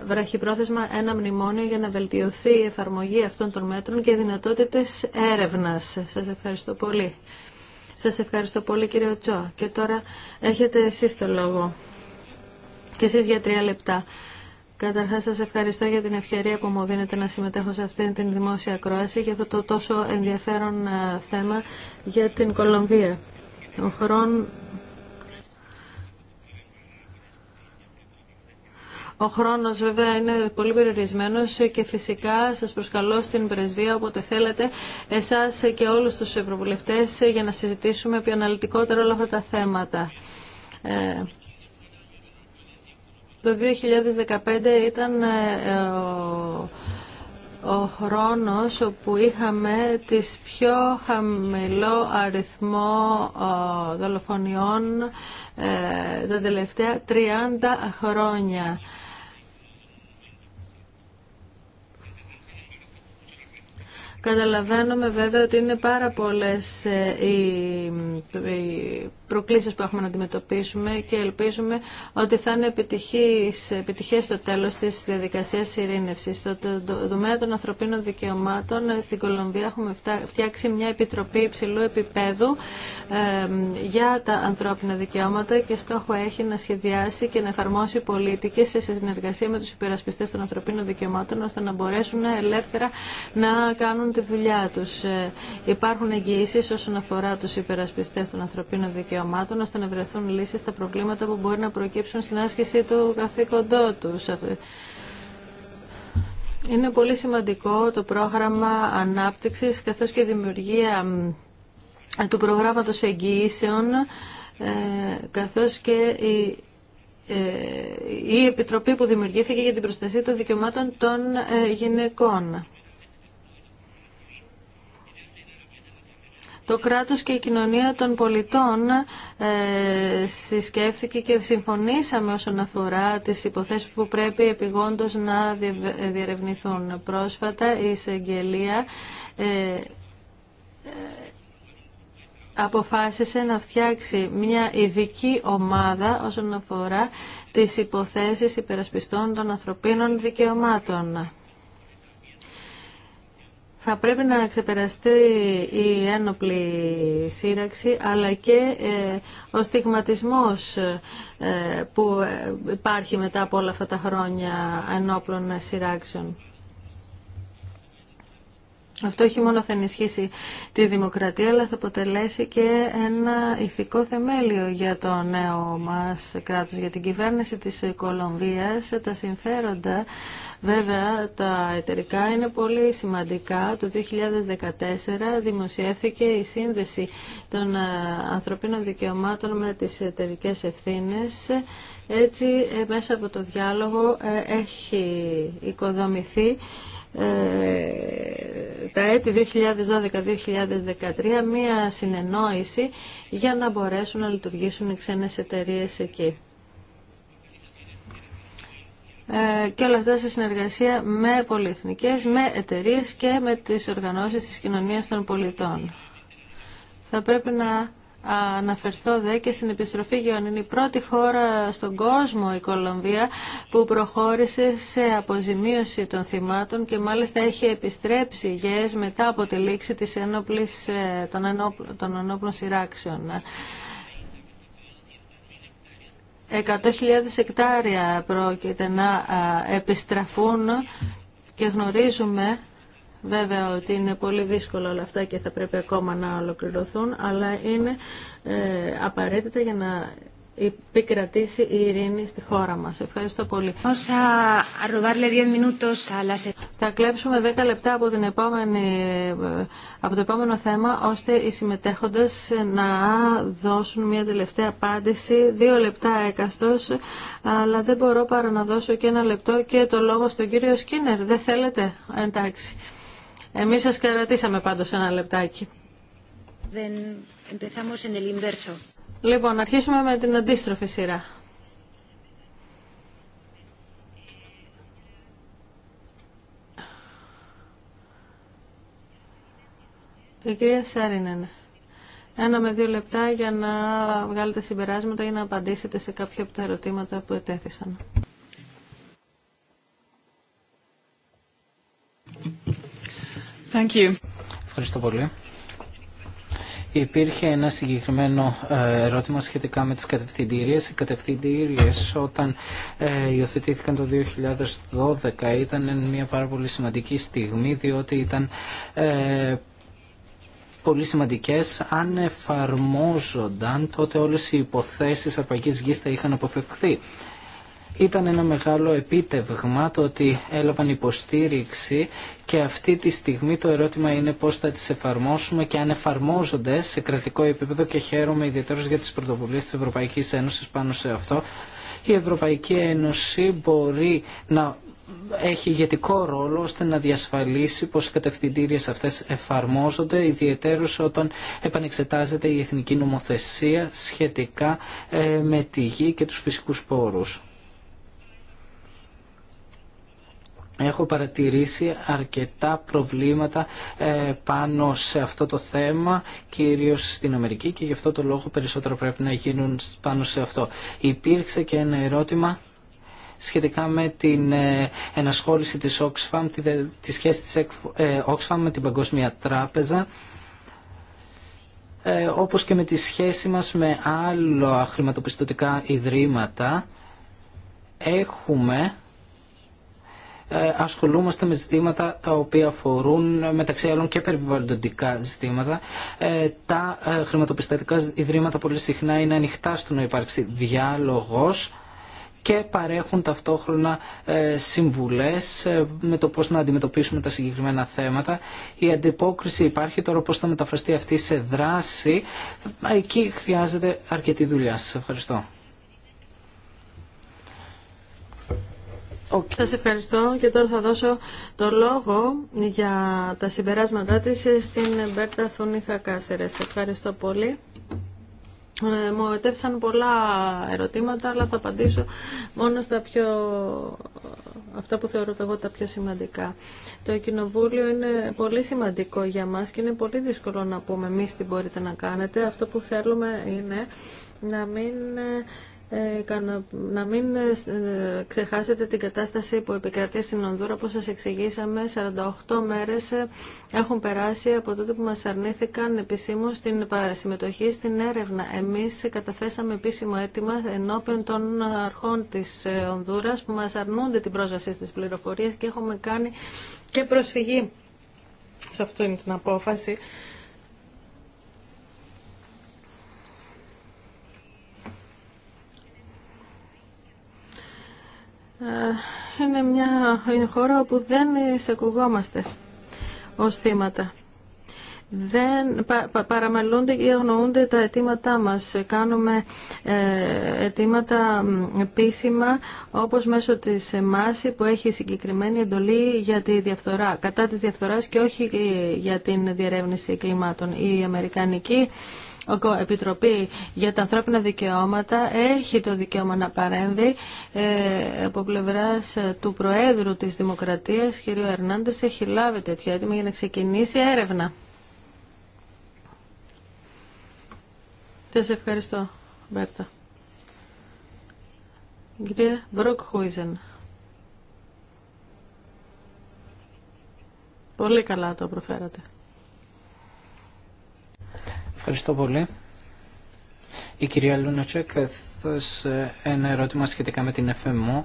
ε, βραχυπρόθεσμα ένα μνημόνιο για να βελτιωθεί η εφαρμογή αυτών των μέτρων και δυνατότητες έρευνας. Σας ευχαριστώ πολύ. Σας ευχαριστώ πολύ κύριε Τσό. Και τώρα έχετε εσείς το λόγο. Και εσείς για τρία λεπτά. Καταρχά, σα ευχαριστώ για την ευκαιρία που μου δίνετε να συμμετέχω σε αυτήν την δημόσια ακρόαση για αυτό το τόσο ενδιαφέρον ε, θέμα για την Κολομβία. Ο χρόνο, χρόνος βέβαια είναι πολύ περιορισμένος και φυσικά σας προσκαλώ στην πρεσβεία όποτε θέλετε εσάς και όλους τους ευρωβουλευτές ε, για να συζητήσουμε πιο αναλυτικότερα όλα αυτά τα θέματα. Ε, το 2015 ήταν ε, ε, ο χρόνος όπου είχαμε τις πιο χαμηλό αριθμό ε, δολοφονιών τα τελευταία 30 χρόνια. Καταλαβαίνουμε βέβαια ότι είναι πάρα πολλές οι προκλήσεις που έχουμε να αντιμετωπίσουμε και ελπίζουμε ότι θα είναι επιτυχής, επιτυχές στο τέλος της διαδικασίας ειρήνευσης. Στο δομέα των ανθρωπίνων δικαιωμάτων ε, στην Κολομβία έχουμε φτιάξει μια επιτροπή υψηλού επίπεδου για τα ανθρώπινα δικαιώματα και στόχο έχει να σχεδιάσει και να εφαρμόσει πολιτικές σε συνεργασία με τους υπερασπιστές των ανθρωπίνων δικαιωμάτων ώστε να μπορέσουν ελεύθερα να κάνουν τη δουλειά τους. Ε, υπάρχουν εγγυήσεις όσον αφορά τους υπερασπιστές των ανθρωπίνων δικαιωμάτων δικαιωμάτων ώστε να βρεθούν λύσεις στα προβλήματα που μπορεί να προκύψουν στην άσκηση του καθήκοντό του. Είναι πολύ σημαντικό το πρόγραμμα ανάπτυξης καθώς και δημιουργία του προγράμματος εγγυήσεων ε, καθώς και η ε, η Επιτροπή που δημιουργήθηκε για την προστασία των δικαιωμάτων των ε, γυναικών. Το κράτος και η κοινωνία των πολιτών ε, συσκέφθηκε και συμφωνήσαμε όσον αφορά τις υποθέσεις που πρέπει επιγόντως να διερευνηθούν. Πρόσφατα η εισαγγελία ε, ε, αποφάσισε να φτιάξει μια ειδική ομάδα όσον αφορά τις υποθέσεις υπερασπιστών των ανθρωπίνων δικαιωμάτων θα πρέπει να ξεπεραστεί η ένοπλη σύραξη αλλά και ε, ο στιγματισμός ε, που ε, υπάρχει μετά από όλα αυτά τα χρόνια ενόπλων σειράξεων. Αυτό όχι μόνο θα ενισχύσει τη δημοκρατία, αλλά θα αποτελέσει και ένα ηθικό θεμέλιο για το νέο μας κράτος, για την κυβέρνηση της Κολομβίας. Τα συμφέροντα, βέβαια, τα εταιρικά είναι πολύ σημαντικά. Το 2014 δημοσιεύθηκε η σύνδεση των ε, ανθρωπίνων δικαιωμάτων με τις εταιρικέ ευθύνες. Έτσι, ε, μέσα από το διάλογο ε, έχει οικοδομηθεί ε, τα έτη 2012-2013 μία συνεννόηση για να μπορέσουν να λειτουργήσουν οι ξένες εταιρείες εκεί. Ε, και όλα αυτά σε συνεργασία με πολυεθνικές, με εταιρείες και με τις οργανώσεις της κοινωνίας των πολιτών. Θα πρέπει να αναφερθώ δε και στην επιστροφή γεών. Είναι η πρώτη χώρα στον κόσμο η Κολομβία που προχώρησε σε αποζημίωση των θυμάτων και μάλιστα έχει επιστρέψει γεές μετά από τη λήξη της ενόπλης, ε, των, ενόπλ, των ενόπλων σειράξεων. 100.000 εκτάρια πρόκειται να επιστραφούν και γνωρίζουμε Βέβαια ότι είναι πολύ δύσκολο όλα αυτά και θα πρέπει ακόμα να ολοκληρωθούν, αλλά είναι ε, απαραίτητα για να επικρατήσει η ειρήνη στη χώρα μας. Ευχαριστώ πολύ. Θα κλέψουμε 10 λεπτά από, ε, από το επόμενο θέμα, ώστε οι συμμετέχοντες να δώσουν μια τελευταία απάντηση. Δύο λεπτά έκαστος, αλλά δεν μπορώ παρά να δώσω και ένα λεπτό και το λόγο στον κύριο Σκίνερ. Δεν θέλετε? Ε, εντάξει. Εμείς σας κρατήσαμε πάντως ένα λεπτάκι. Λοιπόν, αρχίσουμε με την αντίστροφη σειρά. Η κυρία Σάρινεν, ναι. ένα με δύο λεπτά για να βγάλετε συμπεράσματα ή να απαντήσετε σε κάποια από τα ερωτήματα που ετέθησαν. Ευχαριστώ πολύ. Υπήρχε ένα συγκεκριμένο ε, ερώτημα σχετικά με τις κατευθυντήριες. Οι κατευθυντήριες όταν ε, υιοθετήθηκαν το 2012 ήταν μια πάρα πολύ σημαντική στιγμή διότι ήταν ε, πολύ σημαντικές. Αν εφαρμόζονταν τότε όλες οι υποθέσεις αρπαγής γης θα είχαν αποφευχθεί. Ήταν ένα μεγάλο επίτευγμα το ότι έλαβαν υποστήριξη και αυτή τη στιγμή το ερώτημα είναι πώς θα τις εφαρμόσουμε και αν εφαρμόζονται σε κρατικό επίπεδο και χαίρομαι ιδιαίτερως για τις πρωτοβουλίες της Ευρωπαϊκής Ένωσης πάνω σε αυτό. Η Ευρωπαϊκή Ένωση μπορεί να έχει ηγετικό ρόλο ώστε να διασφαλίσει πως οι κατευθυντήριες αυτές εφαρμόζονται ιδιαιτέρως όταν επανεξετάζεται η εθνική νομοθεσία σχετικά ε, με τη γη και τους φυσικούς πόρους. έχω παρατηρήσει αρκετά προβλήματα ε, πάνω σε αυτό το θέμα, κυρίως στην Αμερική και γι' αυτό το λόγο περισσότερο πρέπει να γίνουν πάνω σε αυτό. Υπήρξε και ένα ερώτημα σχετικά με την ε, ενασχόληση της Oxfam, τη, σχέση της ε, Oxfam με την Παγκόσμια Τράπεζα όπως και με τη σχέση μας με άλλα χρηματοπιστωτικά ιδρύματα έχουμε ε, ασχολούμαστε με ζητήματα τα οποία αφορούν μεταξύ άλλων και περιβαλλοντικά ζητήματα. Ε, τα ε, χρηματοπιστωτικά ιδρύματα πολύ συχνά είναι ανοιχτά στο να υπάρξει διάλογος και παρέχουν ταυτόχρονα συμβουλές με το πώς να αντιμετωπίσουμε τα συγκεκριμένα θέματα. Η αντιπόκριση υπάρχει τώρα πώς θα μεταφραστεί αυτή σε δράση. Εκεί χρειάζεται αρκετή δουλειά. Σας ευχαριστώ. Okay. Σας ευχαριστώ και τώρα θα δώσω το λόγο για τα συμπεράσματά της στην Μπέρτα Θούνιχα Κάσερες. Ευχαριστώ πολύ. Ε, μου ετέθησαν πολλά ερωτήματα, αλλά θα απαντήσω μόνο στα πιο, αυτά που θεωρώ εγώ τα πιο σημαντικά. Το κοινοβούλιο είναι πολύ σημαντικό για μας και είναι πολύ δύσκολο να πούμε εμείς τι μπορείτε να κάνετε. Αυτό που θέλουμε είναι να μην ε, ε, να μην ε, ξεχάσετε την κατάσταση που επικρατεί στην Ονδούρα, όπως σας εξηγήσαμε, 48 μέρες ε, έχουν περάσει από τότε που μας αρνήθηκαν επισήμως την συμμετοχή στην έρευνα. Εμείς καταθέσαμε επίσημο αίτημα ενώπιον των αρχών της Ονδούρας που μας αρνούνται την πρόσβαση στις πληροφορίες και έχουμε κάνει και προσφυγή σε αυτήν την απόφαση Ε, είναι μια είναι χώρα όπου δεν εισακουγόμαστε ως θύματα. Δεν παραμελούνται ή αγνοούνται τα αιτήματά μας. Κάνουμε ε, αιτήματα επίσημα όπως μέσω της ΜΑΣΗ που έχει συγκεκριμένη εντολή για τη διαφθορά, κατά της διαφθοράς και όχι ε, για την διερεύνηση κλιμάτων. Η Αμερικανική Επιτροπή για τα ανθρώπινα δικαιώματα έχει το δικαίωμα να παρέμβει ε, από πλευρά ε, του Προέδρου της Δημοκρατίας, κ. Ερνάντες, έχει λάβει τέτοιο έτοιμο για να ξεκινήσει έρευνα. Σα ευχαριστώ, Μπέρτα. Κυρία Μπροκ Πολύ καλά το προφέρατε. Ευχαριστώ πολύ. Η κυρία Λούνατσεκ έθεσε ένα ερώτημα σχετικά με την FMO.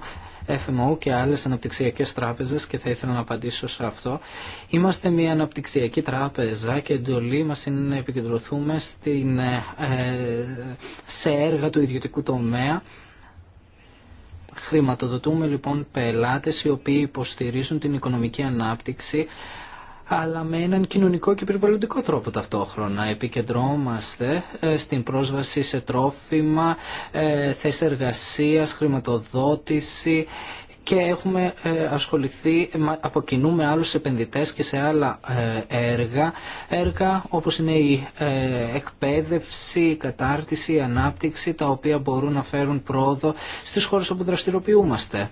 FMO και άλλες αναπτυξιακές τράπεζες και θα ήθελα να απαντήσω σε αυτό. Είμαστε μια αναπτυξιακή τράπεζα και εντολή μας είναι να επικεντρωθούμε στην, ε, σε έργα του ιδιωτικού τομέα Χρηματοδοτούμε λοιπόν πελάτες οι οποίοι υποστηρίζουν την οικονομική ανάπτυξη αλλά με έναν κοινωνικό και περιβαλλοντικό τρόπο ταυτόχρονα. Επικεντρώμαστε ε, στην πρόσβαση σε τρόφιμα, ε, θέσεις εργασίας, χρηματοδότηση και έχουμε ε, ασχοληθεί από κοινού άλλους επενδυτές και σε άλλα έργα, έργα όπως είναι η εκπαίδευση, η κατάρτιση, η ανάπτυξη, τα οποία μπορούν να φέρουν πρόοδο στις χώρες όπου δραστηριοποιούμαστε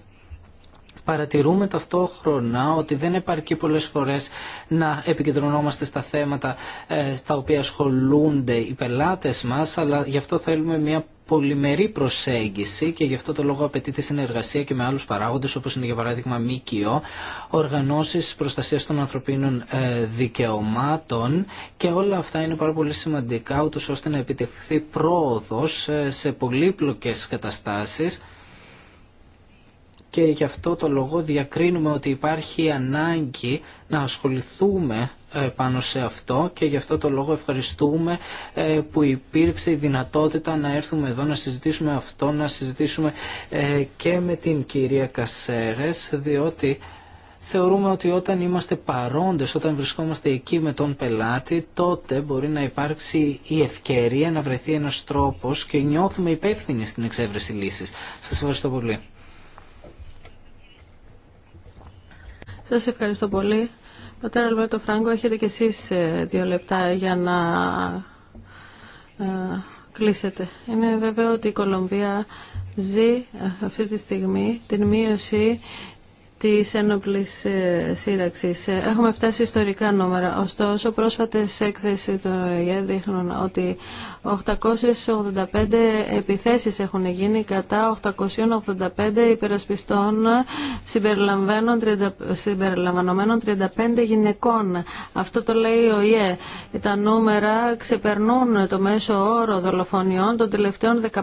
παρατηρούμε ταυτόχρονα ότι δεν επαρκεί πολλές φορές να επικεντρωνόμαστε στα θέματα ε, στα οποία ασχολούνται οι πελάτες μας, αλλά γι' αυτό θέλουμε μια πολυμερή προσέγγιση και γι' αυτό το λόγο απαιτείται συνεργασία και με άλλους παράγοντες όπως είναι για παράδειγμα ΜΚΙΟ, οργανώσεις προστασίας των ανθρωπίνων ε, δικαιωμάτων και όλα αυτά είναι πάρα πολύ σημαντικά ούτως ώστε να επιτευχθεί πρόοδος ε, σε πολύπλοκες καταστάσεις και γι' αυτό το λόγο διακρίνουμε ότι υπάρχει ανάγκη να ασχοληθούμε ε, πάνω σε αυτό και γι' αυτό το λόγο ευχαριστούμε ε, που υπήρξε η δυνατότητα να έρθουμε εδώ να συζητήσουμε αυτό, να συζητήσουμε ε, και με την κυρία Κασέρες διότι θεωρούμε ότι όταν είμαστε παρόντες, όταν βρισκόμαστε εκεί με τον πελάτη, τότε μπορεί να υπάρξει η ευκαιρία να βρεθεί ένας τρόπος και νιώθουμε υπεύθυνοι στην εξέβρεση λύσης. Σας ευχαριστώ πολύ. Σα ευχαριστώ πολύ. Πατέρα Αλβέρτο Φράγκο, έχετε και εσείς ε, δύο λεπτά για να ε, κλείσετε. Είναι βέβαιο ότι η Κολομβία ζει ε, αυτή τη στιγμή την μείωση της ένοπλης ε, σύραξης. Ε, έχουμε φτάσει ιστορικά νούμερα. Ωστόσο, πρόσφατες έκθεση του ΕΕ δείχνουν ότι 885 επιθέσεις έχουν γίνει κατά 885 υπερασπιστών συμπεριλαμβανομένων 35 γυναικών. Αυτό το λέει ο ΙΕ. Τα νούμερα ξεπερνούν το μέσο όρο δολοφονιών των τελευταίων 15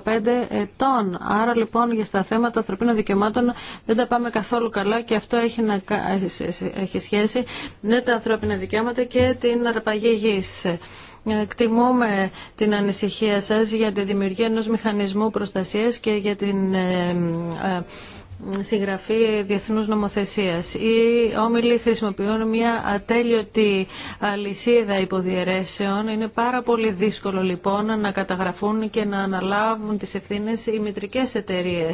ετών. Άρα λοιπόν για στα θέματα ανθρωπίνων δικαιωμάτων δεν τα πάμε καθόλου καλά και αυτό έχει, να, έχει σχέση με τα ανθρώπινα δικαιώματα και την αρπαγή γης. Εκτιμούμε την ανησυχία σας για τη δημιουργία ενός μηχανισμού προστασίας και για την ε, ε, συγγραφή διεθνούς νομοθεσίας. Οι όμιλοι χρησιμοποιούν μια ατέλειωτη αλυσίδα υποδιαιρέσεων. Είναι πάρα πολύ δύσκολο λοιπόν να καταγραφούν και να αναλάβουν τις ευθύνες οι μητρικές εταιρείε.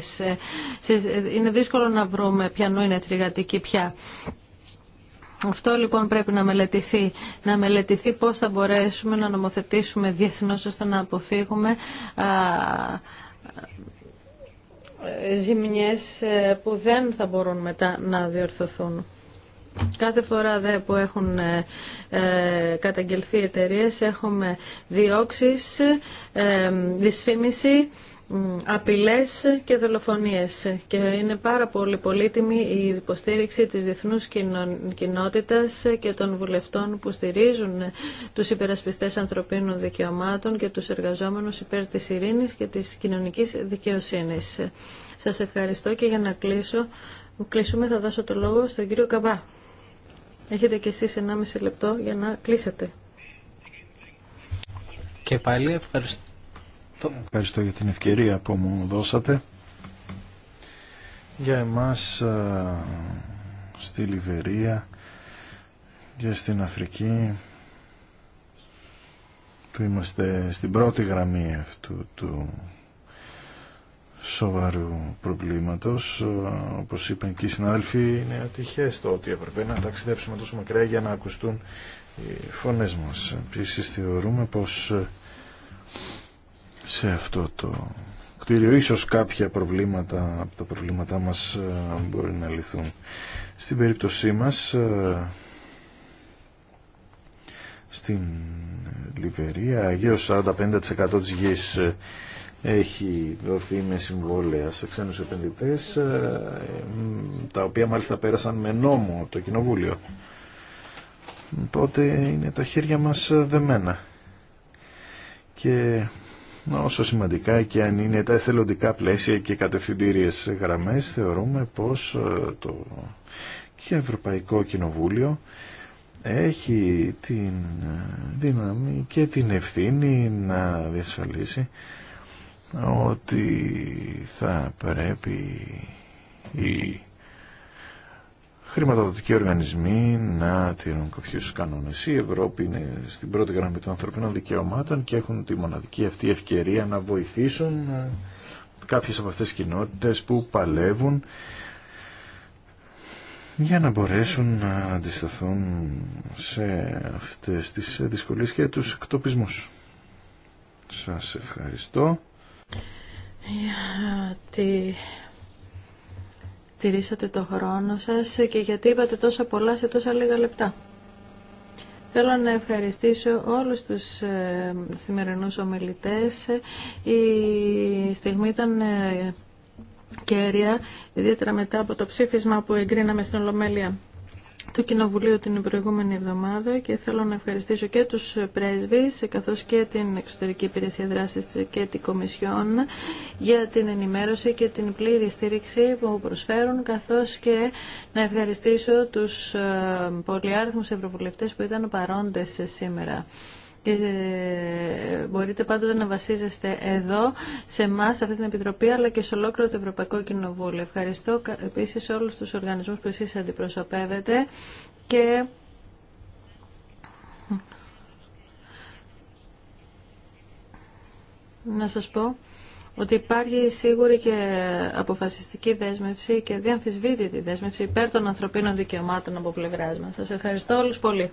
Είναι δύσκολο να βρούμε νου είναι τριγατική πια. Αυτό λοιπόν πρέπει να μελετηθεί. Να μελετηθεί πώς θα μπορέσουμε να νομοθετήσουμε διεθνώς ώστε να αποφύγουμε ζημιές ε, που δεν θα μπορούν μετά να διορθωθούν. Κάθε φορά δε, που έχουν ε, ε, καταγγελθεί εταιρείε έχουμε διώξεις, ε, δυσφήμιση απειλές και δολοφονίες και είναι πάρα πολύ πολύτιμη η υποστήριξη της διεθνούς κοινότητας και των βουλευτών που στηρίζουν τους υπερασπιστές ανθρωπίνων δικαιωμάτων και τους εργαζόμενους υπέρ της ειρήνης και της κοινωνικής δικαιοσύνης. Σας ευχαριστώ και για να κλείσω, κλείσουμε θα δώσω το λόγο στον κύριο Καμπά. Έχετε κι εσείς 1,5 λεπτό για να κλείσετε. Και πάλι ευχαριστώ Ευχαριστώ για την ευκαιρία που μου δώσατε. Για εμάς στη Λιβερία και στην Αφρική που είμαστε στην πρώτη γραμμή αυτού του σοβαρού προβλήματος όπως είπαν και οι συνάδελφοι είναι ατυχές το ότι έπρεπε να ταξιδέψουμε τόσο μακριά για να ακουστούν οι φωνές μας επίσης θεωρούμε πως σε αυτό το κτίριο. Ίσως κάποια προβλήματα από τα προβλήματά μας ε, μπορεί να λυθούν. Στην περίπτωσή μας, ε, στην Λιβερία, γύρω 45% της γης ε, έχει δοθεί με συμβόλαια σε ξένους επενδυτές, τα οποία μάλιστα πέρασαν με νόμο το Κοινοβούλιο. Οπότε είναι τα χέρια μας δεμένα. Και όσο σημαντικά και αν είναι τα εθελοντικά πλαίσια και κατευθυντήριες γραμμές, θεωρούμε πως ε, το και Ευρωπαϊκό Κοινοβούλιο έχει την ε, δύναμη και την ευθύνη να διασφαλίσει ότι θα πρέπει η χρηματοδοτικοί οργανισμοί να τηρούν κάποιου κανόνε. Η Ευρώπη είναι στην πρώτη γραμμή των ανθρωπίνων δικαιωμάτων και έχουν τη μοναδική αυτή ευκαιρία να βοηθήσουν ε, κάποιε από αυτές τις κοινότητε που παλεύουν για να μπορέσουν να αντισταθούν σε αυτές τις δυσκολίες και τους εκτοπισμούς. Σας ευχαριστώ τηρήσατε το χρόνο σας και γιατί είπατε τόσα πολλά σε τόσα λίγα λεπτά. Θέλω να ευχαριστήσω όλους τους ε, σημερινούς ομιλητές. Η στιγμή ήταν ε, κέρια, ιδιαίτερα μετά από το ψήφισμα που εγκρίναμε στην Ολομέλεια. Το Κοινοβουλίου την προηγούμενη εβδομάδα και θέλω να ευχαριστήσω και τους πρέσβεις καθώς και την Εξωτερική Υπηρεσία Δράσης και την Κομισιόν για την ενημέρωση και την πλήρη στήριξη που προσφέρουν καθώς και να ευχαριστήσω τους ε, πολυάριθμους ευρωβουλευτές που ήταν παρόντες σήμερα και ε, μπορείτε πάντοτε να βασίζεστε εδώ σε εμά, σε αυτή την Επιτροπή, αλλά και σε ολόκληρο το Ευρωπαϊκό Κοινοβούλιο. Ευχαριστώ επίσης όλους τους οργανισμούς που εσεί αντιπροσωπεύετε και να σας πω ότι υπάρχει σίγουρη και αποφασιστική δέσμευση και διαμφισβήτητη δέσμευση υπέρ των ανθρωπίνων δικαιωμάτων από πλευρά μα. Σα ευχαριστώ όλους πολύ.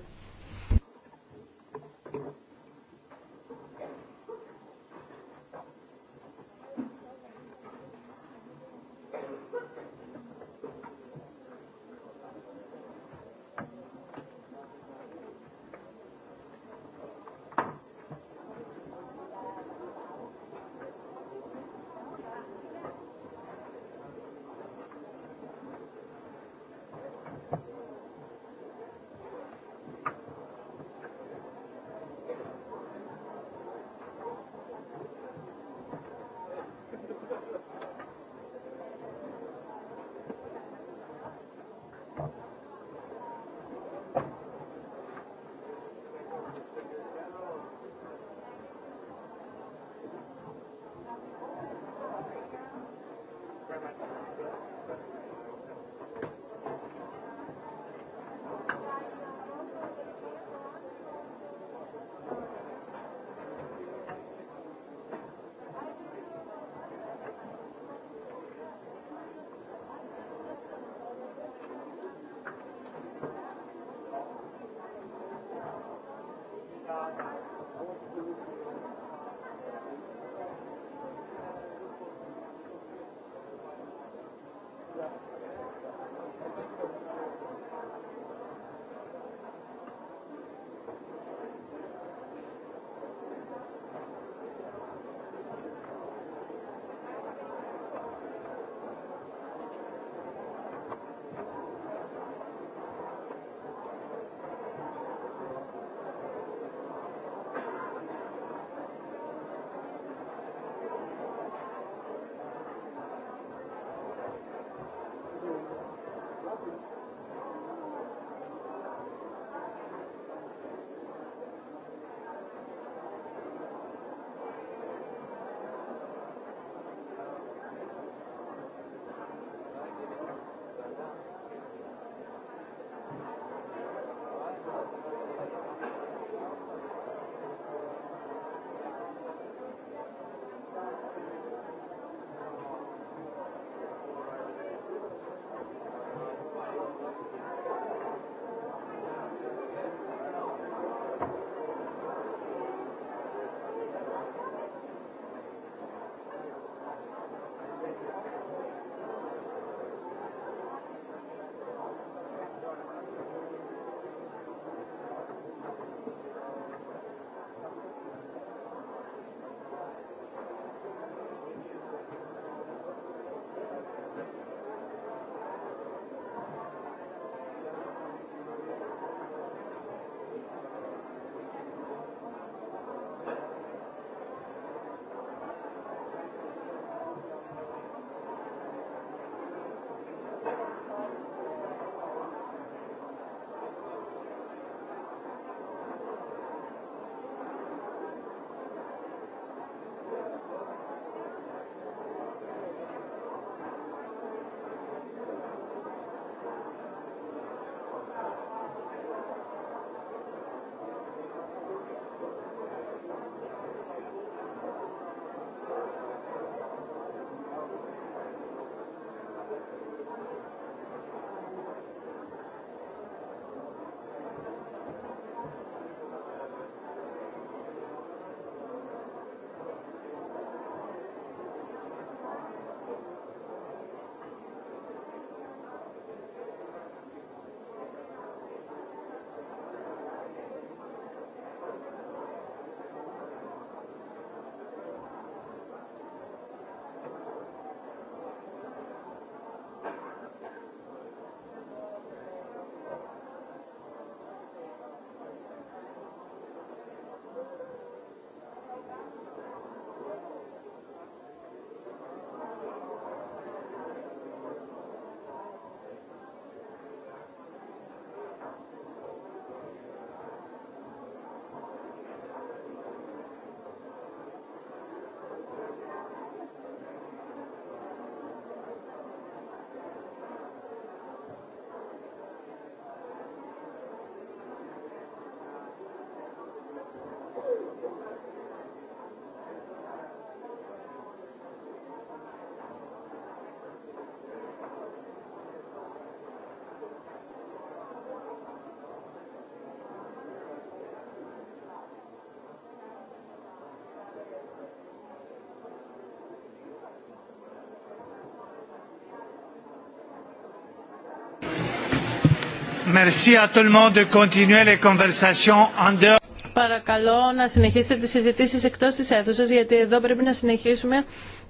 Παρακαλώ να συνεχίσετε τις συζητήσεις εκτός της αίθουσας, γιατί εδώ πρέπει να συνεχίσουμε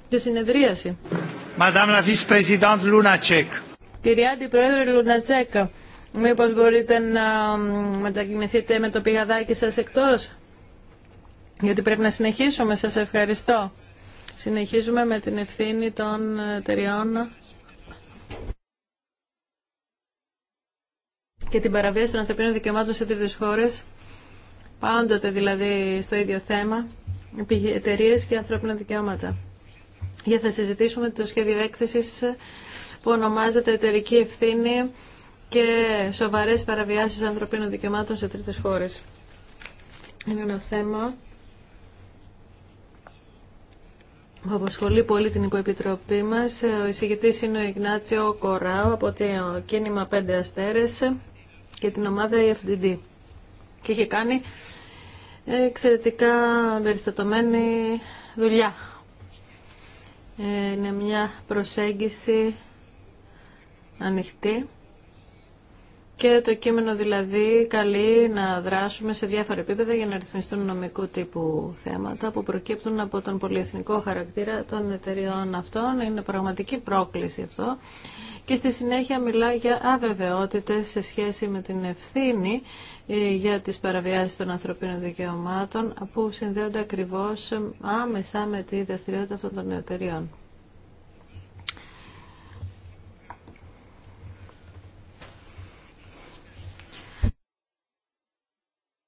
τη συνεδρίαση. Κυρία Αντιπρόεδρε Λουνατσέκα, μήπως μπορείτε να μετακινηθείτε με το πηγαδάκι σας εκτός, γιατί πρέπει να συνεχίσουμε. Σας ευχαριστώ. Συνεχίζουμε με την ευθύνη των εταιριών και την παραβίαση των ανθρωπίνων δικαιωμάτων σε τρίτες χώρες, πάντοτε δηλαδή στο ίδιο θέμα, εταιρείε και ανθρώπινα δικαιώματα. Για θα συζητήσουμε το σχέδιο έκθεση που ονομάζεται Εταιρική Ευθύνη και Σοβαρές Παραβιάσεις Ανθρωπίνων Δικαιωμάτων σε Τρίτες Χώρες. Είναι ένα θέμα που απασχολεί πολύ την υποεπιτροπή μας. Ο εισηγητής είναι ο Ιγνάτσιο Κοράου από το κίνημα Πέντε Αστέρες και την ομάδα EFDD. Και είχε κάνει εξαιρετικά περιστατωμένη δουλειά. Ε, είναι μια προσέγγιση ανοιχτή και το κείμενο δηλαδή καλεί να δράσουμε σε διάφορα επίπεδα για να ρυθμιστούν νομικού τύπου θέματα που προκύπτουν από τον πολυεθνικό χαρακτήρα των εταιριών αυτών. Είναι πραγματική πρόκληση αυτό και στη συνέχεια μιλά για αβεβαιότητες σε σχέση με την ευθύνη ε, για τις παραβιάσεις των ανθρωπίνων δικαιωμάτων που συνδέονται ακριβώς άμεσα με τη δραστηριότητα αυτών των εταιριών.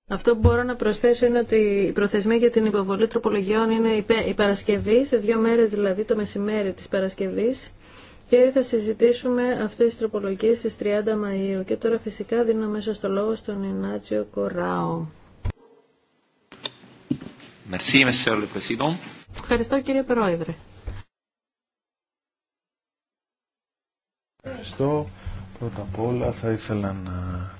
Αυτό που μπορώ να προσθέσω είναι ότι η προθεσμία για την υποβολή τροπολογιών είναι η Παρασκευή, σε δύο μέρες δηλαδή το μεσημέρι της Παρασκευής και θα συζητήσουμε αυτές τις τροπολογίες στις 30 Μαΐου. Και τώρα φυσικά δίνω μέσα στο λόγο στον Ινάτσιο Κοράο. Ευχαριστώ κύριε Πρόεδρε. Ευχαριστώ. Πρώτα απ' όλα θα ήθελα να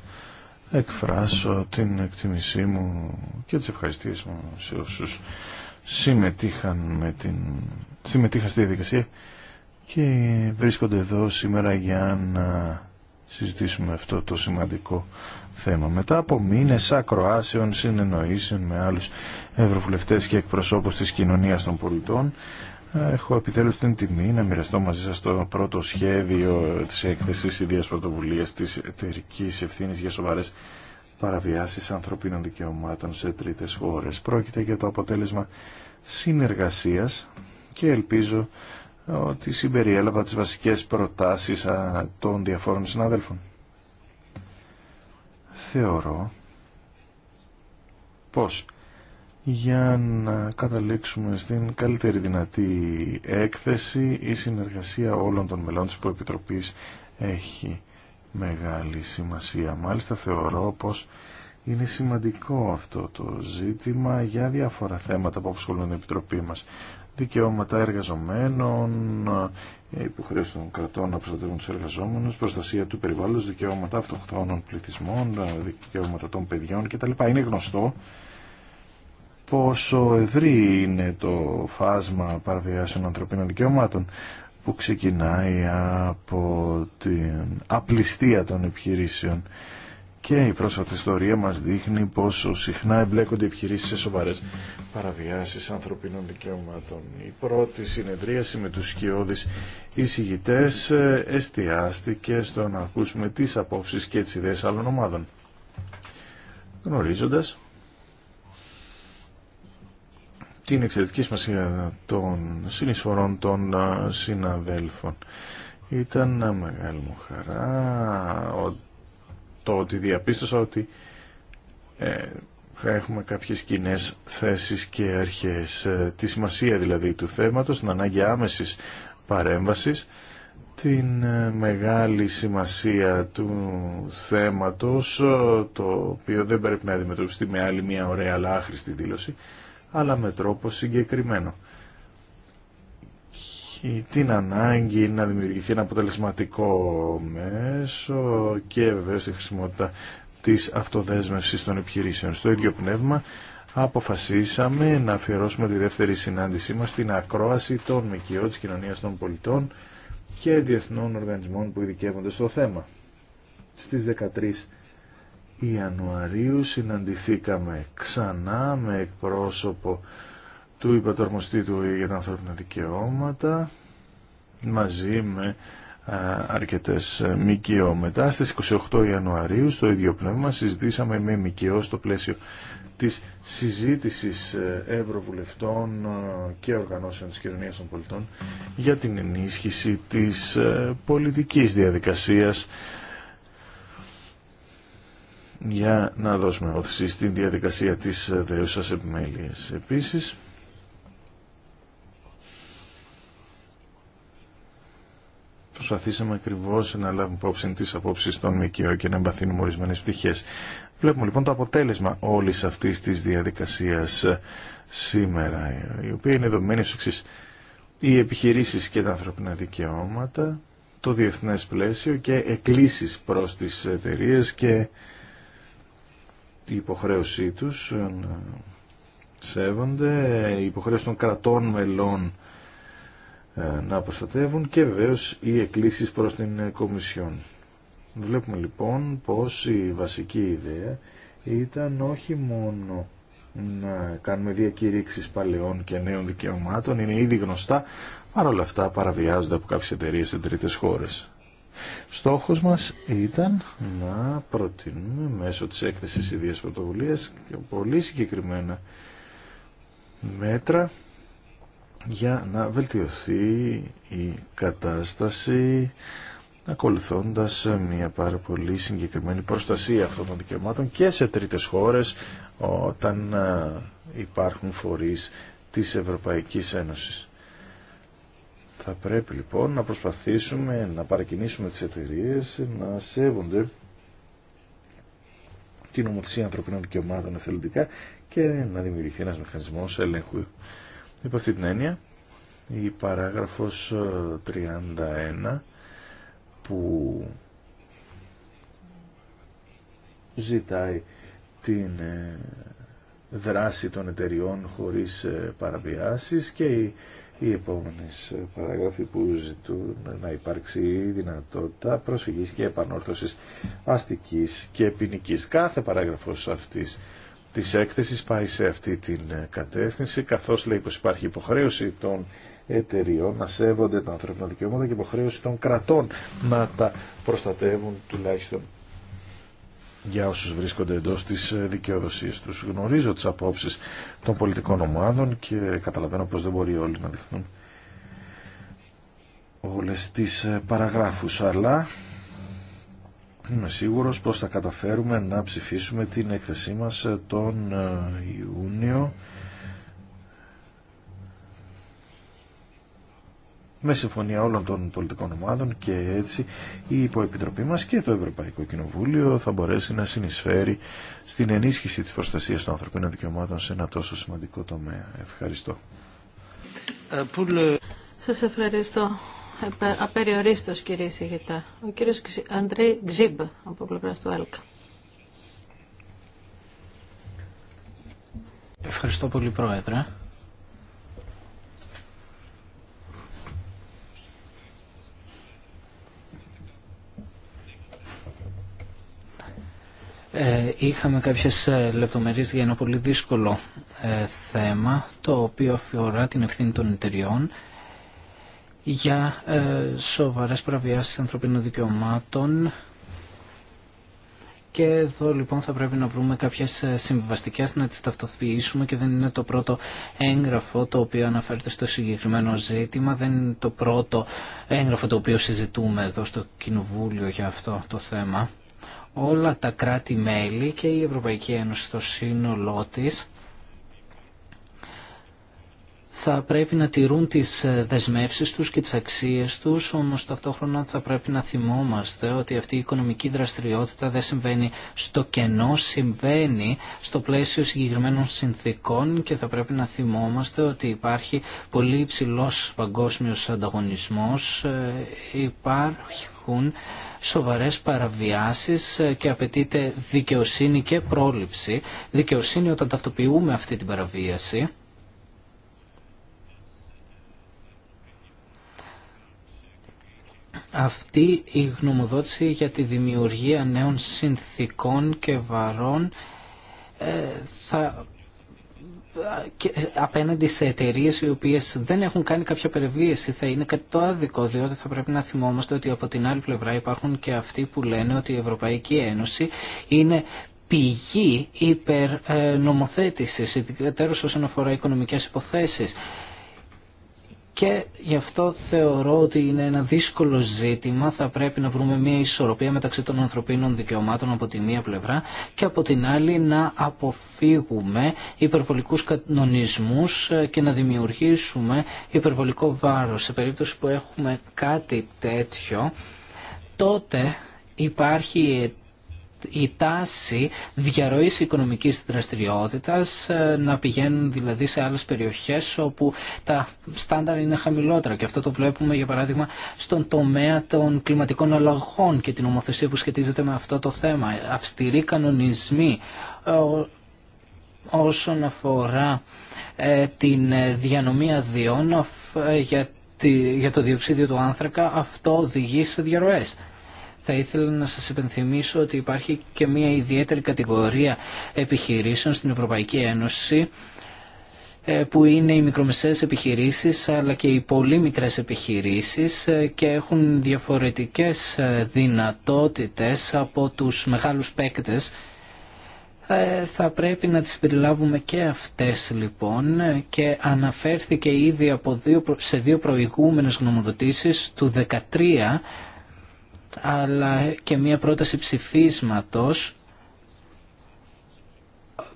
εκφράσω την εκτιμησή μου και τις ευχαριστίες μου σε όσους συμμετείχαν με την... συμμετείχαν στη διαδικασία και βρίσκονται εδώ σήμερα για να συζητήσουμε αυτό το σημαντικό θέμα. Μετά από μήνες ακροάσεων, συνεννοήσεων με άλλους ευρωβουλευτές και εκπροσώπους της κοινωνίας των πολιτών, Έχω επιτέλους την τιμή να μοιραστώ μαζί σας το πρώτο σχέδιο της έκθεσης ιδίας πρωτοβουλίας της εταιρική ευθύνης για σοβαρές παραβιάσεις ανθρωπίνων δικαιωμάτων σε τρίτες χώρες. Πρόκειται για το αποτέλεσμα συνεργασίας και ελπίζω ότι συμπεριέλαβα τις βασικές προτάσεις των διαφόρων συνάδελφων. Θεωρώ πως για να καταλήξουμε στην καλύτερη δυνατή έκθεση η συνεργασία όλων των μελών της Προεπιτροπής έχει μεγάλη σημασία. Μάλιστα θεωρώ πως είναι σημαντικό αυτό το ζήτημα για διάφορα θέματα που αποσχολούν την Επιτροπή μας δικαιώματα εργαζομένων, υποχρέωση των κρατών να προστατεύουν του εργαζόμενου, προστασία του περιβάλλοντος, δικαιώματα αυτοχθόνων πληθυσμών, δικαιώματα των παιδιών κτλ. Είναι γνωστό πόσο ευρύ είναι το φάσμα παραβιάσεων ανθρωπίνων δικαιωμάτων που ξεκινάει από την απληστία των επιχειρήσεων και η πρόσφατη ιστορία μας δείχνει πόσο συχνά εμπλέκονται οι επιχειρήσεις σε σοβαρές παραβιάσεις ανθρωπίνων δικαιωμάτων. Η πρώτη συνεδρίαση με τους σκιώδεις εισηγητές ε, εστιάστηκε στο να ακούσουμε τις απόψεις και τις ιδέες άλλων ομάδων. Γνωρίζοντας την εξαιρετική σημασία των συνεισφορών των ε, συναδέλφων. Ήταν μεγάλη μου χαρά το ότι διαπίστωσα ότι ε, έχουμε κάποιες κοινέ θέσεις και αρχές. Ε, τη σημασία δηλαδή του θέματος, την ανάγκη άμεσης παρέμβασης, την ε, μεγάλη σημασία του θέματος, ε, το οποίο δεν πρέπει να αντιμετωπιστεί με άλλη μια ωραία αλλά άχρηστη δήλωση, αλλά με τρόπο συγκεκριμένο έχει την ανάγκη να δημιουργηθεί ένα αποτελεσματικό μέσο και βεβαίω τη χρησιμότητα της αυτοδέσμευσης των επιχειρήσεων. Στο ίδιο πνεύμα αποφασίσαμε να αφιερώσουμε τη δεύτερη συνάντησή μας στην ακρόαση των ΜΚΟ της Κοινωνίας των Πολιτών και διεθνών οργανισμών που ειδικεύονται στο θέμα. Στις 13 Ιανουαρίου συναντηθήκαμε ξανά με εκπρόσωπο του υπατορμοστή του για τα ανθρώπινα δικαιώματα μαζί με αρκετές ε, ΜΚΟ. Μετά στις 28 Ιανουαρίου στο ίδιο πνεύμα συζητήσαμε με ΜΚΟ στο πλαίσιο της συζήτησης ε, ευρωβουλευτών ε, και οργανώσεων της κοινωνίας των πολιτών για την ενίσχυση της πολιτικής διαδικασίας για να δώσουμε όθηση στην διαδικασία της δέουσας επιμέλειας. Επίσης, προσπαθήσαμε ακριβώ να λάβουμε υπόψη τι απόψει των ΜΚΟ και να εμπαθύνουμε ορισμένε πτυχέ. Βλέπουμε λοιπόν το αποτέλεσμα όλη αυτή τη διαδικασία σήμερα, η οποία είναι δομημένη στου εξή. Οι επιχειρήσει και τα ανθρώπινα δικαιώματα, το διεθνέ πλαίσιο και εκκλήσει προ τι εταιρείε και η υποχρέωσή του. σέβονται, η υποχρέωση των κρατών μελών ε, να προστατεύουν και βεβαίως οι εκκλήσεις προς την Κομισιόν. Βλέπουμε λοιπόν πως η βασική ιδέα ήταν όχι μόνο να κάνουμε διακηρύξεις παλαιών και νέων δικαιωμάτων, είναι ήδη γνωστά, παρόλα αυτά παραβιάζονται από κάποιες εταιρείες σε τρίτες χώρες. Στόχος μας ήταν να προτείνουμε μέσω της έκθεσης ιδίας πρωτοβουλίας πολύ συγκεκριμένα μέτρα για να βελτιωθεί η κατάσταση ακολουθώντας μια πάρα πολύ συγκεκριμένη προστασία αυτών των δικαιωμάτων και σε τρίτες χώρες όταν ε, υπάρχουν φορείς της Ευρωπαϊκής Ένωσης. Θα πρέπει λοιπόν να προσπαθήσουμε να παρακινήσουμε τις εταιρείε να σέβονται την ομοθεσία ανθρωπίνων δικαιωμάτων εθελοντικά και να δημιουργηθεί ένας μηχανισμός ελέγχου Υπό αυτή την έννοια, η παράγραφος 31 ε, που ζητάει την ε, δράση των εταιριών χωρίς ε, παραβιάσεις και οι, οι επόμενες παράγραφοι που ζητούν να υπάρξει δυνατότητα προσφυγής και επανόρθωσης αστικής και ποινική. Κάθε παράγραφος αυτής Τη έκθεση πάει σε αυτή την ε, κατεύθυνση, καθώς λέει πω υπάρχει υποχρέωση των εταιριών να σέβονται τα ανθρώπινα δικαιώματα και υποχρέωση των κρατών να τα προστατεύουν τουλάχιστον για όσους βρίσκονται εντός της ε, δικαιοδοσίας τους. Γνωρίζω τις απόψεις των πολιτικών ομάδων και καταλαβαίνω πως δεν μπορεί όλοι να δείχνουν όλες τις ε, παραγράφους, αλλά είμαι σίγουρος πως θα καταφέρουμε να ψηφίσουμε την έκθεσή μας τον ε, Ιούνιο με συμφωνία όλων των πολιτικών ομάδων και έτσι η υποεπιτροπή μας και το Ευρωπαϊκό Κοινοβούλιο θα μπορέσει να συνεισφέρει στην ενίσχυση της προστασίας των ανθρωπίνων δικαιωμάτων σε ένα τόσο σημαντικό τομέα. Ευχαριστώ. Ε, Σας ευχαριστώ απεριορίστος κύριε Σιγητά. Ο κύριος Αντρέι Ξύμπ από πλευρά του ΕΛΚΑ. Ευχαριστώ πολύ Πρόεδρε. Ε, είχαμε κάποιες ε, λεπτομερίες για ένα πολύ δύσκολο ε, θέμα το οποίο αφορά την ευθύνη των εταιριών για ε, σοβαρές παραβιάσεις ανθρωπίνων δικαιωμάτων και εδώ λοιπόν θα πρέπει να βρούμε κάποιες ε, συμβιβαστικές να τις ταυτοποιήσουμε και δεν είναι το πρώτο έγγραφο το οποίο αναφέρεται στο συγκεκριμένο ζήτημα, δεν είναι το πρώτο έγγραφο το οποίο συζητούμε εδώ στο Κοινοβούλιο για αυτό το θέμα. Όλα τα κράτη-μέλη και η Ευρωπαϊκή Ένωση στο σύνολό της θα πρέπει να τηρούν τις ε, δεσμεύσεις τους και τις αξίες τους, όμως ταυτόχρονα θα πρέπει να θυμόμαστε ότι αυτή η οικονομική δραστηριότητα δεν συμβαίνει στο κενό, συμβαίνει στο πλαίσιο συγκεκριμένων συνθήκων και θα πρέπει να θυμόμαστε ότι υπάρχει πολύ υψηλό παγκόσμιος ανταγωνισμός, ε, υπάρχουν σοβαρές παραβιάσεις ε, και απαιτείται δικαιοσύνη και πρόληψη. Δικαιοσύνη όταν ταυτοποιούμε αυτή την παραβίαση αυτή η γνωμοδότηση για τη δημιουργία νέων συνθήκων και βαρών ε, θα απέναντι σε εταιρείε οι οποίε δεν έχουν κάνει κάποια περιβίωση θα είναι κάτι το άδικο, διότι θα πρέπει να θυμόμαστε ότι από την άλλη πλευρά υπάρχουν και αυτοί που λένε ότι η Ευρωπαϊκή Ένωση είναι πηγή υπερνομοθέτησης, ε, ιδιαίτερως όσον αφορά οικονομικές υποθέσεις. Και γι' αυτό θεωρώ ότι είναι ένα δύσκολο ζήτημα. Θα πρέπει να βρούμε μια ισορροπία μεταξύ των ανθρωπίνων δικαιωμάτων από τη μία πλευρά και από την άλλη να αποφύγουμε υπερβολικούς κανονισμούς ε, και να δημιουργήσουμε υπερβολικό βάρος. Σε περίπτωση που έχουμε κάτι τέτοιο, τότε υπάρχει η τάση διαρροής οικονομικής δραστηριότητας ε, να πηγαίνουν δηλαδή σε άλλες περιοχές όπου τα στάνταρ είναι χαμηλότερα και αυτό το βλέπουμε για παράδειγμα στον τομέα των κλιματικών αλλαγών και την ομοθεσία που σχετίζεται με αυτό το θέμα. Αυστηροί κανονισμοί ε, όσον αφορά ε, την διανομή αδειών για το διοξίδιο του άνθρακα αυτό οδηγεί σε διαρροές θα ήθελα να σας υπενθυμίσω ότι υπάρχει και μια ιδιαίτερη κατηγορία επιχειρήσεων στην Ευρωπαϊκή Ένωση ε, που είναι οι μικρομεσαίες επιχειρήσεις αλλά και οι πολύ μικρές επιχειρήσεις ε, και έχουν διαφορετικές ε, δυνατότητες από τους μεγάλους παίκτες θα πρέπει να τις περιλάβουμε και αυτές λοιπόν και αναφέρθηκε ήδη από σε δύο προηγούμενες γνωμοδοτήσεις του 13 αλλά και μια πρόταση ψηφίσματος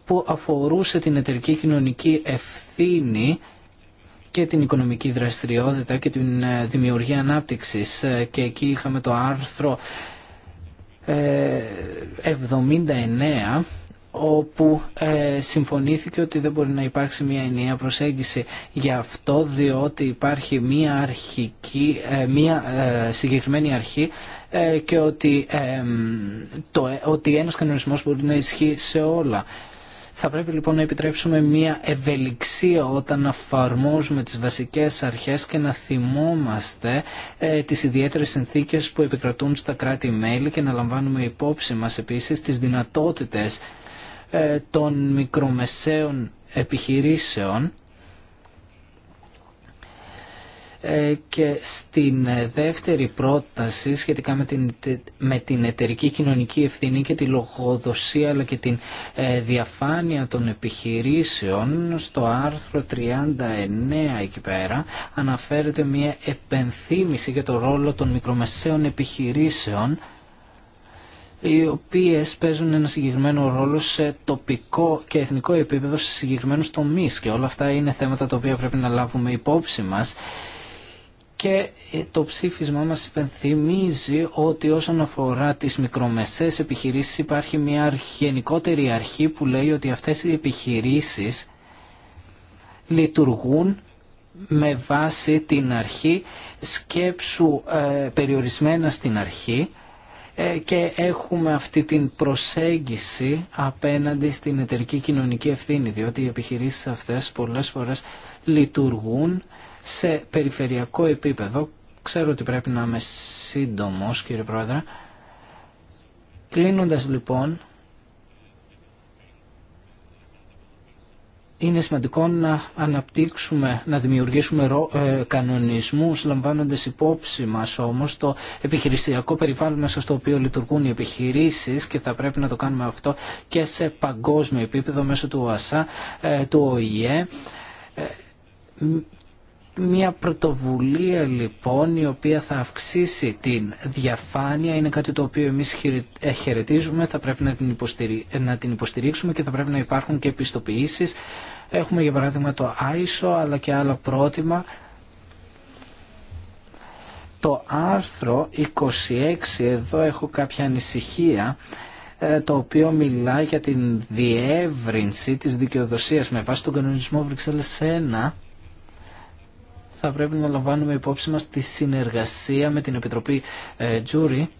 που αφορούσε την εταιρική κοινωνική ευθύνη και την οικονομική δραστηριότητα και την ε, δημιουργία ανάπτυξης ε, και εκεί είχαμε το άρθρο 79 ε, όπου ε, συμφωνήθηκε ότι δεν μπορεί να υπάρξει μια ενιαία προσέγγιση για αυτό διότι υπάρχει μια, αρχική, ε, μια ε, συγκεκριμένη αρχή και ότι, το, ότι ένας κανονισμός μπορεί να ισχύει σε όλα. Θα πρέπει λοιπόν να επιτρέψουμε μια ευελιξία όταν αφαρμόζουμε τις βασικές αρχές και να θυμόμαστε ε, τις ιδιαίτερες συνθήκες που επικρατούν στα κράτη-μέλη και να λαμβάνουμε υπόψη μας επίσης τις δυνατότητες ε, των μικρομεσαίων επιχειρήσεων ε, και στην δεύτερη πρόταση σχετικά με την, με εταιρική κοινωνική ευθύνη και τη λογοδοσία αλλά και την ε, διαφάνεια των επιχειρήσεων στο άρθρο 39 εκεί πέρα αναφέρεται μια επενθύμηση για το ρόλο των μικρομεσαίων επιχειρήσεων οι οποίες παίζουν ένα συγκεκριμένο ρόλο σε τοπικό και εθνικό επίπεδο σε συγκεκριμένους τομείς και όλα αυτά είναι θέματα τα οποία πρέπει να λάβουμε υπόψη μας και ε, το ψήφισμά μας υπενθυμίζει ότι όσον αφορά τις μικρομεσαίες επιχειρήσεις υπάρχει μια γενικότερη αρχή που λέει ότι αυτές οι επιχειρήσεις λειτουργούν με βάση την αρχή σκέψου ε, περιορισμένα στην αρχή ε, και έχουμε αυτή την προσέγγιση απέναντι στην εταιρική κοινωνική ευθύνη, διότι οι επιχειρήσεις αυτές πολλές φορές λειτουργούν σε περιφερειακό επίπεδο. Ξέρω ότι πρέπει να είμαι σύντομος κύριε Πρόεδρε. Κλείνοντας λοιπόν, είναι σημαντικό να αναπτύξουμε, να δημιουργήσουμε ε, κανονισμούς λαμβάνοντας υπόψη μας όμως το επιχειρησιακό περιβάλλον μέσα στο οποίο λειτουργούν οι επιχειρήσεις και θα πρέπει να το κάνουμε αυτό και σε παγκόσμιο επίπεδο μέσω του ΟΑΣΑ, ε, του ΟΗΕ ε, μια πρωτοβουλία λοιπόν η οποία θα αυξήσει την διαφάνεια είναι κάτι το οποίο εμείς ε, χαιρετίζουμε, θα πρέπει να την, να την υποστηρίξουμε και θα πρέπει να υπάρχουν και επιστοποιήσεις. Έχουμε για παράδειγμα το ISO αλλά και άλλα πρότυμα. Το άρθρο 26, εδώ έχω κάποια ανησυχία, ε, το οποίο μιλά για την διεύρυνση της δικαιοδοσίας με βάση τον κανονισμό Βρυξέλλες 1 θα πρέπει να λαμβάνουμε υπόψη μας τη συνεργασία με την Επιτροπή ε, Τζούρι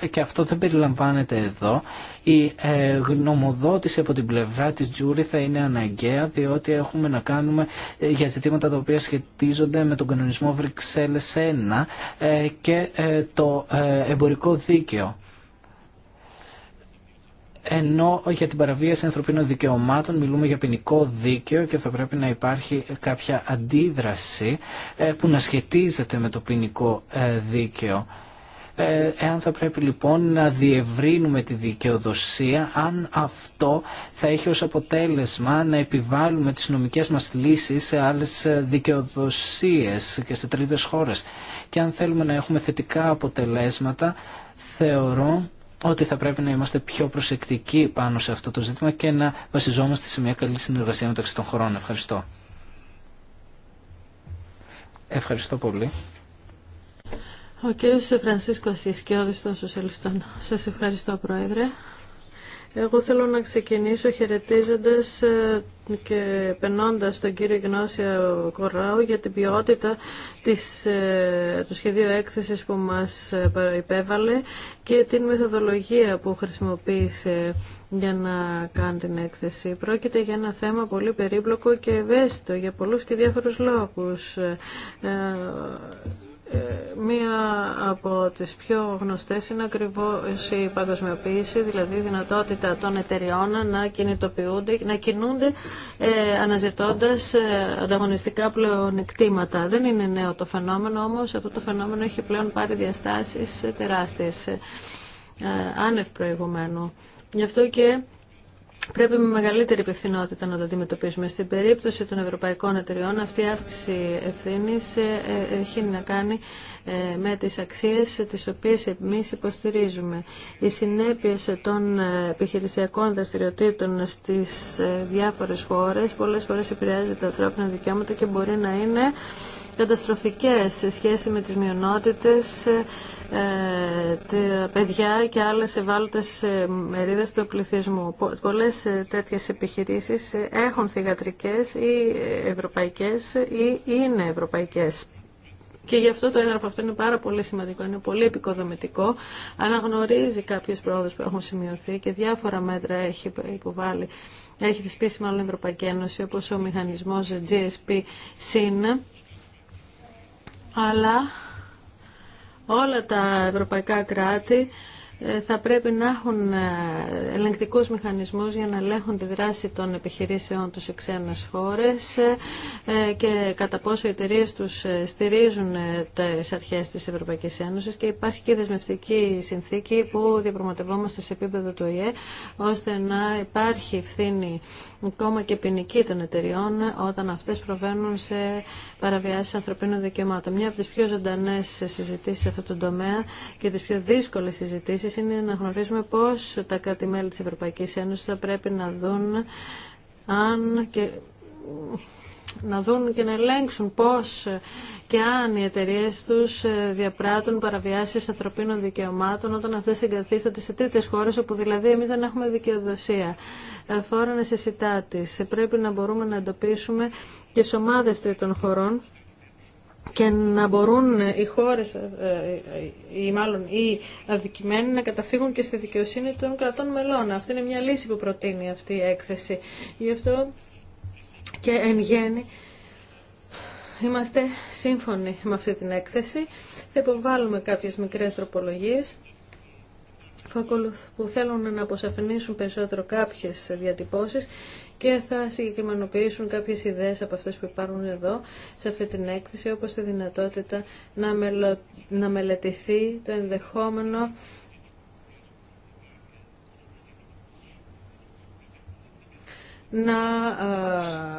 ε, και αυτό δεν περιλαμβάνεται εδώ. Η ε, γνωμοδότηση από την πλευρά της Τζούρι θα είναι αναγκαία διότι έχουμε να κάνουμε για ζητήματα τα οποία σχετίζονται με τον κανονισμό Βρυξέλλες 1 και το εμπορικό δίκαιο ενώ για την παραβίαση ανθρωπίνων δικαιωμάτων μιλούμε για ποινικό δίκαιο και θα πρέπει να υπάρχει κάποια αντίδραση ε, που να σχετίζεται με το ποινικό ε, δίκαιο. Ε, εάν θα πρέπει λοιπόν να διευρύνουμε τη δικαιοδοσία, αν αυτό θα έχει ως αποτέλεσμα να επιβάλλουμε τις νομικές μας λύσεις σε άλλες δικαιοδοσίες και σε τρίτες χώρες. Και αν θέλουμε να έχουμε θετικά αποτελέσματα, θεωρώ ότι θα πρέπει να είμαστε πιο προσεκτικοί πάνω σε αυτό το ζήτημα και να βασιζόμαστε σε μια καλή συνεργασία μεταξύ των χωρών. Ευχαριστώ. Ευχαριστώ πολύ. Ο κύριος Φρανσίσκο Ασίσκη, των Σοσιαλιστών. Σας ευχαριστώ, Πρόεδρε. Εγώ θέλω να ξεκινήσω χαιρετίζοντα ε, και πενώντας τον κύριο Γνώσια Κοράου για την ποιότητα της, ε, του σχεδίου έκθεσης που μας ε, υπέβαλε και την μεθοδολογία που χρησιμοποίησε για να κάνει την έκθεση. Πρόκειται για ένα θέμα πολύ περίπλοκο και ευαίσθητο για πολλούς και διάφορους λόγους. Ε, μία από τις πιο γνωστές είναι ακριβώς η παγκοσμιοποίηση, δηλαδή η δυνατότητα των εταιριών να κινητοποιούνται, να κινούνται ε, αναζητώντας ε, ανταγωνιστικά πλεονεκτήματα. Δεν είναι νέο το φαινόμενο, όμως αυτό το φαινόμενο έχει πλέον πάρει διαστάσεις τεράστιες, ε, άνευ προηγουμένου. Γι' αυτό και Πρέπει με μεγαλύτερη υπευθυνότητα να το αντιμετωπίσουμε. Στην περίπτωση των ευρωπαϊκών εταιριών αυτή η αύξηση ευθύνη ε, ε, έχει να κάνει ε, με τις αξίες τι οποίες εμεί υποστηρίζουμε. Οι συνέπειε των επιχειρησιακών δραστηριοτήτων στις διάφορε χώρε. πολλές φορέ επηρεάζει τα ανθρώπινα δικαιώματα και μπορεί να είναι καταστροφικέ σε σχέση με τι μειονότητε. Ε, παιδιά και άλλες ευάλωτες ε, μερίδες του πληθυσμού. Πολλές ε, τέτοιες επιχειρήσεις έχουν θηγατρικές ή ευρωπαϊκές ή είναι ευρωπαϊκές. Και γι' αυτό το έγγραφο αυτό είναι πάρα πολύ σημαντικό, είναι πολύ επικοδομητικό. Αναγνωρίζει κάποιε πρόοδου που έχουν σημειωθεί και διάφορα μέτρα έχει υποβάλει, έχει θυσπίσει μάλλον η Ευρωπαϊκή Ένωση, όπω ο μηχανισμό GSP-SYN. Αλλά όλα τα ευρωπαϊκά κράτη ε, θα πρέπει να έχουν ε, ελεγκτικούς μηχανισμούς για να ελέγχουν τη δράση των επιχειρήσεών τους σε ξένες χώρες ε, και κατά πόσο οι εταιρείε τους στηρίζουν τις αρχές της Ευρωπαϊκής Ένωσης και υπάρχει και δεσμευτική συνθήκη που διαπραγματευόμαστε σε επίπεδο του ΙΕ ώστε να υπάρχει ευθύνη ακόμα και ποινική των εταιριών όταν αυτές προβαίνουν σε παραβιάσεις ανθρωπίνων δικαιωμάτων. Μια από τις πιο ζωντανές συζητήσεις σε αυτό το τομέα και τις πιο δύσκολες συζητήσεις είναι να γνωρίζουμε πώς τα κράτη-μέλη της Ευρωπαϊκής Ένωσης θα πρέπει να δουν αν και να δουν και να ελέγξουν πώς και αν οι εταιρείε τους ε, διαπράττουν παραβιάσεις ανθρωπίνων δικαιωμάτων όταν αυτές εγκαθίστανται σε τρίτες χώρες όπου δηλαδή εμείς δεν έχουμε δικαιοδοσία. Ε, Φόρανε σε ε, Πρέπει να μπορούμε να εντοπίσουμε και σε ομάδες τρίτων χωρών και να μπορούν οι χώρε, ή μάλλον οι αδικημένοι να καταφύγουν και στη δικαιοσύνη των κρατών μελών. Αυτή είναι μια λύση που προτείνει αυτή η έκθεση. Γι' αυτό και εν γέννη είμαστε σύμφωνοι με αυτή την έκθεση. Θα υποβάλουμε κάποιες μικρές τροπολογίες που θέλουν να αποσαφηνίσουν περισσότερο κάποιες διατυπώσεις και θα συγκεκριμενοποιήσουν κάποιες ιδέες από αυτές που υπάρχουν εδώ σε αυτή την έκθεση, όπως τη δυνατότητα να, μελετηθεί το ενδεχόμενο να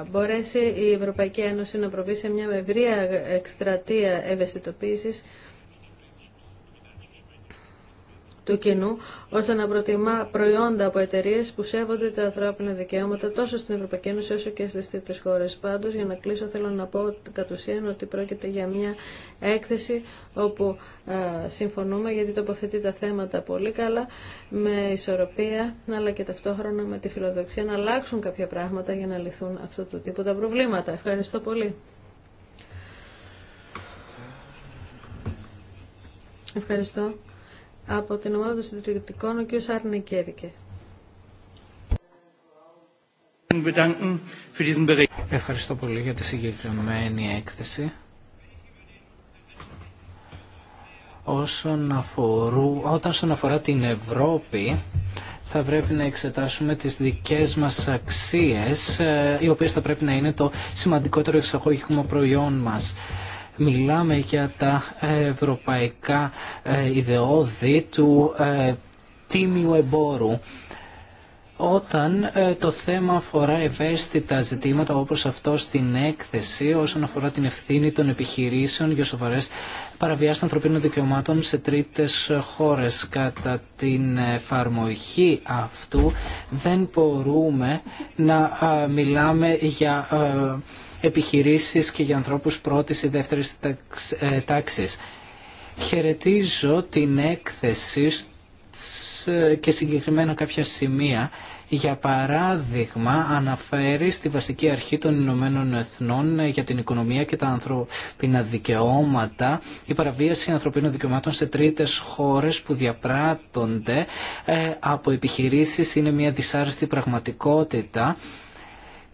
ε, μπορέσει η Ευρωπαϊκή Ένωση να προβεί σε μια ευρεία εκστρατεία ευαισθητοποίησης του κοινού, ώστε να προτιμά προϊόντα από εταιρείε που σέβονται τα ανθρώπινα δικαιώματα τόσο στην Ευρωπαϊκή Ένωση όσο και στι τρίτε χώρε. Πάντω, για να κλείσω, θέλω να πω κατ' ουσίαν ότι πρόκειται για μια έκθεση όπου ε, συμφωνούμε γιατί τοποθετεί τα θέματα πολύ καλά, με ισορροπία, αλλά και ταυτόχρονα με τη φιλοδοξία να αλλάξουν κάποια πράγματα για να λυθούν αυτού του τύπου τα προβλήματα. Ευχαριστώ πολύ. Ευχαριστώ. Από την ομάδα των συντηρητικών, ο κ. Άρνε Κέρικε. Ευχαριστώ πολύ για τη συγκεκριμένη έκθεση. Όσον, αφορού, όταν αφορά την Ευρώπη, θα πρέπει να εξετάσουμε τις δικές μας αξίες, ε, οι οποίες θα πρέπει να είναι το σημαντικότερο εξαγωγικό προϊόν μας. Μιλάμε για τα ευρωπαϊκά ε, ιδεώδη του ε, τίμιου εμπόρου όταν ε, το θέμα αφορά ευαίσθητα ζητήματα όπως αυτό στην έκθεση όσον αφορά την ευθύνη των επιχειρήσεων για σοβαρές παραβιάσεις ανθρωπίνων δικαιωμάτων σε τρίτες χώρες. Κατά την εφαρμογή αυτού δεν μπορούμε να μιλάμε για επιχειρήσεις και για ανθρώπους πρώτης ή δεύτερης ε, τάξης. Χαιρετίζω την έκθεση και συγκεκριμένα κάποια σημεία. Για παράδειγμα, αναφέρει στη βασική αρχή των Ηνωμένων Εθνών ε, για την οικονομία και τα ανθρωπίνα δικαιώματα η παραβίαση ανθρωπίνων δικαιωμάτων σε τρίτες χώρες που διαπράττονται ε, από επιχειρήσεις είναι μια δυσάρεστη πραγματικότητα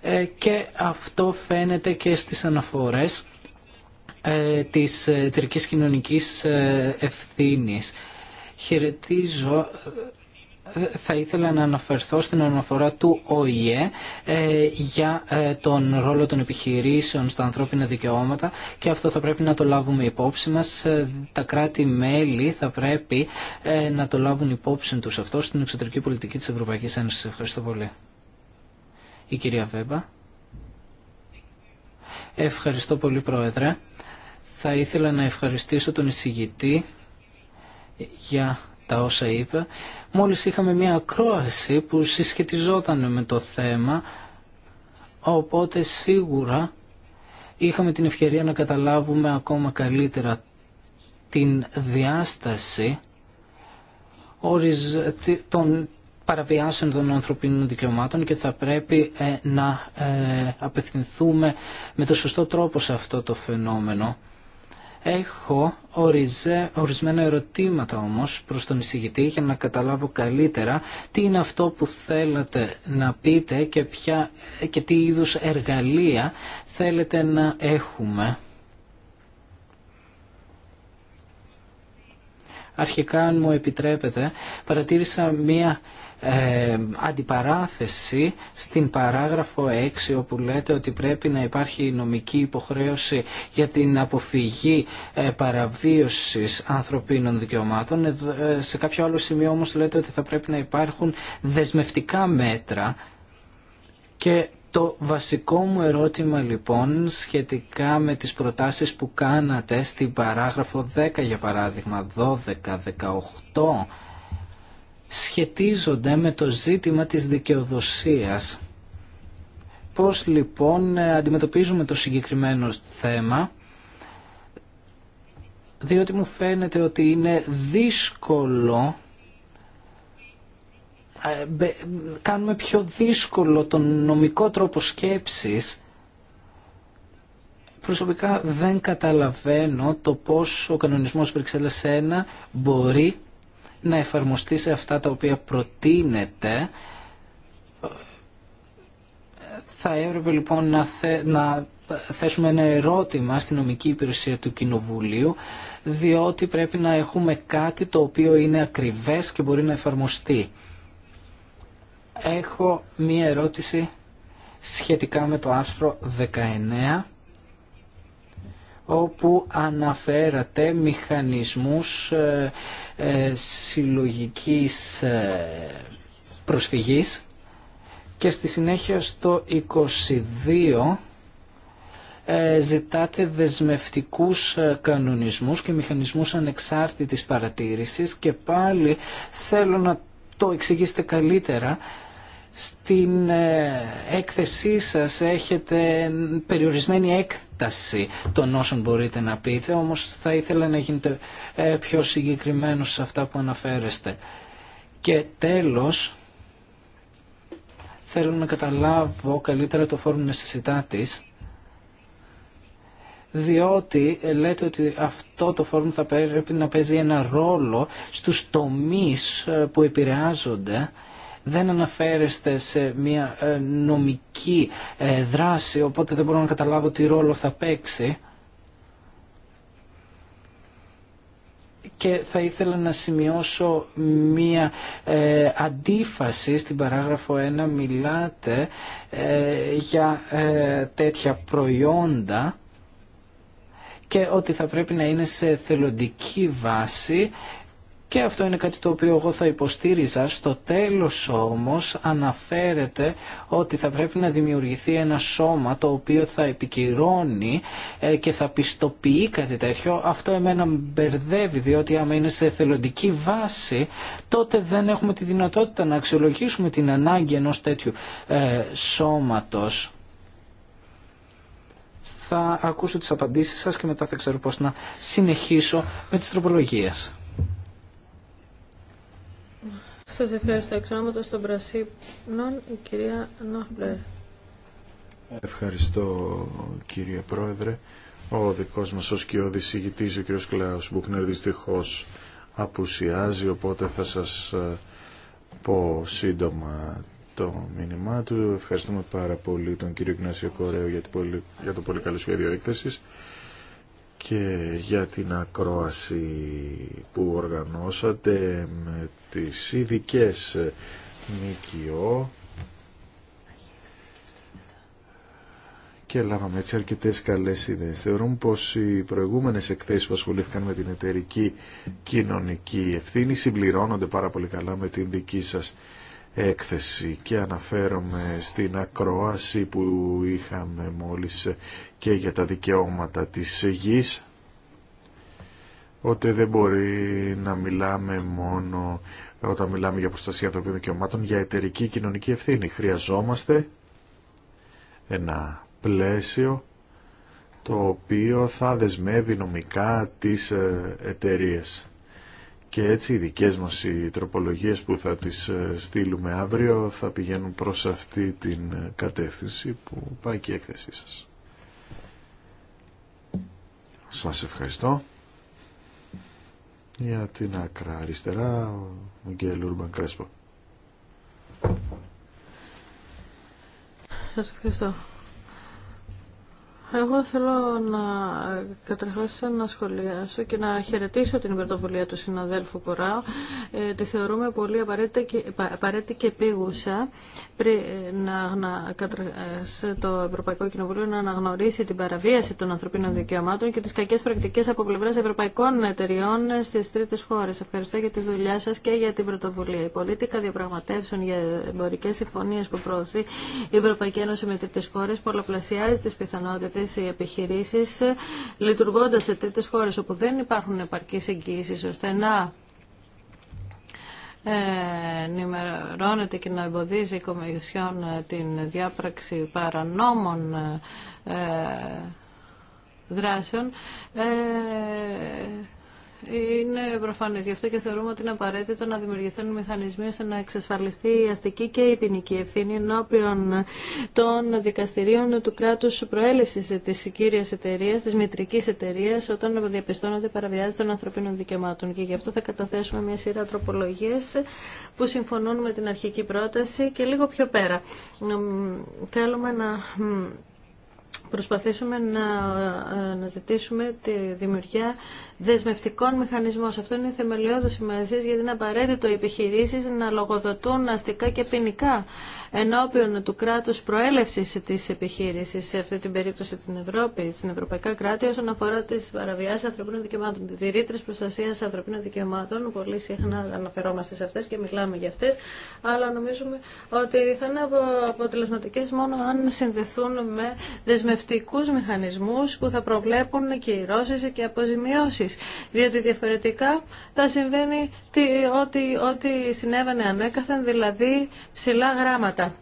ε, και αυτό φαίνεται και στις αναφορές ε, της εταιρικής κοινωνικής ε, ευθύνης. Χαιρετίζω θα ήθελα να αναφερθώ στην αναφορά του ΟΗΕ για τον ρόλο των επιχειρήσεων στα ανθρώπινα δικαιώματα και αυτό θα πρέπει να το λάβουμε υπόψη μας. Τα κράτη-μέλη θα πρέπει να το λάβουν υπόψη τους αυτό στην εξωτερική πολιτική της Ευρωπαϊκής Ένωσης. Ευχαριστώ πολύ. Η κυρία Βέμπα. Ευχαριστώ πολύ Πρόεδρε. Θα ήθελα να ευχαριστήσω τον εισηγητή για τα όσα είπε. Μόλις είχαμε μια ακρόαση που συσχετιζόταν με το θέμα, οπότε σίγουρα είχαμε την ευκαιρία να καταλάβουμε ακόμα καλύτερα την διάσταση των, παραβιάσεων των ανθρωπίνων δικαιωμάτων και θα πρέπει ε, να ε, απευθυνθούμε με το σωστό τρόπο σε αυτό το φαινόμενο. Έχω οριζε, ορισμένα ερωτήματα όμως προς τον εισηγητή για να καταλάβω καλύτερα τι είναι αυτό που θέλετε να πείτε και, ποια, και τι είδους εργαλεία θέλετε να έχουμε. Αρχικά, αν μου επιτρέπετε, παρατήρησα μία ε, αντιπαράθεση στην παράγραφο 6 όπου λέτε ότι πρέπει να υπάρχει νομική υποχρέωση για την αποφυγή ε, παραβίωσης ανθρωπίνων δικαιωμάτων. Ε, ε, σε κάποιο άλλο σημείο όμως λέτε ότι θα πρέπει να υπάρχουν δεσμευτικά μέτρα και το βασικό μου ερώτημα λοιπόν σχετικά με τις προτάσεις που κάνατε στην παράγραφο 10 για παράδειγμα, 12, 18 σχετίζονται με το ζήτημα της δικαιοδοσίας. Πώς λοιπόν αντιμετωπίζουμε το συγκεκριμένο θέμα, διότι μου φαίνεται ότι είναι δύσκολο ε, κάνουμε πιο δύσκολο τον νομικό τρόπο σκέψης προσωπικά δεν καταλαβαίνω το πώς ο κανονισμός Βρυξέλλες 1 μπορεί να εφαρμοστεί σε αυτά τα οποία προτείνεται. Θα έπρεπε λοιπόν να, θε, να θέσουμε ένα ερώτημα στην νομική υπηρεσία του Κοινοβουλίου, διότι πρέπει να έχουμε κάτι το οποίο είναι ακριβές και μπορεί να εφαρμοστεί. Έχω μία ερώτηση σχετικά με το άρθρο 19 όπου αναφέρατε μηχανισμούς ε, ε, συλλογικής ε, προσφυγής και στη συνέχεια στο 22 ζητάτε δεσμευτικούς κανονισμούς και μηχανισμούς ανεξάρτητης παρατήρησης και πάλι θέλω να το εξηγήσετε καλύτερα στην ε, έκθεσή σας έχετε περιορισμένη έκταση των όσων μπορείτε να πείτε, όμως θα ήθελα να γίνετε ε, πιο συγκεκριμένους σε αυτά που αναφέρεστε. Και τέλος, θέλω να καταλάβω καλύτερα το φόρουμ να της, διότι ε, λέτε ότι αυτό το φόρουμ θα πρέπει να παίζει ένα ρόλο στους τομείς που επηρεάζονται δεν αναφέρεστε σε μια ε, νομική ε, δράση, οπότε δεν μπορώ να καταλάβω τι ρόλο θα παίξει. και θα ήθελα να σημειώσω μία ε, αντίφαση στην παράγραφο 1 μιλάτε για τέτοια προϊόντα και ότι θα πρέπει να είναι σε θελοντική βάση και αυτό είναι κάτι το οποίο εγώ θα υποστήριζα. Στο τέλος όμως αναφέρεται ότι θα πρέπει να δημιουργηθεί ένα σώμα το οποίο θα επικυρώνει ε, και θα πιστοποιεί κάτι τέτοιο. Αυτό εμένα μπερδεύει διότι άμα είναι σε εθελοντική βάση τότε δεν έχουμε τη δυνατότητα να αξιολογήσουμε την ανάγκη ενός τέτοιου ε, σώματος. Θα ακούσω τις απαντήσεις σας και μετά θα ξέρω πώς να συνεχίσω με τις τροπολογίες. Σας ευχαριστώ εξ ονόματος των Πρασίνων, η κυρία Νόχμπλερ. Ευχαριστώ κύριε Πρόεδρε. Ο δικός μας ως κοιόδης ηγητής, ο κύριος Κλάους Μπουκνερ, δυστυχώς απουσιάζει, οπότε θα σας ε, πω σύντομα το μήνυμά του. Ευχαριστούμε πάρα πολύ τον κύριο Γνάσιο Κορέο για το πολύ καλό σχέδιο έκθεσης και για την ακρόαση που οργανώσατε με τις ειδικέ ΜΚΟ και λάβαμε έτσι αρκετές καλές ιδέες. Θεωρούμε πως οι προηγούμενες εκθέσεις που ασχολήθηκαν με την εταιρική κοινωνική ευθύνη συμπληρώνονται πάρα πολύ καλά με την δική σας έκθεση και αναφέρομαι στην ακρόαση που είχαμε μόλις και για τα δικαιώματα της γης ότι δεν μπορεί να μιλάμε μόνο όταν μιλάμε για προστασία ανθρωπίνων δικαιωμάτων για εταιρική κοινωνική ευθύνη. Χρειαζόμαστε ένα πλαίσιο το οποίο θα δεσμεύει νομικά τις ε, εταιρείες. Και έτσι οι δικές μας οι τροπολογίες που θα τις ε, στείλουμε αύριο θα πηγαίνουν προς αυτή την ε, κατεύθυνση που πάει και η έκθεσή σας. Σας ευχαριστώ. Για την άκρα αριστερά, ο Μιγγέλ Ούρμπαν Κρέσπο. Σας ευχαριστώ. Εγώ θέλω να καταρχάς να σχολιάσω και να χαιρετήσω την πρωτοβουλία του συναδέλφου Κοράου. Ε, τη θεωρούμε πολύ απαραίτητη και, απαραίτητη και επίγουσα πριν να, να καταρχάς, το Ευρωπαϊκό Κοινοβούλιο να αναγνωρίσει την παραβίαση των ανθρωπίνων δικαιωμάτων και τις κακές πρακτικές από πλευράς ευρωπαϊκών εταιριών στις τρίτες χώρες. Ευχαριστώ για τη δουλειά σας και για την πρωτοβουλία. Η πολίτικα διαπραγματεύσεων για εμπορικές συμφωνίες που προωθεί η Ευρωπαϊκή Ένωση με τρίτες χώρες πολλαπλασιάζει τις πιθανότητες οι επιχειρήσεις λειτουργώντας σε τρίτες χώρες όπου δεν υπάρχουν επαρκείς εγγύησεις ώστε να ε, ενημερώνεται και να εμποδίζει η Κομισιόν ε, την διάπραξη παρανόμων ε, δράσεων είναι προφανέ. Γι' αυτό και θεωρούμε ότι είναι απαραίτητο να δημιουργηθούν μηχανισμοί ώστε να εξασφαλιστεί η αστική και η ποινική ευθύνη ενώπιον των δικαστηρίων του κράτου προέλευση τη κύρια εταιρεία, τη μητρική εταιρεία, όταν διαπιστώνονται παραβιάζει των ανθρωπίνων δικαιωμάτων. Και γι' αυτό θα καταθέσουμε μια σειρά τροπολογίε που συμφωνούν με την αρχική πρόταση και λίγο πιο πέρα. Θέλουμε να προσπαθήσουμε να, ε, να ζητήσουμε τη δημιουργία δεσμευτικών μηχανισμών. Αυτό είναι θεμελιώδη σημασία γιατί είναι απαραίτητο οι επιχειρήσει να λογοδοτούν αστικά και ποινικά ενώπιον του κράτου προέλευση τη επιχείρηση, σε αυτή την περίπτωση την Ευρώπη, στην Ευρωπαϊκά κράτη, όσον αφορά τι παραβιάσει ανθρωπίνων δικαιωμάτων. τη ρήτρε προστασία ανθρωπίνων δικαιωμάτων, πολύ συχνά αναφερόμαστε σε αυτέ και μιλάμε για αυτέ, αλλά νομίζουμε ότι θα είναι αποτελεσματικέ μόνο αν συνδεθούν με δεσμευτικού μηχανισμού που θα προβλέπουν και οι και αποζημιώσει. Διότι διαφορετικά θα συμβαίνει ότι, ότι συνέβαινε ανέκαθεν, δηλαδή ψηλά γράμματα.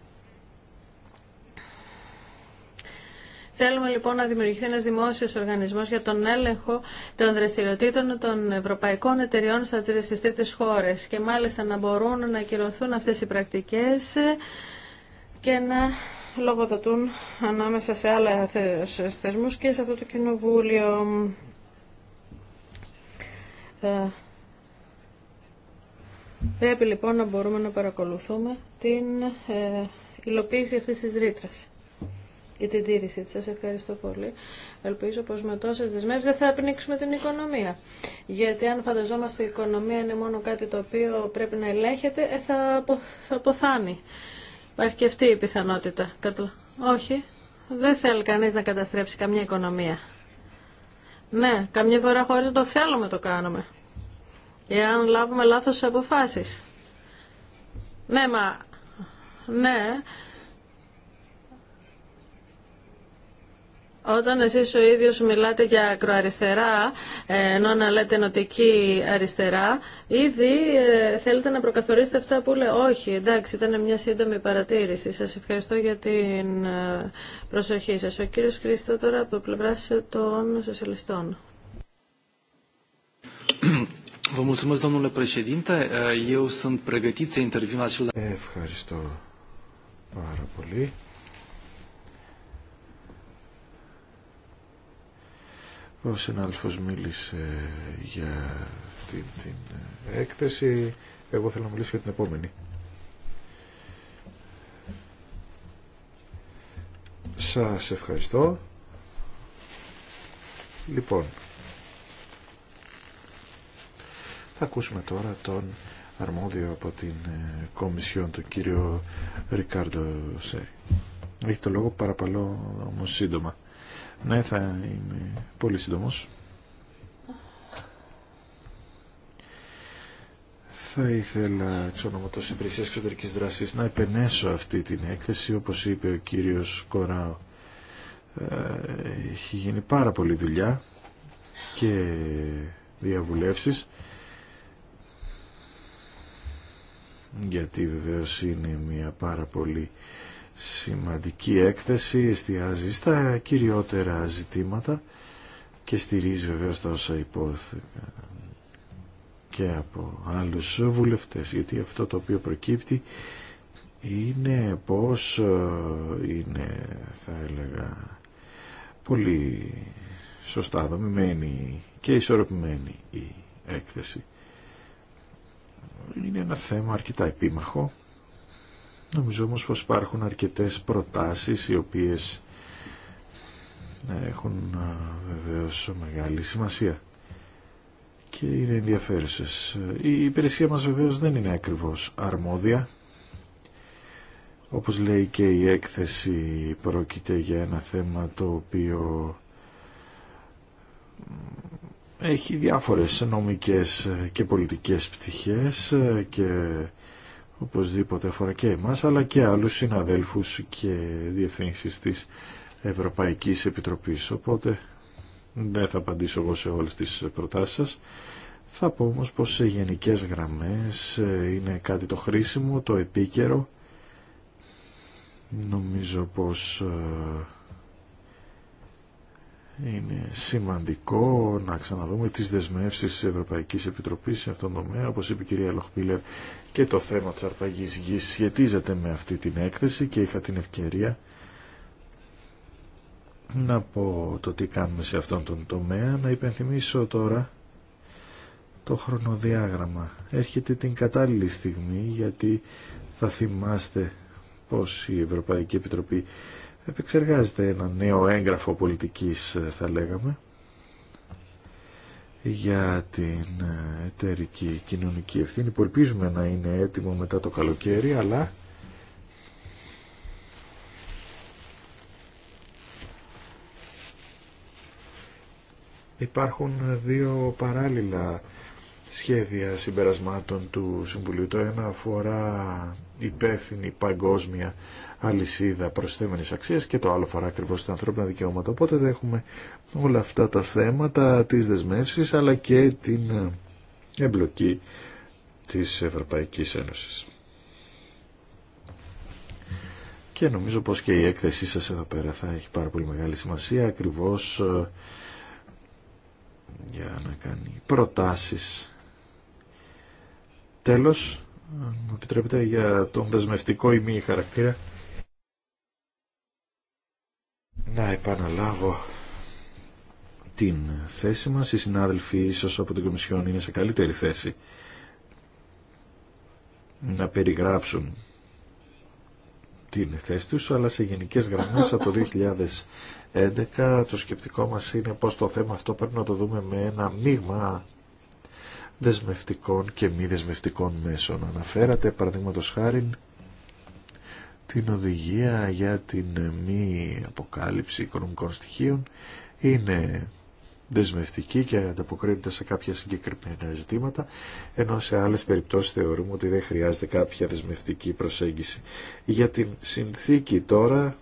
Θέλουμε λοιπόν να δημιουργηθεί ένας δημόσιος οργανισμός για τον έλεγχο των δραστηριοτήτων των ευρωπαϊκών εταιριών στα τρίτε χώρες και μάλιστα να μπορούν να ακυρωθούν αυτές οι πρακτικές και να λογοδοτούν ανάμεσα σε άλλα θεσμού και σε αυτό το κοινοβούλιο. Πρέπει λοιπόν να μπορούμε να παρακολουθούμε την ε, υλοποίηση αυτής της ρήτρα και την τήρηση της. Σας ευχαριστώ πολύ. Ελπίζω πως με τόσες δεσμεύσεις δεν θα πνίξουμε την οικονομία. Γιατί αν φανταζόμαστε η οικονομία είναι μόνο κάτι το οποίο πρέπει να ελέγχεται, ε, θα, απο, θα αποθάνει. Υπάρχει και αυτή η πιθανότητα. Όχι, δεν θέλει κανείς να καταστρέψει καμιά οικονομία. Ναι, καμιά φορά χωρίς να το θέλουμε το κάνουμε εάν λάβουμε λάθος αποφάσεις. Ναι, μα... Ναι, Όταν εσείς ο ίδιος μιλάτε για ακροαριστερά, ε, ενώ να λέτε νοτική αριστερά, ήδη ε, θέλετε να προκαθορίσετε αυτά που λέω. Όχι, εντάξει, ήταν μια σύντομη παρατήρηση. Σας ευχαριστώ για την ε, προσοχή σας. Ο κύριος Χρήστο τώρα από πλευρά των σοσιαλιστών. Ευχαριστώ πάρα πολύ. Ο μίλησε για την, την έκθεση. Εγώ θέλω να μιλήσω για την επόμενη. Σας ευχαριστώ. Λοιπόν, Θα ακούσουμε τώρα τον αρμόδιο από την ε, Κομισιόν, τον κύριο Ρικάρντο Σέρι. Έχει το λόγο παραπαλώ όμως σύντομα. Ναι, θα είμαι πολύ σύντομος. θα ήθελα εξ ονόματος υπηρεσίας εξωτερικής δράσης να επενέσω αυτή την έκθεση όπως είπε ο κύριος Κοράο ε, έχει γίνει πάρα πολλή δουλειά και διαβουλεύσεις γιατί βεβαίως είναι μια πάρα πολύ σημαντική έκθεση, εστιάζει στα κυριότερα ζητήματα και στηρίζει βεβαίως τα όσα υπόθηκαν και από άλλους βουλευτές, γιατί αυτό το οποίο προκύπτει είναι πως ε, είναι, θα έλεγα, πολύ σωστά δομημένη και ισορροπημένη η έκθεση. Είναι ένα θέμα αρκετά επίμαχο. Νομίζω όμως πως υπάρχουν αρκετές προτάσεις οι οποίες ε, έχουν ε, βεβαίως μεγάλη σημασία και είναι ενδιαφέρουσες. Ε, η υπηρεσία μας βεβαίως δεν είναι ακριβώς αρμόδια. Όπως λέει και η έκθεση πρόκειται για ένα θέμα το οποίο έχει διάφορες νομικές και πολιτικές πτυχές και οπωσδήποτε αφορά και εμάς αλλά και άλλους συναδέλφους και διευθύνσεις της Ευρωπαϊκής Επιτροπής. Οπότε δεν θα απαντήσω εγώ σε όλες τις προτάσεις σας. Θα πω όμως πως σε γενικές γραμμές είναι κάτι το χρήσιμο, το επίκαιρο. Νομίζω πως ε, είναι σημαντικό να ξαναδούμε τις δεσμεύσεις της Ευρωπαϊκής Επιτροπής σε αυτόν τον τομέα, όπως είπε η κυρία Λοχπίλερ, και το θέμα της αρπαγής γης σχετίζεται με αυτή την έκθεση και είχα την ευκαιρία να πω το τι κάνουμε σε αυτόν τον τομέα, να υπενθυμίσω τώρα το χρονοδιάγραμμα. Έρχεται την κατάλληλη στιγμή γιατί θα θυμάστε πως η Ευρωπαϊκή Επιτροπή επεξεργάζεται ένα νέο έγγραφο πολιτικής ε, θα λέγαμε για την ε, εταιρική κοινωνική ευθύνη που ελπίζουμε να είναι έτοιμο μετά το καλοκαίρι αλλά υπάρχουν δύο παράλληλα σχέδια συμπερασμάτων του Συμβουλίου. Το ένα αφορά υπεύθυνη παγκόσμια αλυσίδα προσθέμενης αξίας και το άλλο φορά ακριβώς τα ανθρώπινα δικαιώματα. Οπότε δεν έχουμε όλα αυτά τα θέματα της δεσμεύσης αλλά και την ε, εμπλοκή της Ευρωπαϊκής Ένωσης. Και νομίζω πως και η έκθεσή σας εδώ πέρα θα έχει πάρα πολύ μεγάλη σημασία ακριβώς ε, για να κάνει προτάσεις. Τέλος, μου επιτρέπετε για τον δεσμευτικό ή μη χαρακτήρα, να επαναλάβω την θέση μας. Οι συνάδελφοι ίσως από την Κομισιόν είναι σε καλύτερη θέση να περιγράψουν την θέση τους, αλλά σε γενικές γραμμές από το 2011 το σκεπτικό μας είναι πως το θέμα αυτό πρέπει να το δούμε με ένα μείγμα δεσμευτικών και μη δεσμευτικών μέσων. Αναφέρατε, παραδείγματο χάρη, την οδηγία για την μη αποκάλυψη οικονομικών στοιχείων είναι δεσμευτική και ανταποκρίνεται σε κάποια συγκεκριμένα ζητήματα, ενώ σε άλλες περιπτώσεις θεωρούμε ότι δεν χρειάζεται κάποια δεσμευτική προσέγγιση. Για την συνθήκη τώρα,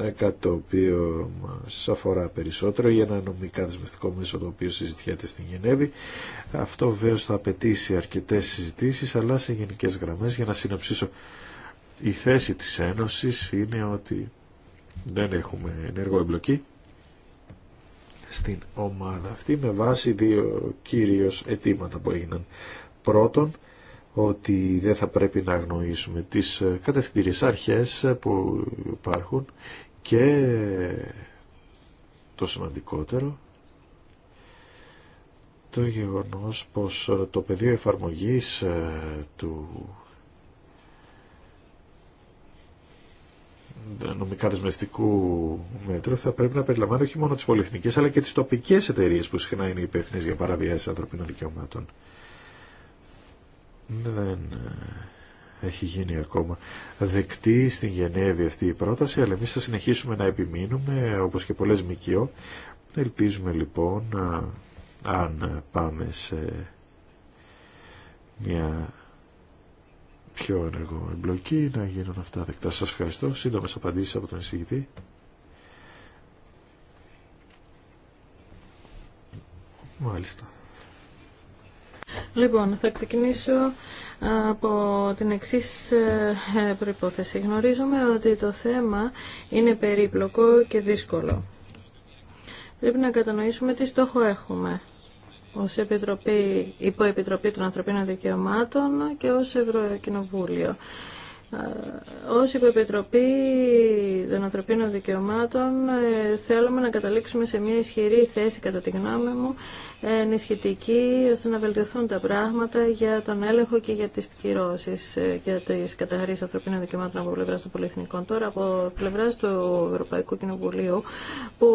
ε, κάτι το οποίο μας αφορά περισσότερο, για ένα νομικά δεσμευτικό μέσο το οποίο συζητιέται στην Γενέβη, αυτό βέβαια θα απαιτήσει αρκετές συζητήσεις, αλλά σε γενικές γραμμές για να συνοψίσω η θέση της Ένωσης είναι ότι δεν έχουμε ενεργό εμπλοκή στην ομάδα αυτή με βάση δύο κύριος αιτήματα που έγιναν. Πρώτον, ότι δεν θα πρέπει να αγνοήσουμε τις κατευθυντήριες αρχές που υπάρχουν και το σημαντικότερο το γεγονός πως το πεδίο εφαρμογής ε, του νομικά δεσμευτικού μέτρου θα πρέπει να περιλαμβάνει όχι μόνο τις πολυεθνικές αλλά και τις τοπικές εταιρείες που συχνά είναι υπεύθυνε για παραβιάσεις ανθρωπίνων δικαιωμάτων. Δεν ε, έχει γίνει ακόμα δεκτή στην Γενέβη αυτή η πρόταση, αλλά εμείς θα συνεχίσουμε να επιμείνουμε, όπως και πολλές ΜΚΟ. Ελπίζουμε λοιπόν, αν πάμε σε μια πιο ενεργό εμπλοκή να γίνουν αυτά δεκτά. Σας ευχαριστώ. Σύντομες απαντήσεις από τον εισηγητή. Μάλιστα. Λοιπόν, θα ξεκινήσω ε, από την εξή ε, προϋπόθεση. Γνωρίζουμε ότι το θέμα είναι περίπλοκο και δύσκολο. Πρέπει να κατανοήσουμε τι στόχο έχουμε ως Επιτροπή, Υποεπιτροπή των Ανθρωπίνων Δικαιωμάτων και ως Ευρωκοινοβούλιο. Ε, ως Υποεπιτροπή των Ανθρωπίνων Δικαιωμάτων ε, θέλουμε να καταλήξουμε σε μια ισχυρή θέση κατά τη γνώμη μου, ενισχυτική ώστε να βελτιωθούν τα πράγματα για τον έλεγχο και για τις κυρώσεις και ε, τις καταχρήσεις ανθρωπίνων δικαιωμάτων από πλευρά των πολυεθνικών. Τώρα από πλευρά του Ευρωπαϊκού Κοινοβουλίου που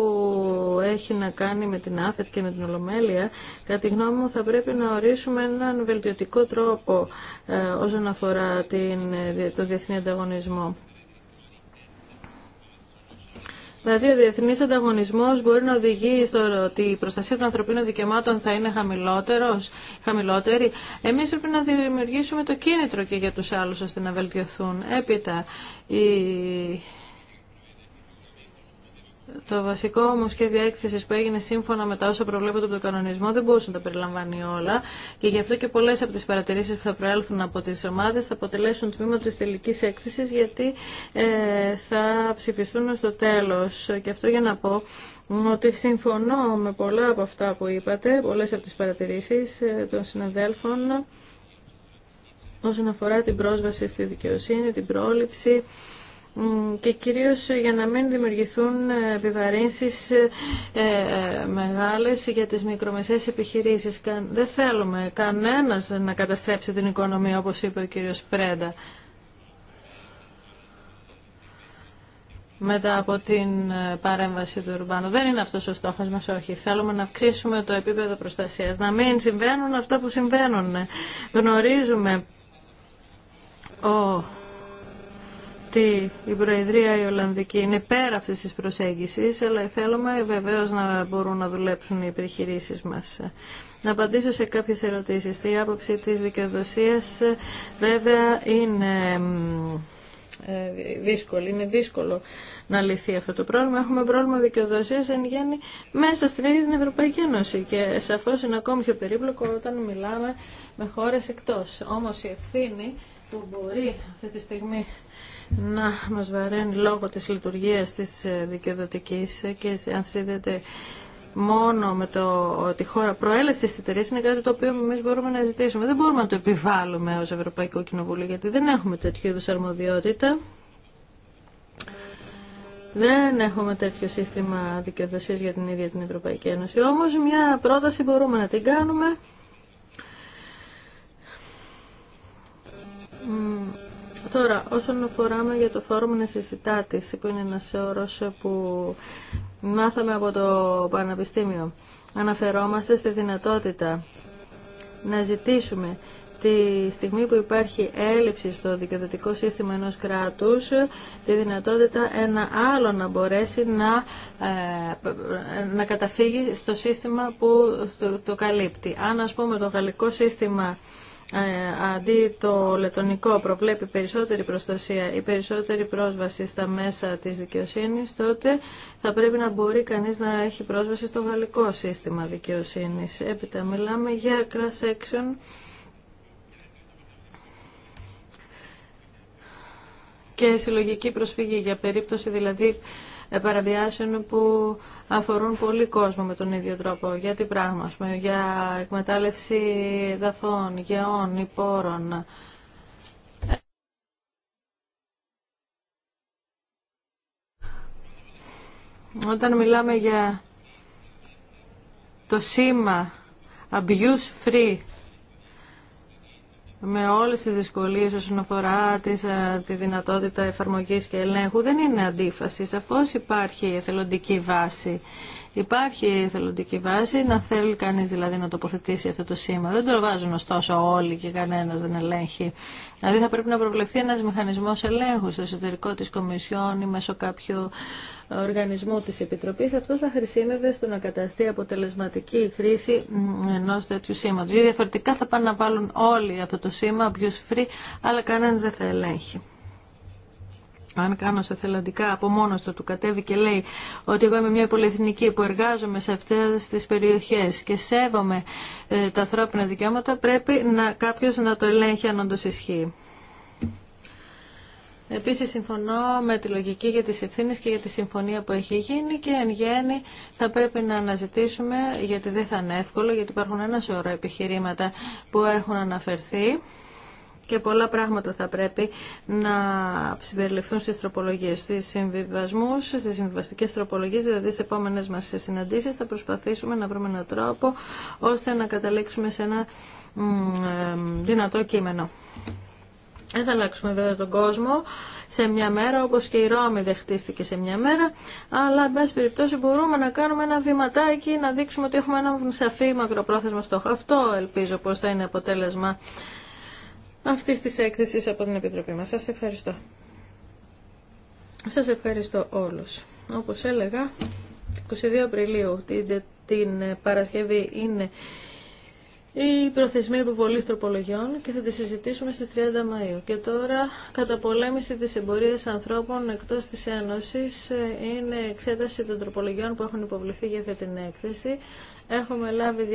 έχει να κάνει με την ΑΦΕΤ και με την Ολομέλεια, κατά τη γνώμη μου θα πρέπει να ορίσουμε έναν βελτιωτικό τρόπο όσον αφορά την, το διεθνή ανταγωνισμό. Δηλαδή, ο διεθνή ανταγωνισμό μπορεί να οδηγεί στο ότι η προστασία των ανθρωπίνων δικαιωμάτων θα είναι χαμηλότερος, χαμηλότερη. Εμεί πρέπει να δημιουργήσουμε το κίνητρο και για του άλλου ώστε να βελτιωθούν. Έπειτα, η το βασικό όμω σχέδιο έκθεση που έγινε σύμφωνα με τα όσα προβλέπονται από τον κανονισμό δεν μπορούσε να τα περιλαμβάνει όλα και γι' αυτό και πολλέ από τι παρατηρήσει που θα προέλθουν από τι ομάδε θα αποτελέσουν τμήμα τη τελική έκθεση γιατί ε, θα ψηφιστούν στο τέλο. Και αυτό για να πω ότι συμφωνώ με πολλά από αυτά που είπατε, πολλέ από τι παρατηρήσει ε, των συναδέλφων όσον αφορά την πρόσβαση στη δικαιοσύνη, την πρόληψη και κυρίως για να μην δημιουργηθούν ε, επιβαρύνσεις ε, ε, μεγάλες για τις μικρομεσαίες επιχειρήσεις. Δεν θέλουμε κανένας να καταστρέψει την οικονομία όπως είπε ο κύριος Πρέντα. μετά από την παρέμβαση του Ρουμπάνου. Δεν είναι αυτός ο στόχος μας, όχι. Θέλουμε να αυξήσουμε το επίπεδο προστασίας, να μην συμβαίνουν αυτά που συμβαίνουν. Γνωρίζουμε ο ότι η Προεδρία η Ολλανδική είναι πέρα αυτή τη προσέγγιση, αλλά θέλουμε βεβαίω να μπορούν να δουλέψουν οι επιχειρήσει μα Να απαντήσω σε κάποιε ερωτήσει. Η άποψη τη δικαιοδοσία βέβαια είναι ε, δύσκολη. Είναι δύσκολο να λυθεί αυτό το πρόβλημα. Έχουμε πρόβλημα δικαιοδοσία εν γέννη μέσα στην ίδια την Ευρωπαϊκή Ένωση και σαφώ είναι ακόμη πιο περίπλοκο όταν μιλάμε με χώρε εκτό. Όμω η ευθύνη που μπορεί αυτή τη στιγμή να μας βαραίνει λόγω της λειτουργίας της ε, δικαιοδοτικής και αν σύνδεται μόνο με το, η χώρα προέλευση τη εταιρεία είναι κάτι το οποίο εμεί μπορούμε να ζητήσουμε. Δεν μπορούμε να το επιβάλλουμε ω Ευρωπαϊκό Κοινοβούλιο, γιατί δεν έχουμε τέτοιου είδου αρμοδιότητα. Δεν έχουμε τέτοιο σύστημα δικαιοδοσία για την ίδια την Ευρωπαϊκή Ένωση. Όμω μια πρόταση μπορούμε να την κάνουμε. Τώρα, όσον αφορά για το φόρουμ νεσισιτάτης, που είναι ένας όρος που μάθαμε από το Πανεπιστήμιο, αναφερόμαστε στη δυνατότητα να ζητήσουμε τη στιγμή που υπάρχει έλλειψη στο δικαιοδοτικό σύστημα ενός κράτους τη δυνατότητα ένα άλλο να μπορέσει να, ε, να καταφύγει στο σύστημα που το, το καλύπτει. Αν ας πούμε το γαλλικό σύστημα ε, αντί το λετωνικό προβλέπει περισσότερη προστασία ή περισσότερη πρόσβαση στα μέσα της δικαιοσύνης, τότε θα πρέπει να μπορεί κανείς να έχει πρόσβαση στο γαλλικό σύστημα δικαιοσύνης. Έπειτα μιλάμε για cross-section και συλλογική προσφυγή για περίπτωση δηλαδή ε, παραβιάσεων που αφορούν πολύ κόσμο με τον ίδιο τρόπο. Για τι πράγμα, για εκμετάλλευση δαφών, γεών, υπόρων. Όταν μιλάμε για το σήμα abuse free με όλες τις δυσκολίες όσον αφορά ε, τη δυνατότητα εφαρμογής και ελέγχου δεν είναι αντίφαση. Σαφώς υπάρχει εθελοντική βάση. Υπάρχει εθελοντική βάση να θέλει κανείς δηλαδή να τοποθετήσει αυτό το σήμα. Δεν το βάζουν ωστόσο όλοι και κανένας δεν ελέγχει. Δηλαδή θα πρέπει να προβλεφθεί ένας μηχανισμός ελέγχου στο εσωτερικό της Κομισιόν ή μέσω κάποιου οργανισμού της Επιτροπής, αυτό θα χρησιμεύεται στο να καταστεί αποτελεσματική η χρήση ενός τέτοιου σήματος. διαφορετικά θα πάνε να βάλουν όλοι αυτό το σήμα, abuse αλλά κανένας δεν θα ελέγχει. Αν κάνω σε θελαντικά από μόνο του, του κατέβει και λέει ότι εγώ είμαι μια πολυεθνική που εργάζομαι σε αυτέ τι περιοχέ και σέβομαι ε, τα ανθρώπινα δικαιώματα, πρέπει να κάποιο να το ελέγχει αν όντω ισχύει. Επίση, συμφωνώ με τη λογική για τι ευθύνε και για τη συμφωνία που έχει γίνει και εν γέννη θα πρέπει να αναζητήσουμε, γιατί δεν θα είναι εύκολο, γιατί υπάρχουν ένα σωρό επιχειρήματα που έχουν αναφερθεί και πολλά πράγματα θα πρέπει να συμπεριληφθούν στις τροπολογίες, στις συμβιβασμούς, στις συμβιβαστικές τροπολογίες, δηλαδή στις επόμενες μας συναντήσεις θα προσπαθήσουμε να βρούμε έναν τρόπο ώστε να καταλήξουμε σε ένα ε, δυνατό κείμενο. Δεν θα αλλάξουμε βέβαια τον κόσμο σε μια μέρα, όπως και η Ρώμη δεν χτίστηκε σε μια μέρα, αλλά εν πάση περιπτώσει μπορούμε να κάνουμε ένα βηματάκι, να δείξουμε ότι έχουμε ένα σαφή μακροπρόθεσμο στόχο. Αυτό ελπίζω πως θα είναι αποτέλεσμα αυτής της έκθεσης από την Επιτροπή μας. Σας ευχαριστώ. Σας ευχαριστώ όλους. Όπως έλεγα, 22 Απριλίου την Παρασκευή είναι η προθεσμία υποβολή τροπολογιών και θα τη συζητήσουμε στις 30 Μαΐου. Και τώρα, καταπολέμηση της εμπορίας ανθρώπων εκτός της Ένωσης ε, είναι εξέταση των τροπολογιών που έχουν υποβληθεί για αυτή την έκθεση. Έχουμε λάβει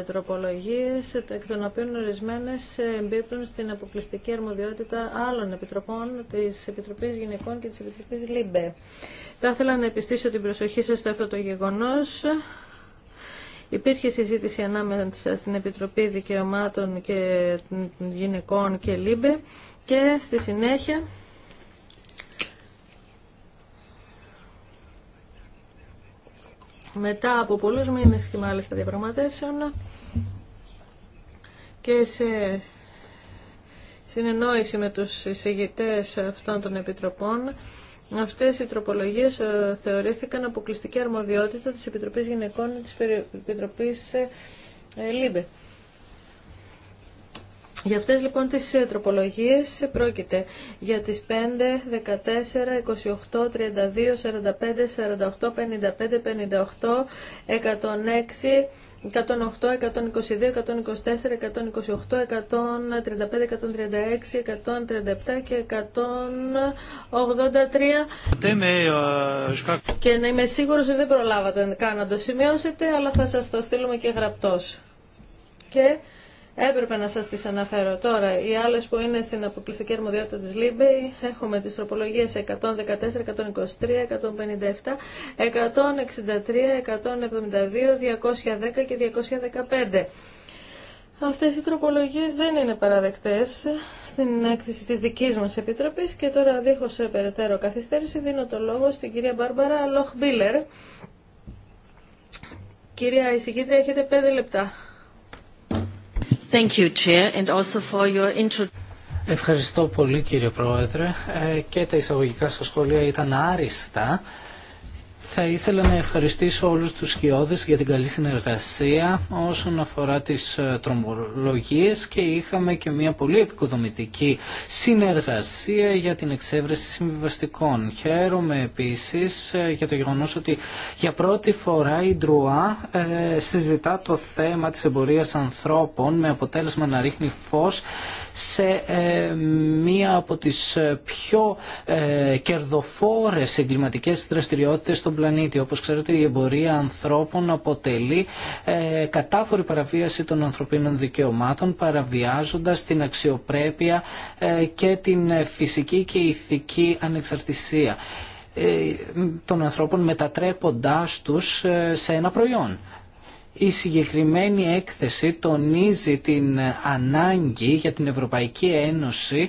215 τροπολογίες, εκ των οποίων ορισμένε ε, εμπίπτουν στην αποκλειστική αρμοδιότητα άλλων επιτροπών της Επιτροπής Γυναικών και της Επιτροπής ΛΥΜΠΕ. Θα ήθελα να επιστήσω την προσοχή σας σε αυτό το γεγονός. Υπήρχε συζήτηση ανάμεσα στην Επιτροπή Δικαιωμάτων και Γυναικών και ΛΥΜΠΕ και στη συνέχεια μετά από πολλούς μήνες και μάλιστα διαπραγματεύσεων και σε συνεννόηση με τους εισηγητές αυτών των επιτροπών Αυτές οι τροπολογίες ε, θεωρήθηκαν αποκλειστική αρμοδιότητα της Επιτροπής Γυναικών και της Επιτροπής ε, ε, ΛΥΜΠΕ. Για αυτές λοιπόν τις τροπολογίες πρόκειται για τις 5, 14, 28, 32, 45, 48, 55, 58, 106, 108, 122, 124, 128, 135, 136, 137 και 183. Και να είμαι σίγουρος ότι δεν προλάβατε καν να το σημειώσετε, αλλά θα σας το στείλουμε και γραπτός. Και Έπρεπε να σας τις αναφέρω τώρα. Οι άλλες που είναι στην αποκλειστική αρμοδιότητα της ΛΥΜΠΕΙ έχουμε τις τροπολογίες 114, 123, 157, 163, 172, 210 και 215. Αυτές οι τροπολογίες δεν είναι παραδεκτές στην έκθεση της δικής μας Επιτροπής και τώρα δίχως περαιτέρω καθυστέρηση δίνω το λόγο στην κυρία Μπάρμπαρα Μπίλερ Κυρία Ισηγήτρια, έχετε 5 λεπτά. Ευχαριστώ πολύ κύριε Πρόεδρε ε, και τα εισαγωγικά στο σχόλια ήταν άριστα θα ήθελα να ευχαριστήσω όλους τους σκιώδες για την καλή συνεργασία όσον αφορά τις ε, τρομολογίες και είχαμε και μια πολύ επικοδομητική συνεργασία για την εξέβρεση συμβιβαστικών. Χαίρομαι επίσης ε, για το γεγονός ότι για πρώτη φορά η Ντρουά ε, συζητά το θέμα της εμπορίας ανθρώπων με αποτέλεσμα να ρίχνει φως σε ε, μία από τις ε, πιο ε, κερδοφόρες εγκληματικές δραστηριότητες στον πλανήτη. Όπως ξέρετε η εμπορία ανθρώπων αποτελεί κατάφορη παραβίαση των ανθρωπίνων δικαιωμάτων παραβιάζοντας την αξιοπρέπεια και την φυσική και ηθική ανεξαρτησία των ανθρώπων μετατρέποντάς τους σε ένα προϊόν. Η συγκεκριμένη έκθεση τονίζει την ανάγκη για την Ευρωπαϊκή Ένωση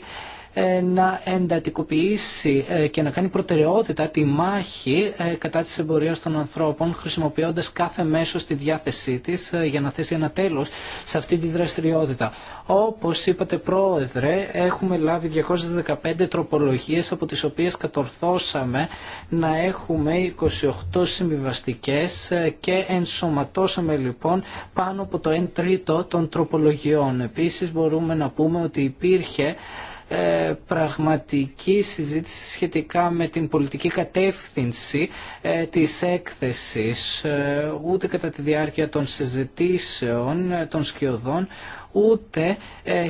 ε, να εντατικοποιήσει ε, και να κάνει προτεραιότητα τη μάχη ε, κατά της εμπορίας των ανθρώπων χρησιμοποιώντας κάθε μέσο στη διάθεσή της για να θέσει ένα τέλος σε αυτή τη δραστηριότητα. Όπως είπατε πρόεδρε, έχουμε λάβει 215 τροπολογίες από τις οποίες κατορθώσαμε να έχουμε 28 συμβιβαστικέ και ενσωματώσαμε λοιπόν πάνω από το 1 τρίτο των τροπολογιών. Επίσης μπορούμε να πούμε ότι υπήρχε ε, πραγματική συζήτηση σχετικά με την πολιτική κατεύθυνση ε, της έκθεσης ε, ούτε κατά τη διάρκεια των συζητήσεων των σκιωδών ούτε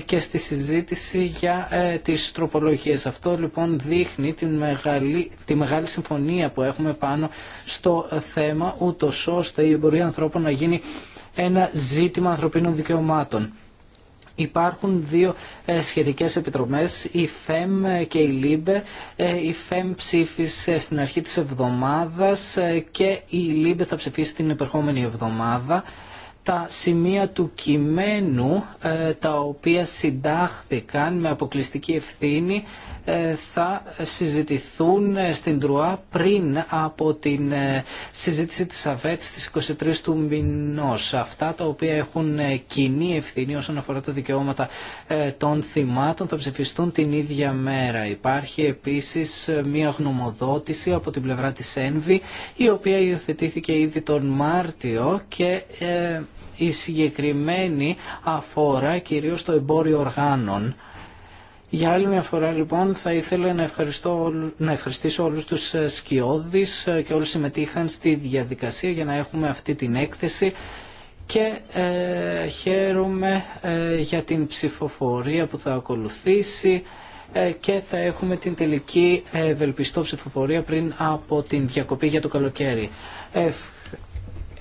και στη συζήτηση για τις τροπολογίες. Αυτό λοιπόν δείχνει τη μεγάλη, τη μεγάλη συμφωνία που έχουμε πάνω στο θέμα ούτω ώστε η εμπορία ανθρώπων να γίνει ένα ζήτημα ανθρωπίνων δικαιωμάτων. Υπάρχουν δύο ε, σχετικές επιτροπές, η ΦΕΜ και η ΛΥΜΠΕ. Ε, η ΦΕΜ ψήφισε στην αρχή της εβδομάδας ε, και η ΛΥΜΠΕ θα ψηφίσει την επερχόμενη εβδομάδα. Τα σημεία του κειμένου τα οποία συντάχθηκαν με αποκλειστική ευθύνη ε, θα συζητηθούν στην Τρουά πριν από την ε, συζήτηση της ΑΒΕΤ στις 23 του μηνός. Αυτά τα οποία έχουν ε, κοινή ευθύνη όσον αφορά τα δικαιώματα των θυμάτων θα ψηφιστούν την ίδια μέρα. Υπάρχει επίσης μια γνωμοδότηση από την πλευρά της ΕΝΒΗ η οποία υιοθετήθηκε ήδη τον Μάρτιο και η συγκεκριμένη αφορά κυρίως το εμπόριο οργάνων. Για άλλη μια φορά λοιπόν θα ήθελα να, ευχαριστήσω όλους τους ε, σκιώδεις ε, και όλους συμμετείχαν στη διαδικασία για να έχουμε αυτή την έκθεση και ε, χαίρομαι ε, για την ψηφοφορία που θα ακολουθήσει και θα έχουμε την τελική ευελπιστό ψηφοφορία πριν από την διακοπή για το καλοκαίρι.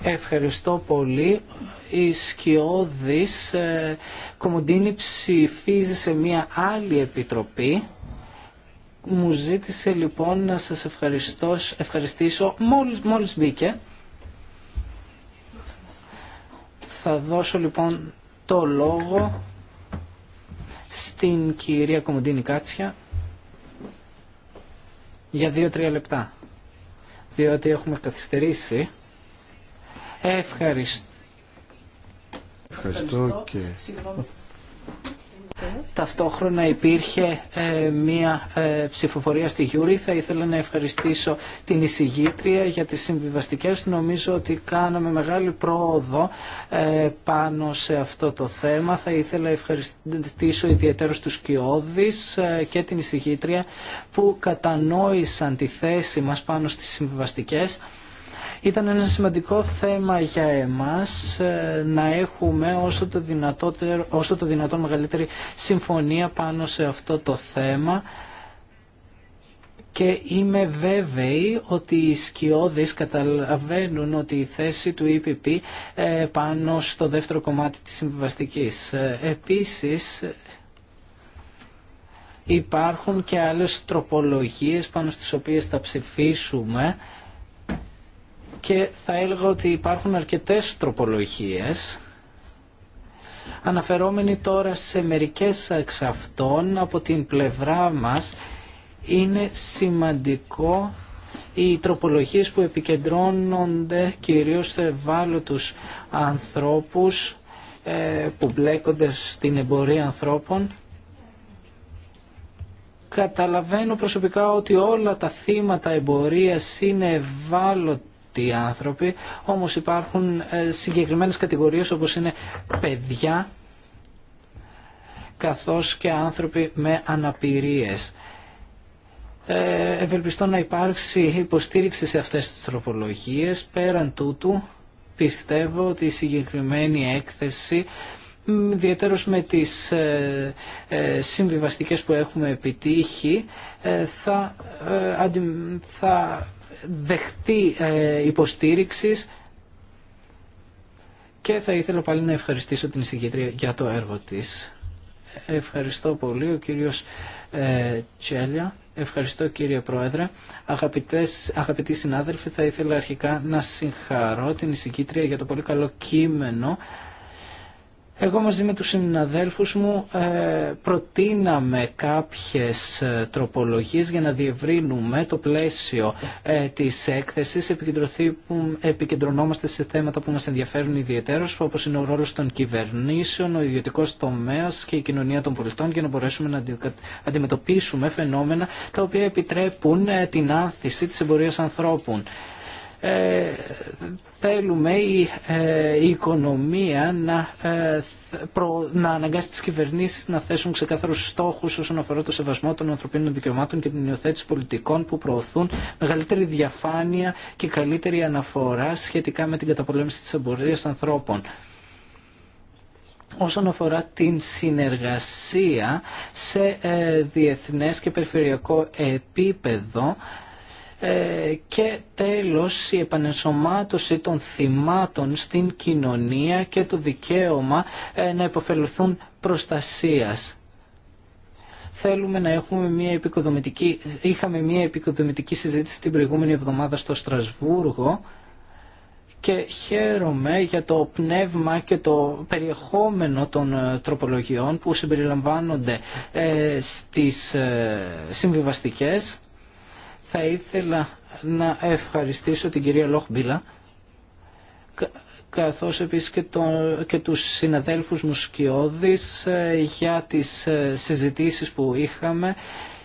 Ευχαριστώ πολύ. Η Σκιώδης ε, Κομοντίνη ψηφίζει σε μια άλλη επιτροπή. Μου ζήτησε λοιπόν να σας ευχαριστώ, ευχαριστήσω μόλις, μόλις μπήκε. Θα δώσω λοιπόν το λόγο στην κυρία Κομοντίνη Κάτσια για δύο-τρία λεπτά. Διότι έχουμε καθυστερήσει. Ευχαριστώ. Ευχαριστώ και... Ταυτόχρονα υπήρχε ε, μία ε, ψηφοφορία στη Γιούρη. Θα ήθελα να ευχαριστήσω την εισηγήτρια για τις συμβιβαστικές. Νομίζω ότι κάναμε μεγάλη πρόοδο ε, πάνω σε αυτό το θέμα. Θα ήθελα να ευχαριστήσω ιδιαίτερως τους Κιώδης ε, και την εισηγήτρια που κατανόησαν τη θέση μας πάνω στις συμβιβαστικές. Ήταν ένα σημαντικό θέμα για εμάς ε, να έχουμε όσο το, όσο το δυνατόν μεγαλύτερη συμφωνία πάνω σε αυτό το θέμα και είμαι βέβαιη ότι οι σκιώδεις καταλαβαίνουν ότι η θέση του EPP ε, πάνω στο δεύτερο κομμάτι της συμβιβαστικής. Ε, επίσης υπάρχουν και άλλες τροπολογίες πάνω στις οποίες θα ψηφίσουμε και θα έλεγα ότι υπάρχουν αρκετές τροπολογίες αναφερόμενοι τώρα σε μερικές εξ αυτών από την πλευρά μας είναι σημαντικό οι τροπολογίες που επικεντρώνονται κυρίως σε ευάλωτους ανθρώπους ε, που μπλέκονται στην εμπορία ανθρώπων Καταλαβαίνω προσωπικά ότι όλα τα θύματα εμπορίας είναι ευάλωτα αυτοί άνθρωποι, όμως υπάρχουν ε, συγκεκριμένες κατηγορίες όπως είναι παιδιά καθώς και άνθρωποι με αναπηρίες. Ε, ευελπιστώ να υπάρξει υποστήριξη σε αυτές τις τροπολογίες. Πέραν τούτου πιστεύω ότι η συγκεκριμένη έκθεση ιδιαίτερω με τις ε, συμβιβαστικές που έχουμε επιτύχει θα, θα δεχτεί ε, υποστήριξης και θα ήθελα πάλι να ευχαριστήσω την εισηγήτρια για το έργο της. Ευχαριστώ πολύ ο κύριος ε, Τσέλια. Ευχαριστώ κύριε Πρόεδρε. Αγαπητές, αγαπητοί συνάδελφοι, θα ήθελα αρχικά να συγχαρώ την εισηγήτρια για το πολύ καλό κείμενο εγώ μαζί με τους συναδέλφους μου ε, προτείναμε κάποιες ε, τροπολογίες για να διευρύνουμε το πλαίσιο ε, της έκθεσης. Επικεντρωνόμαστε σε θέματα που μας ενδιαφέρουν ιδιαίτερως, όπως είναι ο ρόλος των κυβερνήσεων, ο ιδιωτικός τομέας και η κοινωνία των πολιτών για να μπορέσουμε να αντιμετωπίσουμε φαινόμενα τα οποία επιτρέπουν την άνθηση της εμπορίας ανθρώπων. Ε, θέλουμε ε, η, οικονομία να, ε, προ, να αναγκάσει τις κυβερνήσεις να θέσουν ξεκάθαρους στόχους όσον αφορά το σεβασμό των ανθρωπίνων δικαιωμάτων και την υιοθέτηση πολιτικών που προωθούν μεγαλύτερη διαφάνεια και καλύτερη αναφορά σχετικά με την καταπολέμηση της εμπορίας ανθρώπων. Όσον αφορά την συνεργασία σε ε, διεθνές και περιφερειακό επίπεδο, ε, και τέλος η επανενσωμάτωση των θυμάτων στην κοινωνία και το δικαίωμα ε, να υποφελουθούν προστασίας. Θέλουμε να έχουμε μια επικοδομητική, είχαμε μια επικοδομητική συζήτηση την προηγούμενη εβδομάδα στο Στρασβούργο και χαίρομαι για το πνεύμα και το περιεχόμενο των ε, τροπολογιών που συμπεριλαμβάνονται στις συμβιβαστικές θα ήθελα να ευχαριστήσω την κυρία Λόχμπίλα καθώς επίσης και, του και τους συναδέλφους μου σκιώδης ε, για τις ε, συζητήσεις που είχαμε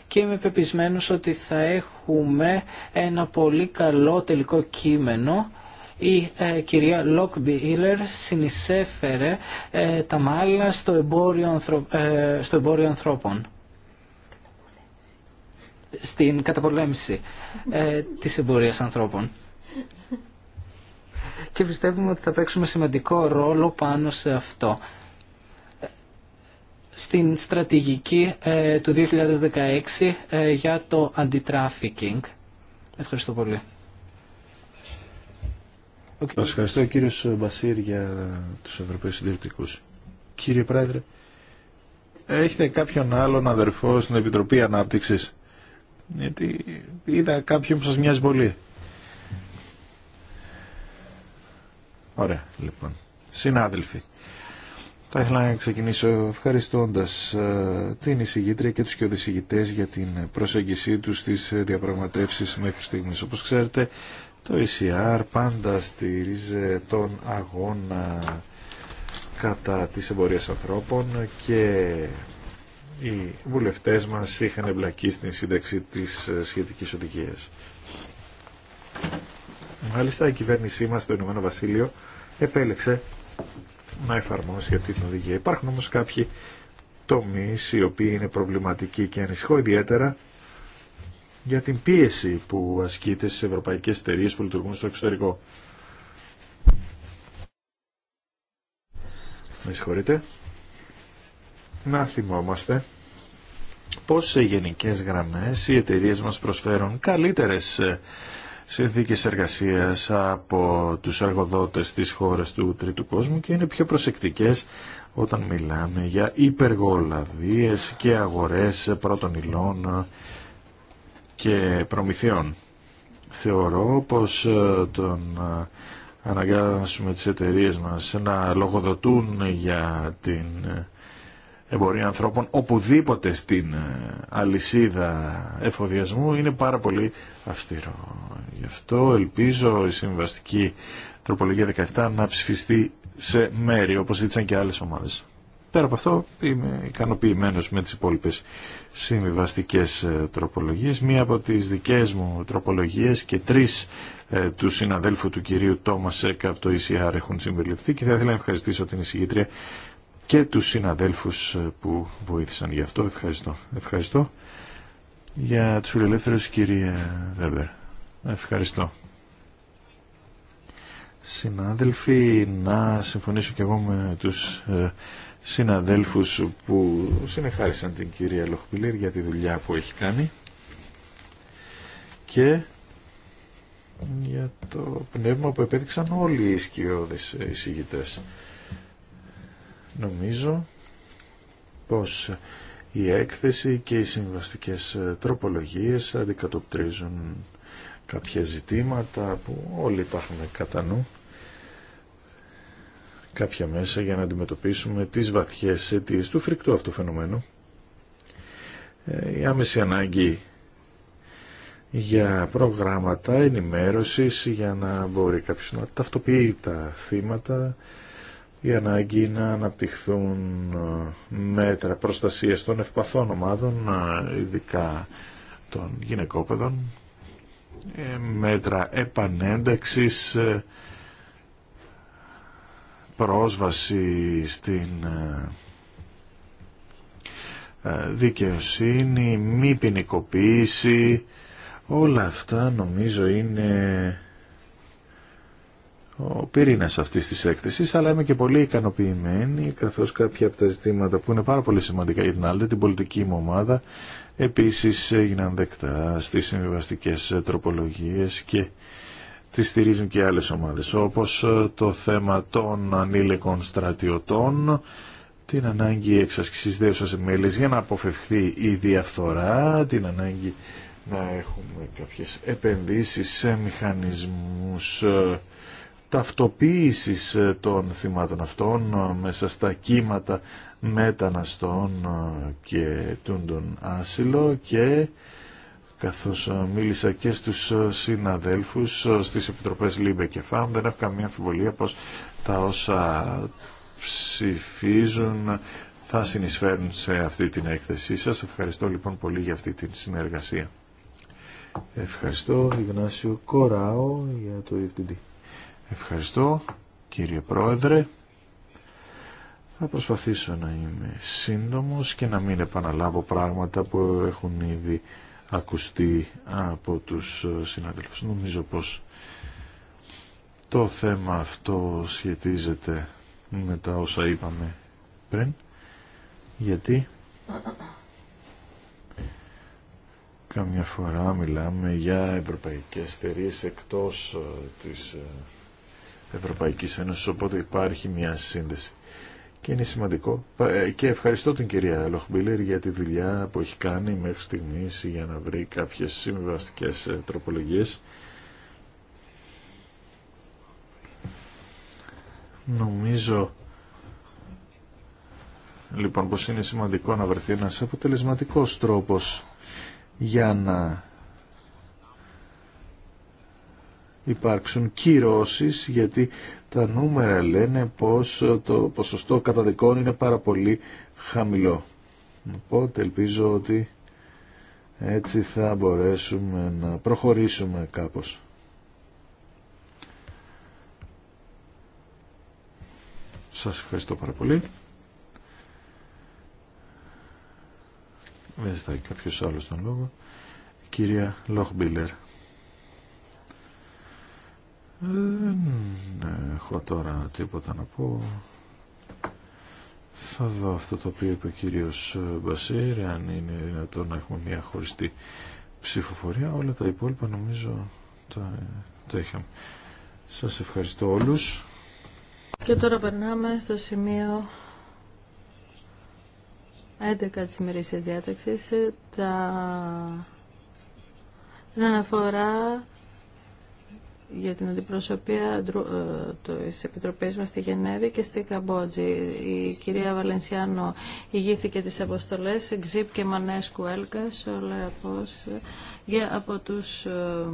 και είμαι πεπισμένος ότι θα έχουμε ένα πολύ καλό τελικό κείμενο. Η ε, κυρία Λόκμπιλερ συνεισέφερε τα μάλλα στο στο εμπόριο ανθρώπων στην καταπολέμηση ε, της εμπορίας ανθρώπων. Και πιστεύουμε ότι θα παίξουμε σημαντικό ρόλο πάνω σε αυτό. Στην στρατηγική ε, του 2016 ε, για το αντιτράφικινγκ. Ευχαριστώ πολύ. Okay. Σας ευχαριστώ κύριο Μπασίρ για τους Ευρωπαίους Συντηρητικούς. Κύριε Πρόεδρε, έχετε κάποιον άλλον αδερφό στην Επιτροπή Ανάπτυξης γιατί είδα κάποιον που σας μοιάζει πολύ. Ωραία, λοιπόν. Συνάδελφοι, θα ήθελα να ξεκινήσω ευχαριστώντας ε, την εισηγήτρια και τους και οδησηγητές για την προσέγγιση τους στις διαπραγματεύσεις μέχρι στιγμής. Όπως ξέρετε, το ECR πάντα στηρίζει τον αγώνα κατά της εμπορίας ανθρώπων και οι βουλευτές μας είχαν εμπλακεί στην σύνταξη της ε, σχετικής οδηγίας. Μάλιστα η κυβέρνησή μας στο Ηνωμένο Βασίλειο επέλεξε να εφαρμόσει αυτή την οδηγία. Υπάρχουν όμως κάποιοι τομείς οι οποίοι είναι προβληματικοί και ανησυχώ ιδιαίτερα για την πίεση που ασκείται στις ευρωπαϊκές εταιρείε που λειτουργούν στο εξωτερικό. Με συγχωρείτε να θυμόμαστε πως σε γενικές γραμμές οι εταιρείε μας προσφέρουν καλύτερες ε, συνθήκες εργασίας από τους εργοδότες της χώρας του τρίτου κόσμου και είναι πιο προσεκτικές όταν μιλάμε για υπεργολαδίες και αγορές πρώτων υλών και προμηθειών. Θεωρώ πως ε, τον αναγκάσουμε τις εταιρείε μας να λογοδοτούν για την ε, εμπορία ανθρώπων οπουδήποτε στην ε, αλυσίδα εφοδιασμού είναι πάρα πολύ αυστηρό. Γι' αυτό ελπίζω η συμβαστική τροπολογία 17 να ψηφιστεί σε μέρη όπως ζήτησαν και άλλες ομάδες. Πέρα από αυτό είμαι ικανοποιημένος με τις υπόλοιπε συμβιβαστικές ε, τροπολογίες. Μία από τις δικές μου τροπολογίες και τρεις ε, του συναδέλφου του κυρίου Τόμα Σέκα από το ECR έχουν συμπεριληφθεί και θα ήθελα να ευχαριστήσω την εισηγήτρια και τους συναδέλφους ε, που βοήθησαν γι' αυτό. Ευχαριστώ. Ευχαριστώ για τους φιλελεύθερους κύριε Βέμπερ. Ευχαριστώ. Συνάδελφοι, να συμφωνήσω και εγώ με τους ε, συναδέλφους που συνεχάρισαν την κυρία Λοχπιλήρ για τη δουλειά που έχει κάνει και για το πνεύμα που επέδειξαν όλοι οι σκιώδεις εισηγητές. Νομίζω πως η έκθεση και οι συμβαστικές ε, τροπολογίες αντικατοπτρίζουν κάποια ζητήματα που όλοι τα έχουμε κατά νου κάποια μέσα για να αντιμετωπίσουμε τις βαθιές αιτίες του φρικτού αυτού φαινομένου. Ε, η άμεση ανάγκη για προγράμματα ενημέρωσης για να μπορεί κάποιος να ταυτοποιεί τα θύματα, η ανάγκη να αναπτυχθούν ε, μέτρα προστασίας των ευπαθών ομάδων, ε, ειδικά των γυναικόπαιδων, ε, μέτρα επανένταξης, πρόσβαση στην δικαιοσύνη, μη ποινικοποίηση, όλα αυτά νομίζω είναι ο πυρήνας αυτής της έκθεσης, αλλά είμαι και πολύ ικανοποιημένη, καθώς κάποια από τα ζητήματα που είναι πάρα πολύ σημαντικά για την άλλη, την πολιτική μου ομάδα, επίσης έγιναν δεκτά στις συμβιβαστικέ τροπολογίες και τις στηρίζουν και άλλες ομάδες, όπως το θέμα των ανήλικων στρατιωτών, την ανάγκη εξασκησής δέουσας μέλης για να αποφευχθεί η διαφθορά, την ανάγκη να έχουμε κάποιες επενδύσεις σε μηχανισμούς ε, ταυτοποίησης ε, των θυμάτων αυτών ε, μέσα στα κύματα μεταναστών ε, και τούντων άσυλο και καθώς μίλησα και στους συναδέλφους στις Επιτροπές ΛΥΜΠΕ και ΦΑΜ δεν έχω καμία αμφιβολία πως τα όσα ψηφίζουν θα συνεισφέρουν σε αυτή την έκθεσή σας. Ευχαριστώ λοιπόν πολύ για αυτή την συνεργασία. Ευχαριστώ Ιγνάσιο Κοράο για το EFTD. Ευχαριστώ κύριε Πρόεδρε. Θα προσπαθήσω να είμαι σύντομος και να μην επαναλάβω πράγματα που έχουν ήδη ακουστεί από τους συναδέλφους. Νομίζω πως το θέμα αυτό σχετίζεται με τα όσα είπαμε πριν, γιατί καμιά φορά μιλάμε για ευρωπαϊκές εταιρείε εκτός ε, της ε, Ευρωπαϊκή Ένωσης, οπότε υπάρχει μια σύνδεση. Και είναι σημαντικό. Ε, και ευχαριστώ την κυρία Λοχμπίλερ για τη δουλειά που έχει κάνει μέχρι στιγμής για να βρει κάποιες συμβιβαστικές ε, τροπολογίες. Νομίζω λοιπόν πως είναι σημαντικό να βρεθεί ένας αποτελεσματικός τρόπος για να υπάρξουν κυρώσεις γιατί τα νούμερα λένε πως το ποσοστό καταδικών είναι πάρα πολύ χαμηλό. Οπότε ελπίζω ότι έτσι θα μπορέσουμε να προχωρήσουμε κάπως. Σας ευχαριστώ πάρα πολύ. Δεν ζητάει κάποιος άλλος τον λόγο. Κυρία Λόχμπιλερ. Δεν έχω τώρα τίποτα να πω. Θα δω αυτό το οποίο είπε ο κύριος Μπασίρ, αν είναι δυνατόν να έχουμε μια χωριστή ψηφοφορία. Όλα τα υπόλοιπα νομίζω τα, τα είχαμε. Σας ευχαριστώ όλους. Και τώρα περνάμε στο σημείο 11 της ημερής διάταξης, τα... την αναφορά για την αντιπροσωπεία ε, ε, τη επιτροπή μα στη Γενέβη και στη Καμπότζη. Η κυρία Βαλενσιάνο ηγήθηκε τις αποστολές Ξύπ και Μανέσκου Έλκας, για από τους ε,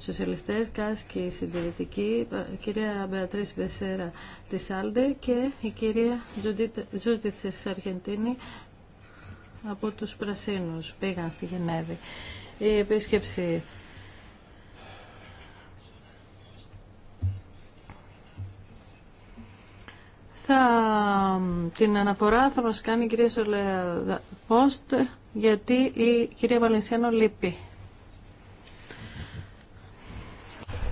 σοσιαλιστές, και συντηρητική, η κυρία Μπεατρίς Μπεσέρα της Άλντε και η κυρία Τζούντιθ Αργεντίνη από τους Πρασίνους πήγαν στη Γενέβη. Η επίσκεψη θα, την αναφορά θα μας κάνει η κυρία Σολέα Πόστ, γιατί η κυρία Βαλενσιάνο λείπει.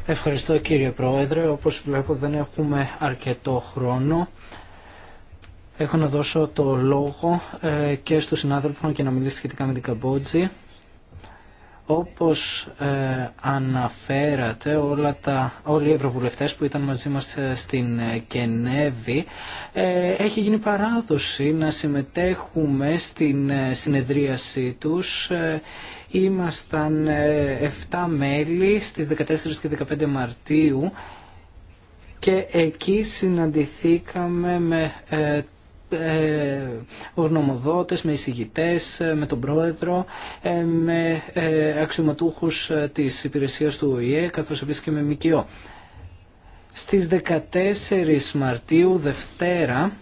Ευχαριστώ κύριε Πρόεδρε. Όπως βλέπω δεν έχουμε αρκετό χρόνο. Έχω να δώσω το λόγο ε, και στους συνάδελφους και να μιλήσει σχετικά με την Καμπότζη. Όπως ε, αναφέρατε, όλα τα, όλοι οι ευρωβουλευτές που ήταν μαζί μας ε, στην Κενέβη, ε, ε, έχει γίνει παράδοση να συμμετέχουμε στην συνεδρίαση τους. Ήμασταν 7 μέλη στις 14 και 15 Μαρτίου και εκεί συναντηθήκαμε με ε, ορνομοδότες, με εισηγητές, ε, με τον πρόεδρο, ε, με αξιωματούχους της υπηρεσίας του ΟΗΕ, καθώς επίσης και με ΜΚΟ. Στις 14 Μαρτίου, Δευτέρα,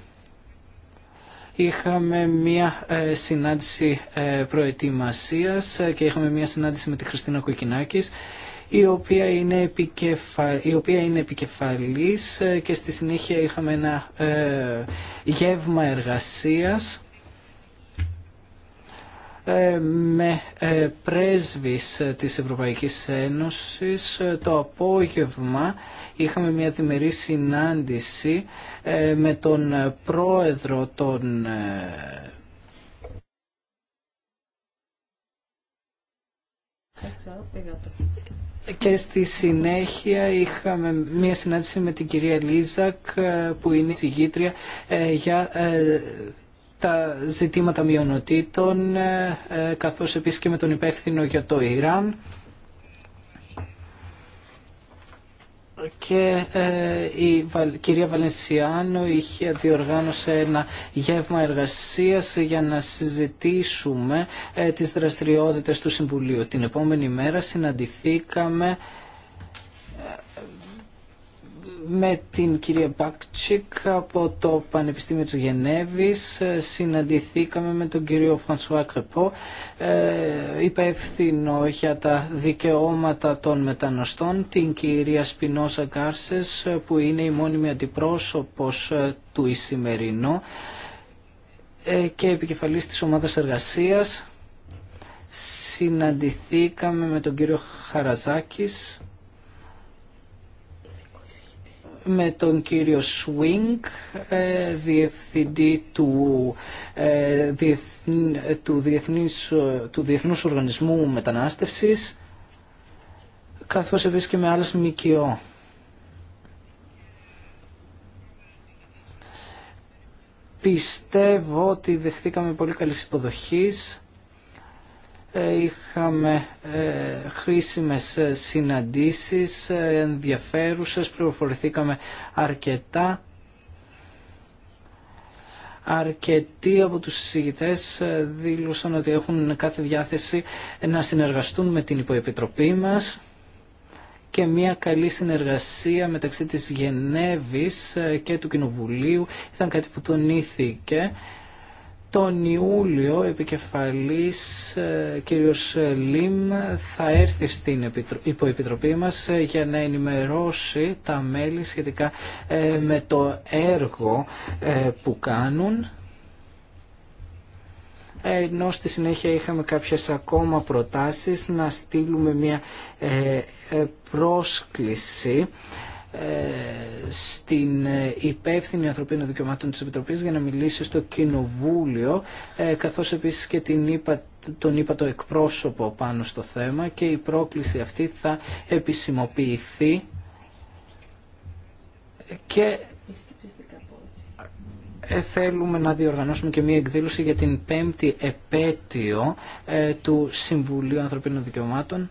είχαμε μία συνάντηση προετοιμασίας και είχαμε μία συνάντηση με τη Χριστίνα Κοκκινάκης η οποία είναι, επικεφα... οποία είναι επικεφαλής ε, και στη συνέχεια είχαμε ένα ε, γεύμα εργασίας ε, με πρέσβης της Ευρωπαϊκής Ένωσης το απόγευμα είχαμε μια διμερή συνάντηση με τον πρόεδρο των και στη συνέχεια είχαμε μία συνάντηση με την κυρία Λίζακ ε, που είναι η συγγήτρια ε, για ε, τα ζητήματα μειονοτήτων καθώς επίσης και με τον υπεύθυνο για το Ιράν. και ε, η κυρία Βαλενσιάνο είχε διοργάνωσε ένα γεύμα εργασίας για να συζητήσουμε ε, τις δραστηριότητες του Συμβουλίου. Την επόμενη μέρα συναντηθήκαμε με την κυρία Μπάκτσικ από το Πανεπιστήμιο της Γενέβης ε, συναντηθήκαμε με τον κύριο Φρανσουά Κρεπό ε, υπεύθυνο για τα δικαιώματα των μετανοστών την κυρία Σπινόσα Κάρσες που είναι η μόνιμη αντιπρόσωπος ε, του Ισημερινό και επικεφαλής της ομάδας εργασίας συναντηθήκαμε με τον κύριο Χαραζάκης με τον κύριο Σουίνκ, ε, διευθυντή του, ε, του, Διεθνής, του Διεθνούς Οργανισμού Μετανάστευσης, καθώς επίσης και με άλλες ΜΚΟ. Πιστεύω ότι δεχθήκαμε πολύ καλής υποδοχής ε, είχαμε ε, χρήσιμες ε, συναντήσεις, ενδιαφέρουσες, πληροφορηθήκαμε αρκετά. Αρκετοί από τους συζητητές δήλωσαν ότι έχουν κάθε διάθεση να συνεργαστούν με την υποεπιτροπή μας και μια καλή συνεργασία μεταξύ της Γενέβης και του Κοινοβουλίου ήταν κάτι που τονίθηκε τον Ιούλιο επικεφαλής ε, κύριος Λίμ θα έρθει στην υποεπιτροπή μας ε, για να ενημερώσει τα μέλη σχετικά ε, με το έργο που κάνουν ενώ στη συνέχεια είχαμε κάποιες ακόμα προτάσεις να στείλουμε μια πρόσκληση ε, στην ε, υπεύθυνη ανθρωπίνων δικαιωμάτων της Επιτροπής για να μιλήσει στο Κοινοβούλιο ε, καθώς επίσης και την είπα, τον είπα το εκπρόσωπο πάνω στο θέμα και η πρόκληση αυτή θα επισημοποιηθεί και θέλουμε να διοργανώσουμε και μία εκδήλωση για την πέμπτη επέτειο του Συμβουλίου Ανθρωπίνων Δικαιωμάτων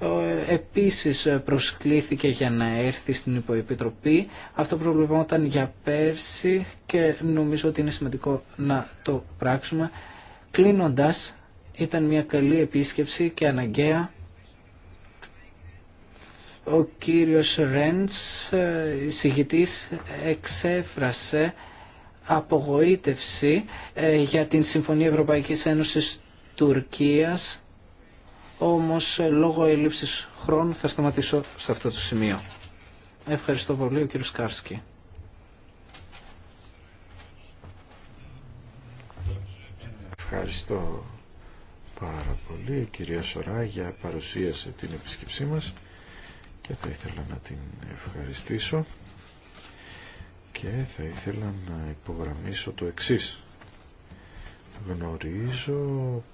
ε, επίσης ε, προσκλήθηκε για να έρθει στην υποεπιτροπή. Αυτό προβλημόταν για πέρσι και νομίζω ότι είναι σημαντικό να το πράξουμε. Κλείνοντας, ήταν μια καλή επίσκεψη και αναγκαία. Ο κύριος Ρέντς, ε, συγητής, εξέφρασε απογοήτευση για την Συμφωνία Ευρωπαϊκής Ένωσης Τουρκίας όμως λόγω έλλειψης χρόνου θα σταματήσω σε αυτό το σημείο. Ευχαριστώ πολύ ο κύριος Κάρσκι. Ευχαριστώ πάρα πολύ. Η κυρία για παρουσίασε την επίσκεψή μας και θα ήθελα να την ευχαριστήσω και θα ήθελα να υπογραμμίσω το εξής. Γνωρίζω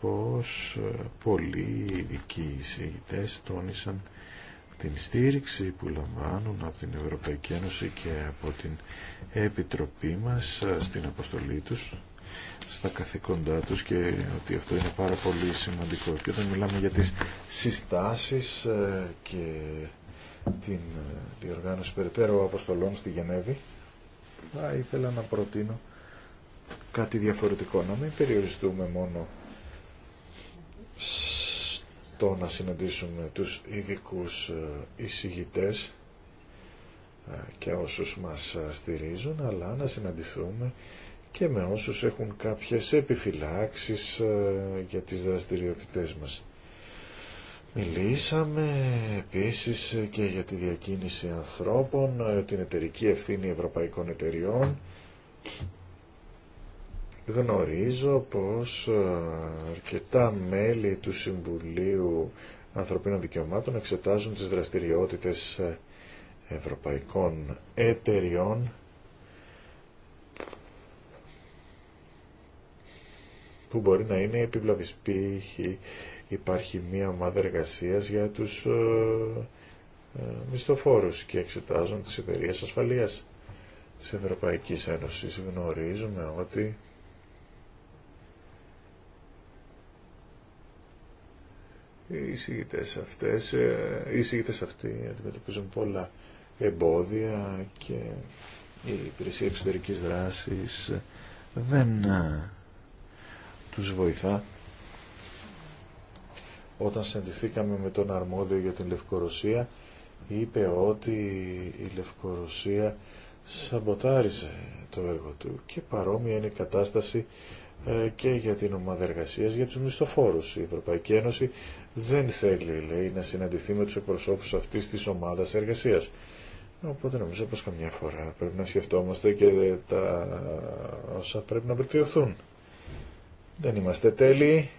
πως ε, πολλοί ειδικοί εισηγητές τόνισαν την στήριξη που λαμβάνουν από την Ευρωπαϊκή Ένωση και από την Επιτροπή μας ε, στην αποστολή τους στα καθήκοντά τους και ότι αυτό είναι πάρα πολύ σημαντικό. Και όταν μιλάμε για τις συστάσεις ε, και την διοργάνωση περιπέρου αποστολών στη Γενέβη, θα ήθελα να προτείνω κάτι διαφορετικό, να μην περιοριστούμε μόνο στο να συναντήσουμε τους ειδικού ε, εισηγητές ε, και όσους μας ε, στηρίζουν, αλλά να συναντηθούμε και με όσους έχουν κάποιες επιφυλάξεις για τις δραστηριότητές μας. Μιλήσαμε επίσης και για τη διακίνηση ανθρώπων, την εταιρική ευθύνη ευρωπαϊκών εταιριών γνωρίζω πως ε, αρκετά μέλη του Συμβουλίου Ανθρωπίνων Δικαιωμάτων εξετάζουν τις δραστηριότητες ε, ευρωπαϊκών εταιριών που μπορεί να είναι επιβλαβής. υπάρχει μία ομάδα εργασίας για τους ε, μισθοφόρους και εξετάζουν τις εταιρείες ασφαλείας της Ευρωπαϊκής Ένωσης. Γνωρίζουμε ότι Οι εισηγητές, αυτές, ε, οι εισηγητές αυτοί αντιμετωπίζουν πολλά εμπόδια και η υπηρεσία εξωτερικής δράσης δεν ε, τους βοηθά. Όταν συναντηθήκαμε με τον Αρμόδιο για την Λευκορωσία, είπε ότι η Λευκορωσία σαμποτάριζε το έργο του και παρόμοια είναι η κατάσταση ε, και για την ομάδα εργασία για τους μισθοφόρους. Η Ευρωπαϊκή Ένωση δεν θέλει, λέει, να συναντηθεί με τους εκπροσώπους αυτής της ομάδας εργασίας. Οπότε νομίζω πως καμιά φορά πρέπει να σκεφτόμαστε και τα όσα πρέπει να βελτιωθούν. Δεν είμαστε τέλειοι.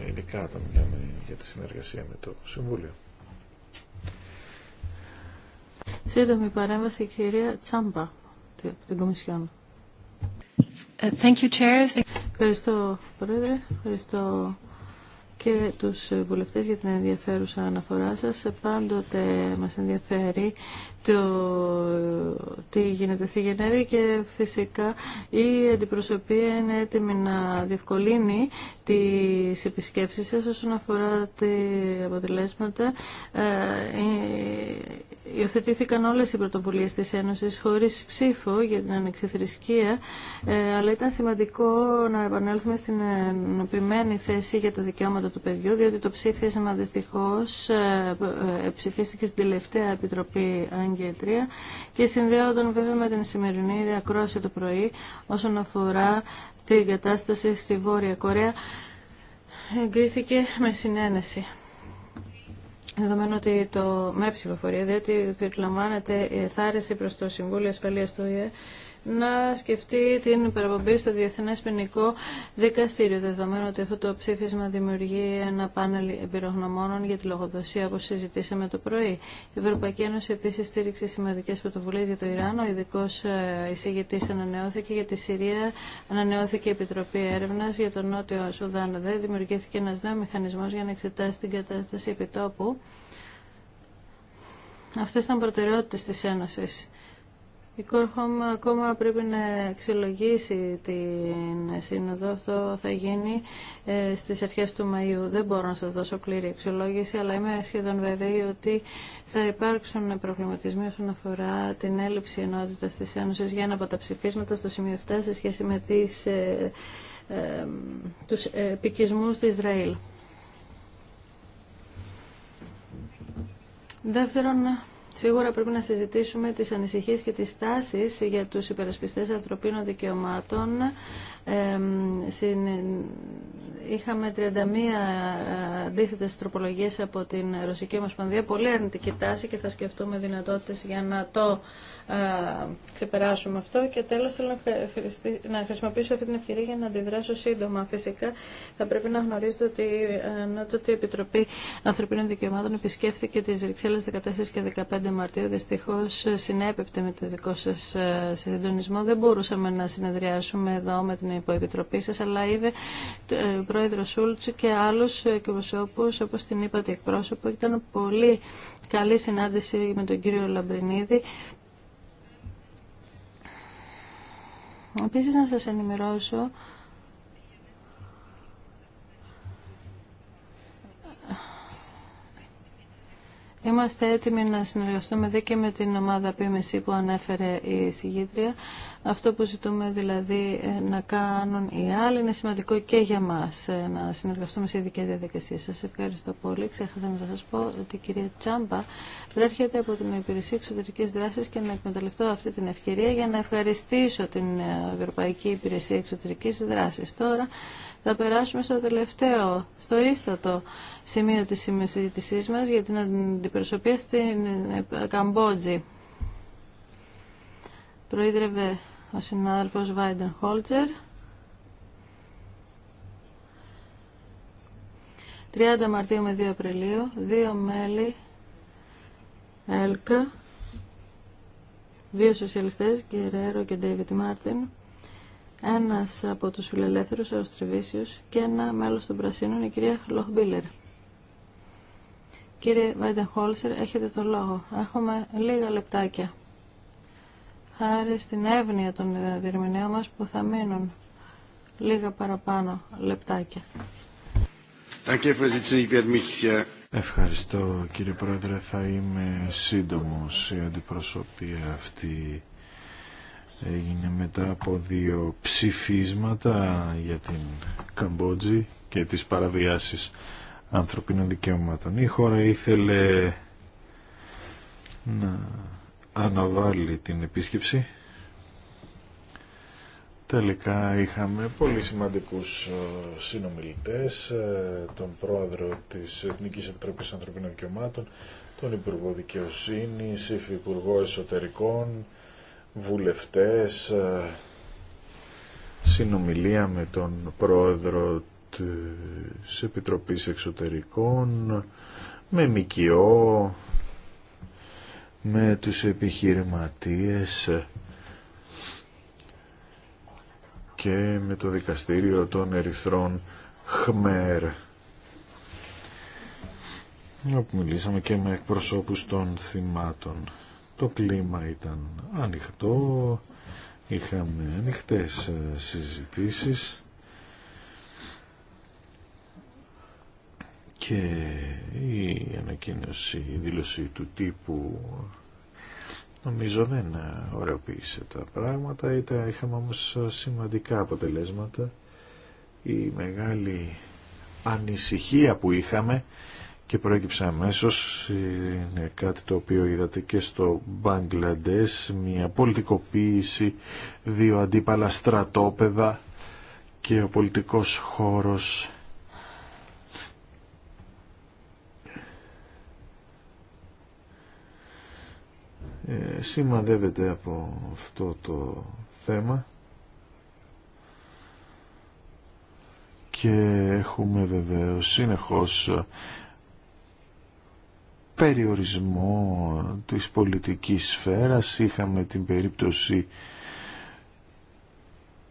Ε, ειδικά όταν μιλάμε για τη συνεργασία με το Συμβούλιο. Σύντομη παρέμβαση κυρία Τσάμπα από την Κομισιόν. Thank you, Ευχαριστώ, Πρόεδρε. Ευχαριστώ και τους βουλευτές για την ενδιαφέρουσα αναφορά σας. Πάντοτε μας ενδιαφέρει το τι γίνεται στη Γενέρη και φυσικά η αντιπροσωπεία είναι έτοιμη να διευκολύνει τις επισκέψεις σας όσον αφορά τα αποτελέσματα. Ε, ε, υιοθετήθηκαν όλες οι πρωτοβουλίες της Ένωσης χωρίς ψήφο για την ανεξιθρησκεία, ε, αλλά ήταν σημαντικό να επανέλθουμε στην ενωπημένη θέση για τα δικαιώματα του παιδιού, διότι το ψήφισμα δυστυχώς ψηφίστηκε στην τελευταία Επιτροπή και και συνδέονταν βέβαια με την σημερινή ακρόαση το πρωί όσον αφορά την κατάσταση στη Βόρεια Κορέα εγκρίθηκε με συνένεση. Δεδομένου ότι το με ψηφοφορία, διότι περιλαμβάνεται η ε, εθάρεση προς το Συμβούλιο Ασφαλείας του ΙΕ να σκεφτεί την παραπομπή στο διεθνέ Ποινικό Δικαστήριο, δεδομένου ότι αυτό το ψήφισμα δημιουργεί ένα πάνελ εμπειρογνωμόνων για τη λογοδοσία, όπω συζητήσαμε το πρωί. Η Ευρωπαϊκή Ένωση επίση στήριξε σημαντικέ πρωτοβουλίε για το Ιράν. Ο ειδικό ε, εισηγητή ανανεώθηκε για τη Συρία, ανανεώθηκε η Επιτροπή Έρευνα για τον Νότιο Σουδάν. Δεν δημιουργήθηκε ένα νέο μηχανισμό για να εξετάσει την κατάσταση επιτόπου. Αυτές ήταν προτεραιότητες της Ένωσης. Η Κόρχομ ακόμα πρέπει να αξιολογήσει την σύνοδο. Αυτό θα γίνει ε, στις αρχές του Μαΐου. Δεν μπορώ να σας δώσω πλήρη εξολόγηση, αλλά είμαι σχεδόν βέβαιη ότι θα υπάρξουν προβληματισμοί όσον αφορά την έλλειψη ενότητας της Ένωσης για ένα από τα ψηφίσματα στο σημείο 7 σε σχέση με τις, ε, ε τους επικισμούς του Ισραήλ. Δεύτερον, Σίγουρα πρέπει να συζητήσουμε τις ανησυχίες και τις τάσεις για τους υπερασπιστές ανθρωπίνων δικαιωμάτων είχαμε 31 ε, αντίθετε τροπολογίε από την Ρωσική Ομοσπονδία, πολύ αρνητική τάση και θα σκεφτούμε δυνατότητε για να το ε, ξεπεράσουμε αυτό. Και τέλο θέλω να χρησιμοποιήσω αυτή την ευκαιρία για να αντιδράσω σύντομα. Φυσικά θα πρέπει να γνωρίζετε ότι ε, η Επιτροπή Ανθρωπίνων Δικαιωμάτων επισκέφθηκε τι Ρυξέλλες 14 και 15 Μαρτίου. Δυστυχώ συνέπεπτε με το δικό σα συντονισμό. Δεν μπορούσαμε να συνεδριάσουμε εδώ με την υποεπιτροπή σα, αλλά είδε πρόεδρο και άλλου εκπροσώπου, όπω την είπατε εκπρόσωπο. Ήταν πολύ καλή συνάντηση με τον κύριο Λαμπρινίδη. Επίση να σας ενημερώσω Είμαστε έτοιμοι να συνεργαστούμε δε και με την ομάδα ΠΜΣ που ανέφερε η συγγήτρια. Αυτό που ζητούμε δηλαδή ε, να κάνουν οι άλλοι είναι σημαντικό και για μας ε, να συνεργαστούμε σε ειδικέ διαδικασίες. Σας ευχαριστώ πολύ. Ξέχασα να σας πω ότι η κυρία Τσάμπα προέρχεται από την Υπηρεσία Εξωτερικής Δράσης και να εκμεταλλευτώ αυτή την ευκαιρία για να ευχαριστήσω την ε, Ευρωπαϊκή Υπηρεσία Εξωτερικής Δράσης. Τώρα θα περάσουμε στο τελευταίο, στο ίστατο σημείο της συζήτησής μας για την αντιπροσωπεία στην Καμπότζη. Προείδρευε ο συνάδελφος Βάιντεν Χόλτζερ. 30 Μαρτίου με 2 Απριλίου, δύο μέλη ΕΛΚΑ, δύο σοσιαλιστές, Γκερέρο και Ντέιβιτ Μάρτιν, ένας από τους φιλελεύθερους αεροστρεβήσιους και ένα μέλος των Πρασίνων, η κυρία Λοχμπίλερ. Κύριε Χόλσερ, έχετε το λόγο. Έχουμε λίγα λεπτάκια. Χάρη στην εύνοια των διερμηνέων μας που θα μείνουν λίγα παραπάνω λεπτάκια. Ευχαριστώ κύριε Πρόεδρε, θα είμαι σύντομος η αντιπροσωπεία αυτή έγινε μετά από δύο ψηφίσματα για την Καμπότζη και τις παραβιάσεις ανθρωπίνων δικαιωμάτων. Η χώρα ήθελε να αναβάλει την επίσκεψη. Τελικά είχαμε πολύ σημαντικούς ε, συνομιλητές, ε, τον πρόεδρο της Εθνικής Επιτροπής Ανθρωπίνων Δικαιωμάτων, τον Υπουργό Δικαιοσύνης, Υφυπουργό Εσωτερικών, βουλευτές, ε, συνομιλία με τον πρόεδρο της Επιτροπής Εξωτερικών, με ΜΚΟ, με τους επιχειρηματίες και με το δικαστήριο των Ερυθρών Χμέρ. Όπου μιλήσαμε και με εκπροσώπους των θυμάτων. Το κλίμα ήταν ανοιχτό, είχαμε ανοιχτές ε, συζητήσεις και η ανακοίνωση, η δήλωση του τύπου νομίζω δεν ε, ωραιοποίησε τα πράγματα, ήταν, είχαμε όμως ε, σημαντικά αποτελέσματα. Η μεγάλη ανησυχία που είχαμε και προέκυψε αμέσω. Είναι κάτι το οποίο είδατε και στο Μπαγκλαντές, μια πολιτικοποίηση, δύο αντίπαλα στρατόπεδα και ο πολιτικός χώρος ε, σημαδεύεται από αυτό το θέμα και έχουμε βεβαίως συνεχώς περιορισμό της πολιτικής σφαίρας. Είχαμε την περίπτωση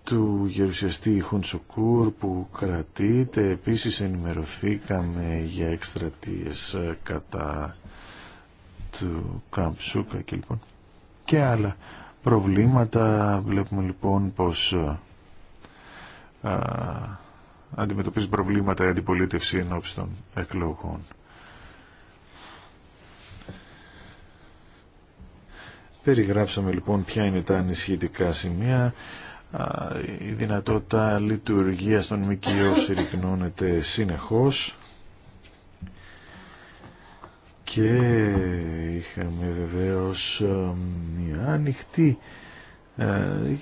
του γερουσιαστή Χουντσοκούρ που κρατείται. Επίσης ενημερωθήκαμε για εκστρατείες κατά του Καμψούκα και λοιπόν και άλλα προβλήματα. Βλέπουμε λοιπόν πως α, αντιμετωπίζει προβλήματα η αντιπολίτευση ενώπιση των εκλογών. Περιγράψαμε λοιπόν ποια είναι τα ανησυχητικά σημεία. Η δυνατότητα λειτουργίας των ΜΚΟ συρρυκνώνεται συνεχώς και είχαμε βεβαίως μια ανοιχτή η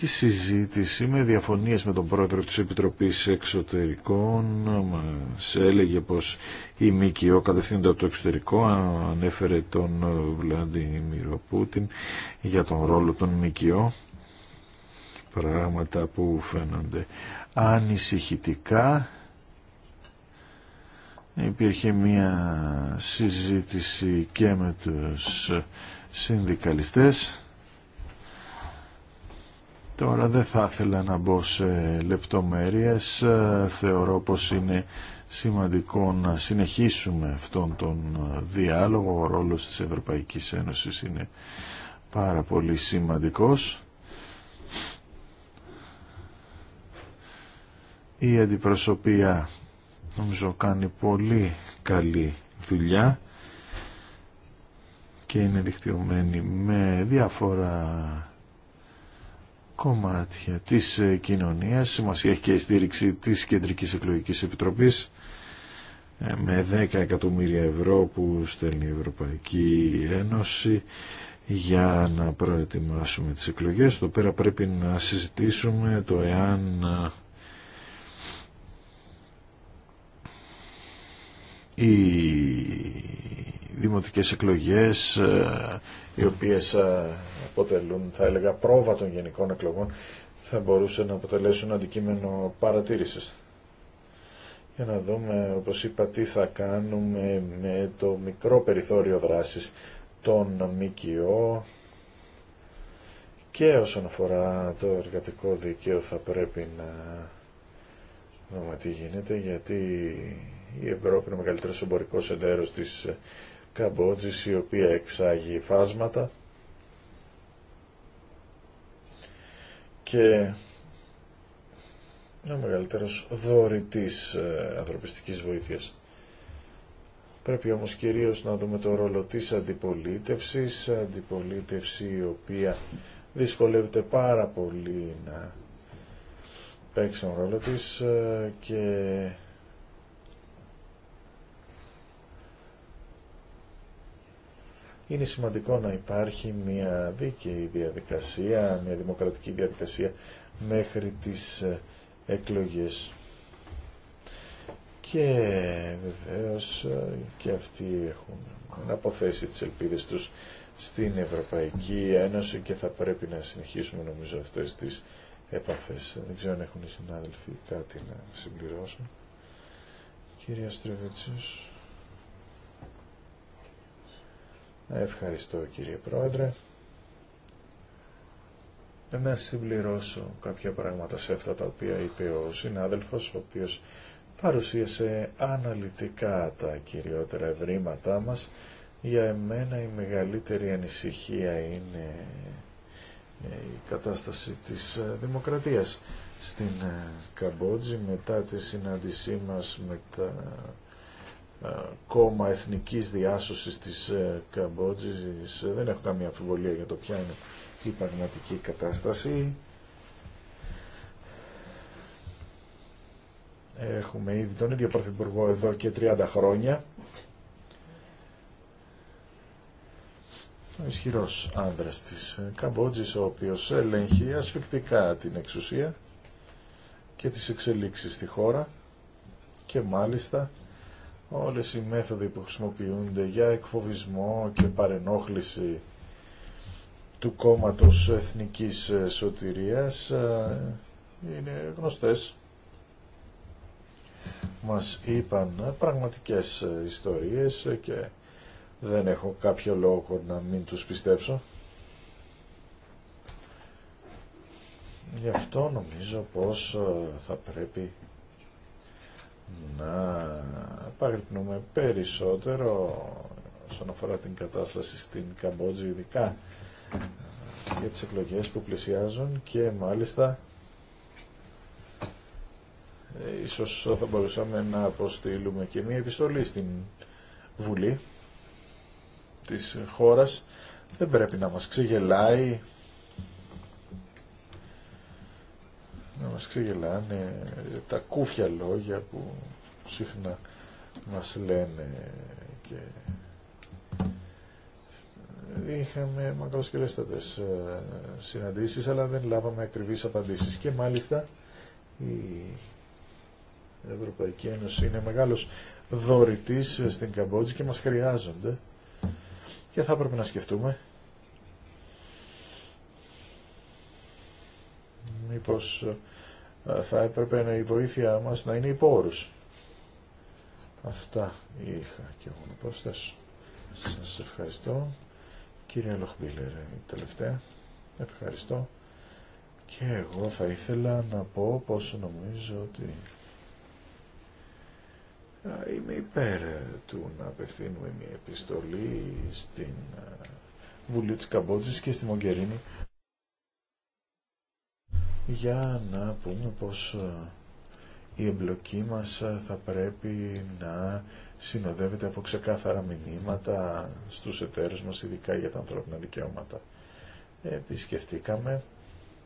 ε, συζήτηση με διαφωνίες με τον πρόεδρο της Επιτροπής Εξωτερικών μας έλεγε πως η ΜΚΟ κατευθύνεται από το εξωτερικό ανέφερε τον Βλαντιμίρο Πούτιν για τον ρόλο των ΜΚΟ πράγματα που φαίνονται ανησυχητικά υπήρχε μία συζήτηση και με τους συνδικαλιστές Τώρα δεν θα ήθελα να μπω σε λεπτομέρειες. Ε, θεωρώ πως είναι σημαντικό να συνεχίσουμε αυτόν τον ε, διάλογο. Ο ρόλος της Ευρωπαϊκής Ένωσης είναι πάρα πολύ σημαντικός. Η αντιπροσωπεία νομίζω κάνει πολύ καλή δουλειά και είναι δικτυωμένη με διάφορα κομμάτια της ε, κοινωνίας. Σημασία έχει και η στήριξη της Κεντρικής Εκλογικής Επιτροπής ε, με 10 εκατομμύρια ευρώ που στέλνει η Ευρωπαϊκή Ένωση για να προετοιμάσουμε τις εκλογές. Το πέρα πρέπει να συζητήσουμε το εάν ε, οι δημοτικές εκλογές οι οποίες αποτελούν, θα έλεγα, πρόβα των γενικών εκλογών, θα μπορούσε να αποτελέσουν αντικείμενο παρατήρησης. Για να δούμε, όπως είπα, τι θα κάνουμε με το μικρό περιθώριο δράσης των ΜΚΟ και όσον αφορά το εργατικό δίκαιο θα πρέπει να δούμε τι γίνεται γιατί η Ευρώπη είναι ο μεγαλύτερος εμπορικός εντέρος της Καμπότζης η οποία εξάγει φάσματα και ο μεγαλύτερος δωρητής ε, ανθρωπιστικής βοήθειας. Πρέπει όμως κυρίως να δούμε το ρόλο της αντιπολίτευσης, αντιπολίτευση η οποία δυσκολεύεται πάρα πολύ να παίξει τον ρόλο της ε, και είναι σημαντικό να υπάρχει μια δίκαιη διαδικασία, μια δημοκρατική διαδικασία μέχρι τις ε, εκλογές. Και βεβαίω ε, και αυτοί έχουν αποθέσει τις ελπίδες τους στην Ευρωπαϊκή Ένωση και θα πρέπει να συνεχίσουμε νομίζω αυτές τις επαφές. Δεν ξέρω αν έχουν οι συνάδελφοι κάτι να συμπληρώσουν. Κυρία Στρεβέτσιος. Ευχαριστώ κύριε Πρόεδρε. Ε, να συμπληρώσω κάποια πράγματα σε αυτά τα οποία είπε ο συνάδελφος, ο οποίος παρουσίασε αναλυτικά τα κυριότερα ευρήματά μας. Για εμένα η μεγαλύτερη ανησυχία είναι ε, η κατάσταση της ε, δημοκρατίας στην Καμπότζη μετά τη συνάντησή μας με τα ε, κόμμα εθνικής διάσωσης της ε, Καμπότζης. Ε, δεν έχω καμία αμφιβολία για το ποια είναι η πραγματική κατάσταση. Έχουμε ήδη τον ίδιο Πρωθυπουργό εδώ και 30 χρόνια. Ο ισχυρός άνδρας της Καμπότζης, ο οποίος ελέγχει ασφυκτικά την εξουσία και τις εξελίξεις στη χώρα και μάλιστα όλες οι μέθοδοι που χρησιμοποιούνται για εκφοβισμό και παρενόχληση του κόμματος εθνικής ε, σωτηρίας ε, είναι γνωστές. Μας είπαν ε, πραγματικές ιστορίες και δεν έχω κάποιο λόγο να μην τους πιστέψω. Γι' αυτό νομίζω πως θα πρέπει να επαγρυπνούμε περισσότερο όσον αφορά την κατάσταση στην Καμπότζη ειδικά ε, για τις εκλογές που πλησιάζουν και μάλιστα ε, ίσως θα μπορούσαμε να αποστείλουμε και μία επιστολή στην Βουλή της χώρας δεν πρέπει να μας ξεγελάει να μας ξεγελάνε τα κούφια λόγια που συχνά μας λένε και είχαμε μακροσκελέστατες ε, συναντήσεις αλλά δεν λάβαμε ακριβείς απαντήσεις και μάλιστα η Ευρωπαϊκή Ένωση είναι μεγάλος δωρητής στην Καμπότζη και μας χρειάζονται και θα έπρεπε να σκεφτούμε μήπως ε, θα έπρεπε η βοήθειά μας να είναι υπόρους. Αυτά είχα και εγώ να προσθέσω. Σας ευχαριστώ. Κύριε Λοχμπίλερ, τελευταία. Ευχαριστώ. Και εγώ θα ήθελα να πω πόσο νομίζω ότι είμαι υπέρ του να απευθύνουμε μια επιστολή στην ε, Βουλή της Καμπότζης και στη Μογκερίνη για να πούμε πως ε, η εμπλοκή μας ε, θα πρέπει να συνοδεύεται από ξεκάθαρα μηνύματα στους εταίρους μας, ειδικά για τα ανθρώπινα δικαιώματα. Επισκεφτήκαμε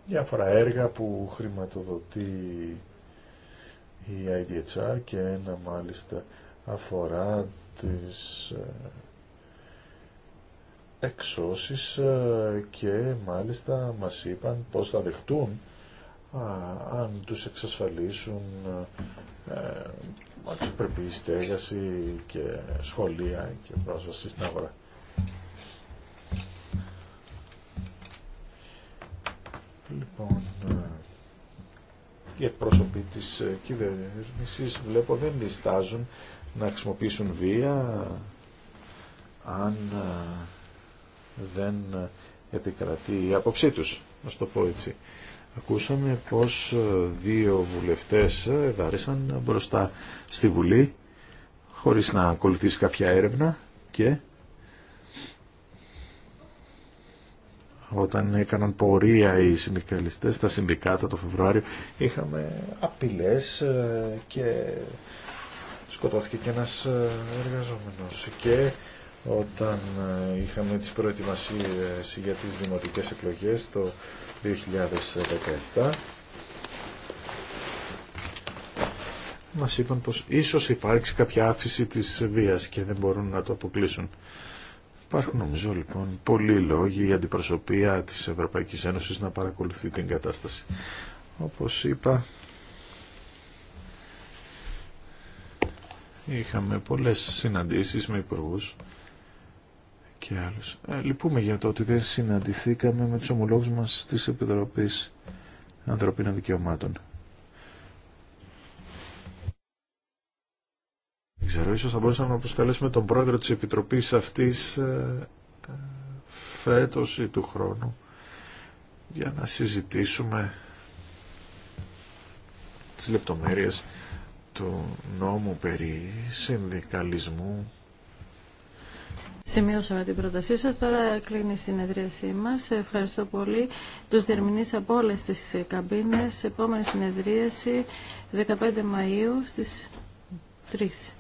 διάφορα έργα που χρηματοδοτεί η IDHR και ένα μάλιστα αφορά τις ε, εξώσεις και μάλιστα μας είπαν πως θα δεχτούν αν τους εξασφαλίσουν ε, ε, αξιοπρεπή στέγαση και σχολεία και πρόσβαση στην αγορά. Λοιπόν, ε, οι εκπρόσωποι της ε, κυβέρνησης βλέπω δεν διστάζουν να χρησιμοποιήσουν βία αν δεν επικρατεί η άποψή τους, να το πω έτσι ακούσαμε πως ε, δύο βουλευτές ε, δάρισαν μπροστά στη Βουλή χωρίς να ακολουθήσει κάποια έρευνα και όταν έκαναν πορεία οι συνδικαλιστές στα συνδικάτα το Φεβρουάριο είχαμε απειλές ε, και σκοτώθηκε και ένας εργαζόμενος και όταν είχαμε τις προετοιμασίες για τις δημοτικές εκλογές το 2017 μας είπαν πως ίσως υπάρξει κάποια αύξηση της βίας και δεν μπορούν να το αποκλείσουν. Υπάρχουν νομίζω λοιπόν πολλοί λόγοι την προσωπία της Ευρωπαϊκής Ένωσης να παρακολουθεί την κατάσταση. Όπως είπα, είχαμε πολλές συναντήσεις με υπουργούς και άλλους. Ε, λυπούμε για το ότι δεν συναντηθήκαμε με τους ομολόγους μας της Επιτροπής Ανθρωπίνων Δικαιωμάτων. Δεν ξέρω, ίσως θα μπορούσαμε να προσκαλέσουμε τον πρόεδρο της Επιτροπής αυτής ε, ε, φέτος ή του χρόνου για να συζητήσουμε τις λεπτομέρειες του νόμου περί συνδικαλισμού Σημείωσαμε την πρότασή σας. Τώρα κλείνει η συνεδρίασή μας. Ευχαριστώ πολύ τους διερμηνείς από όλες τις καμπίνες. Επόμενη συνεδρίαση 15 Μαΐου στις 3.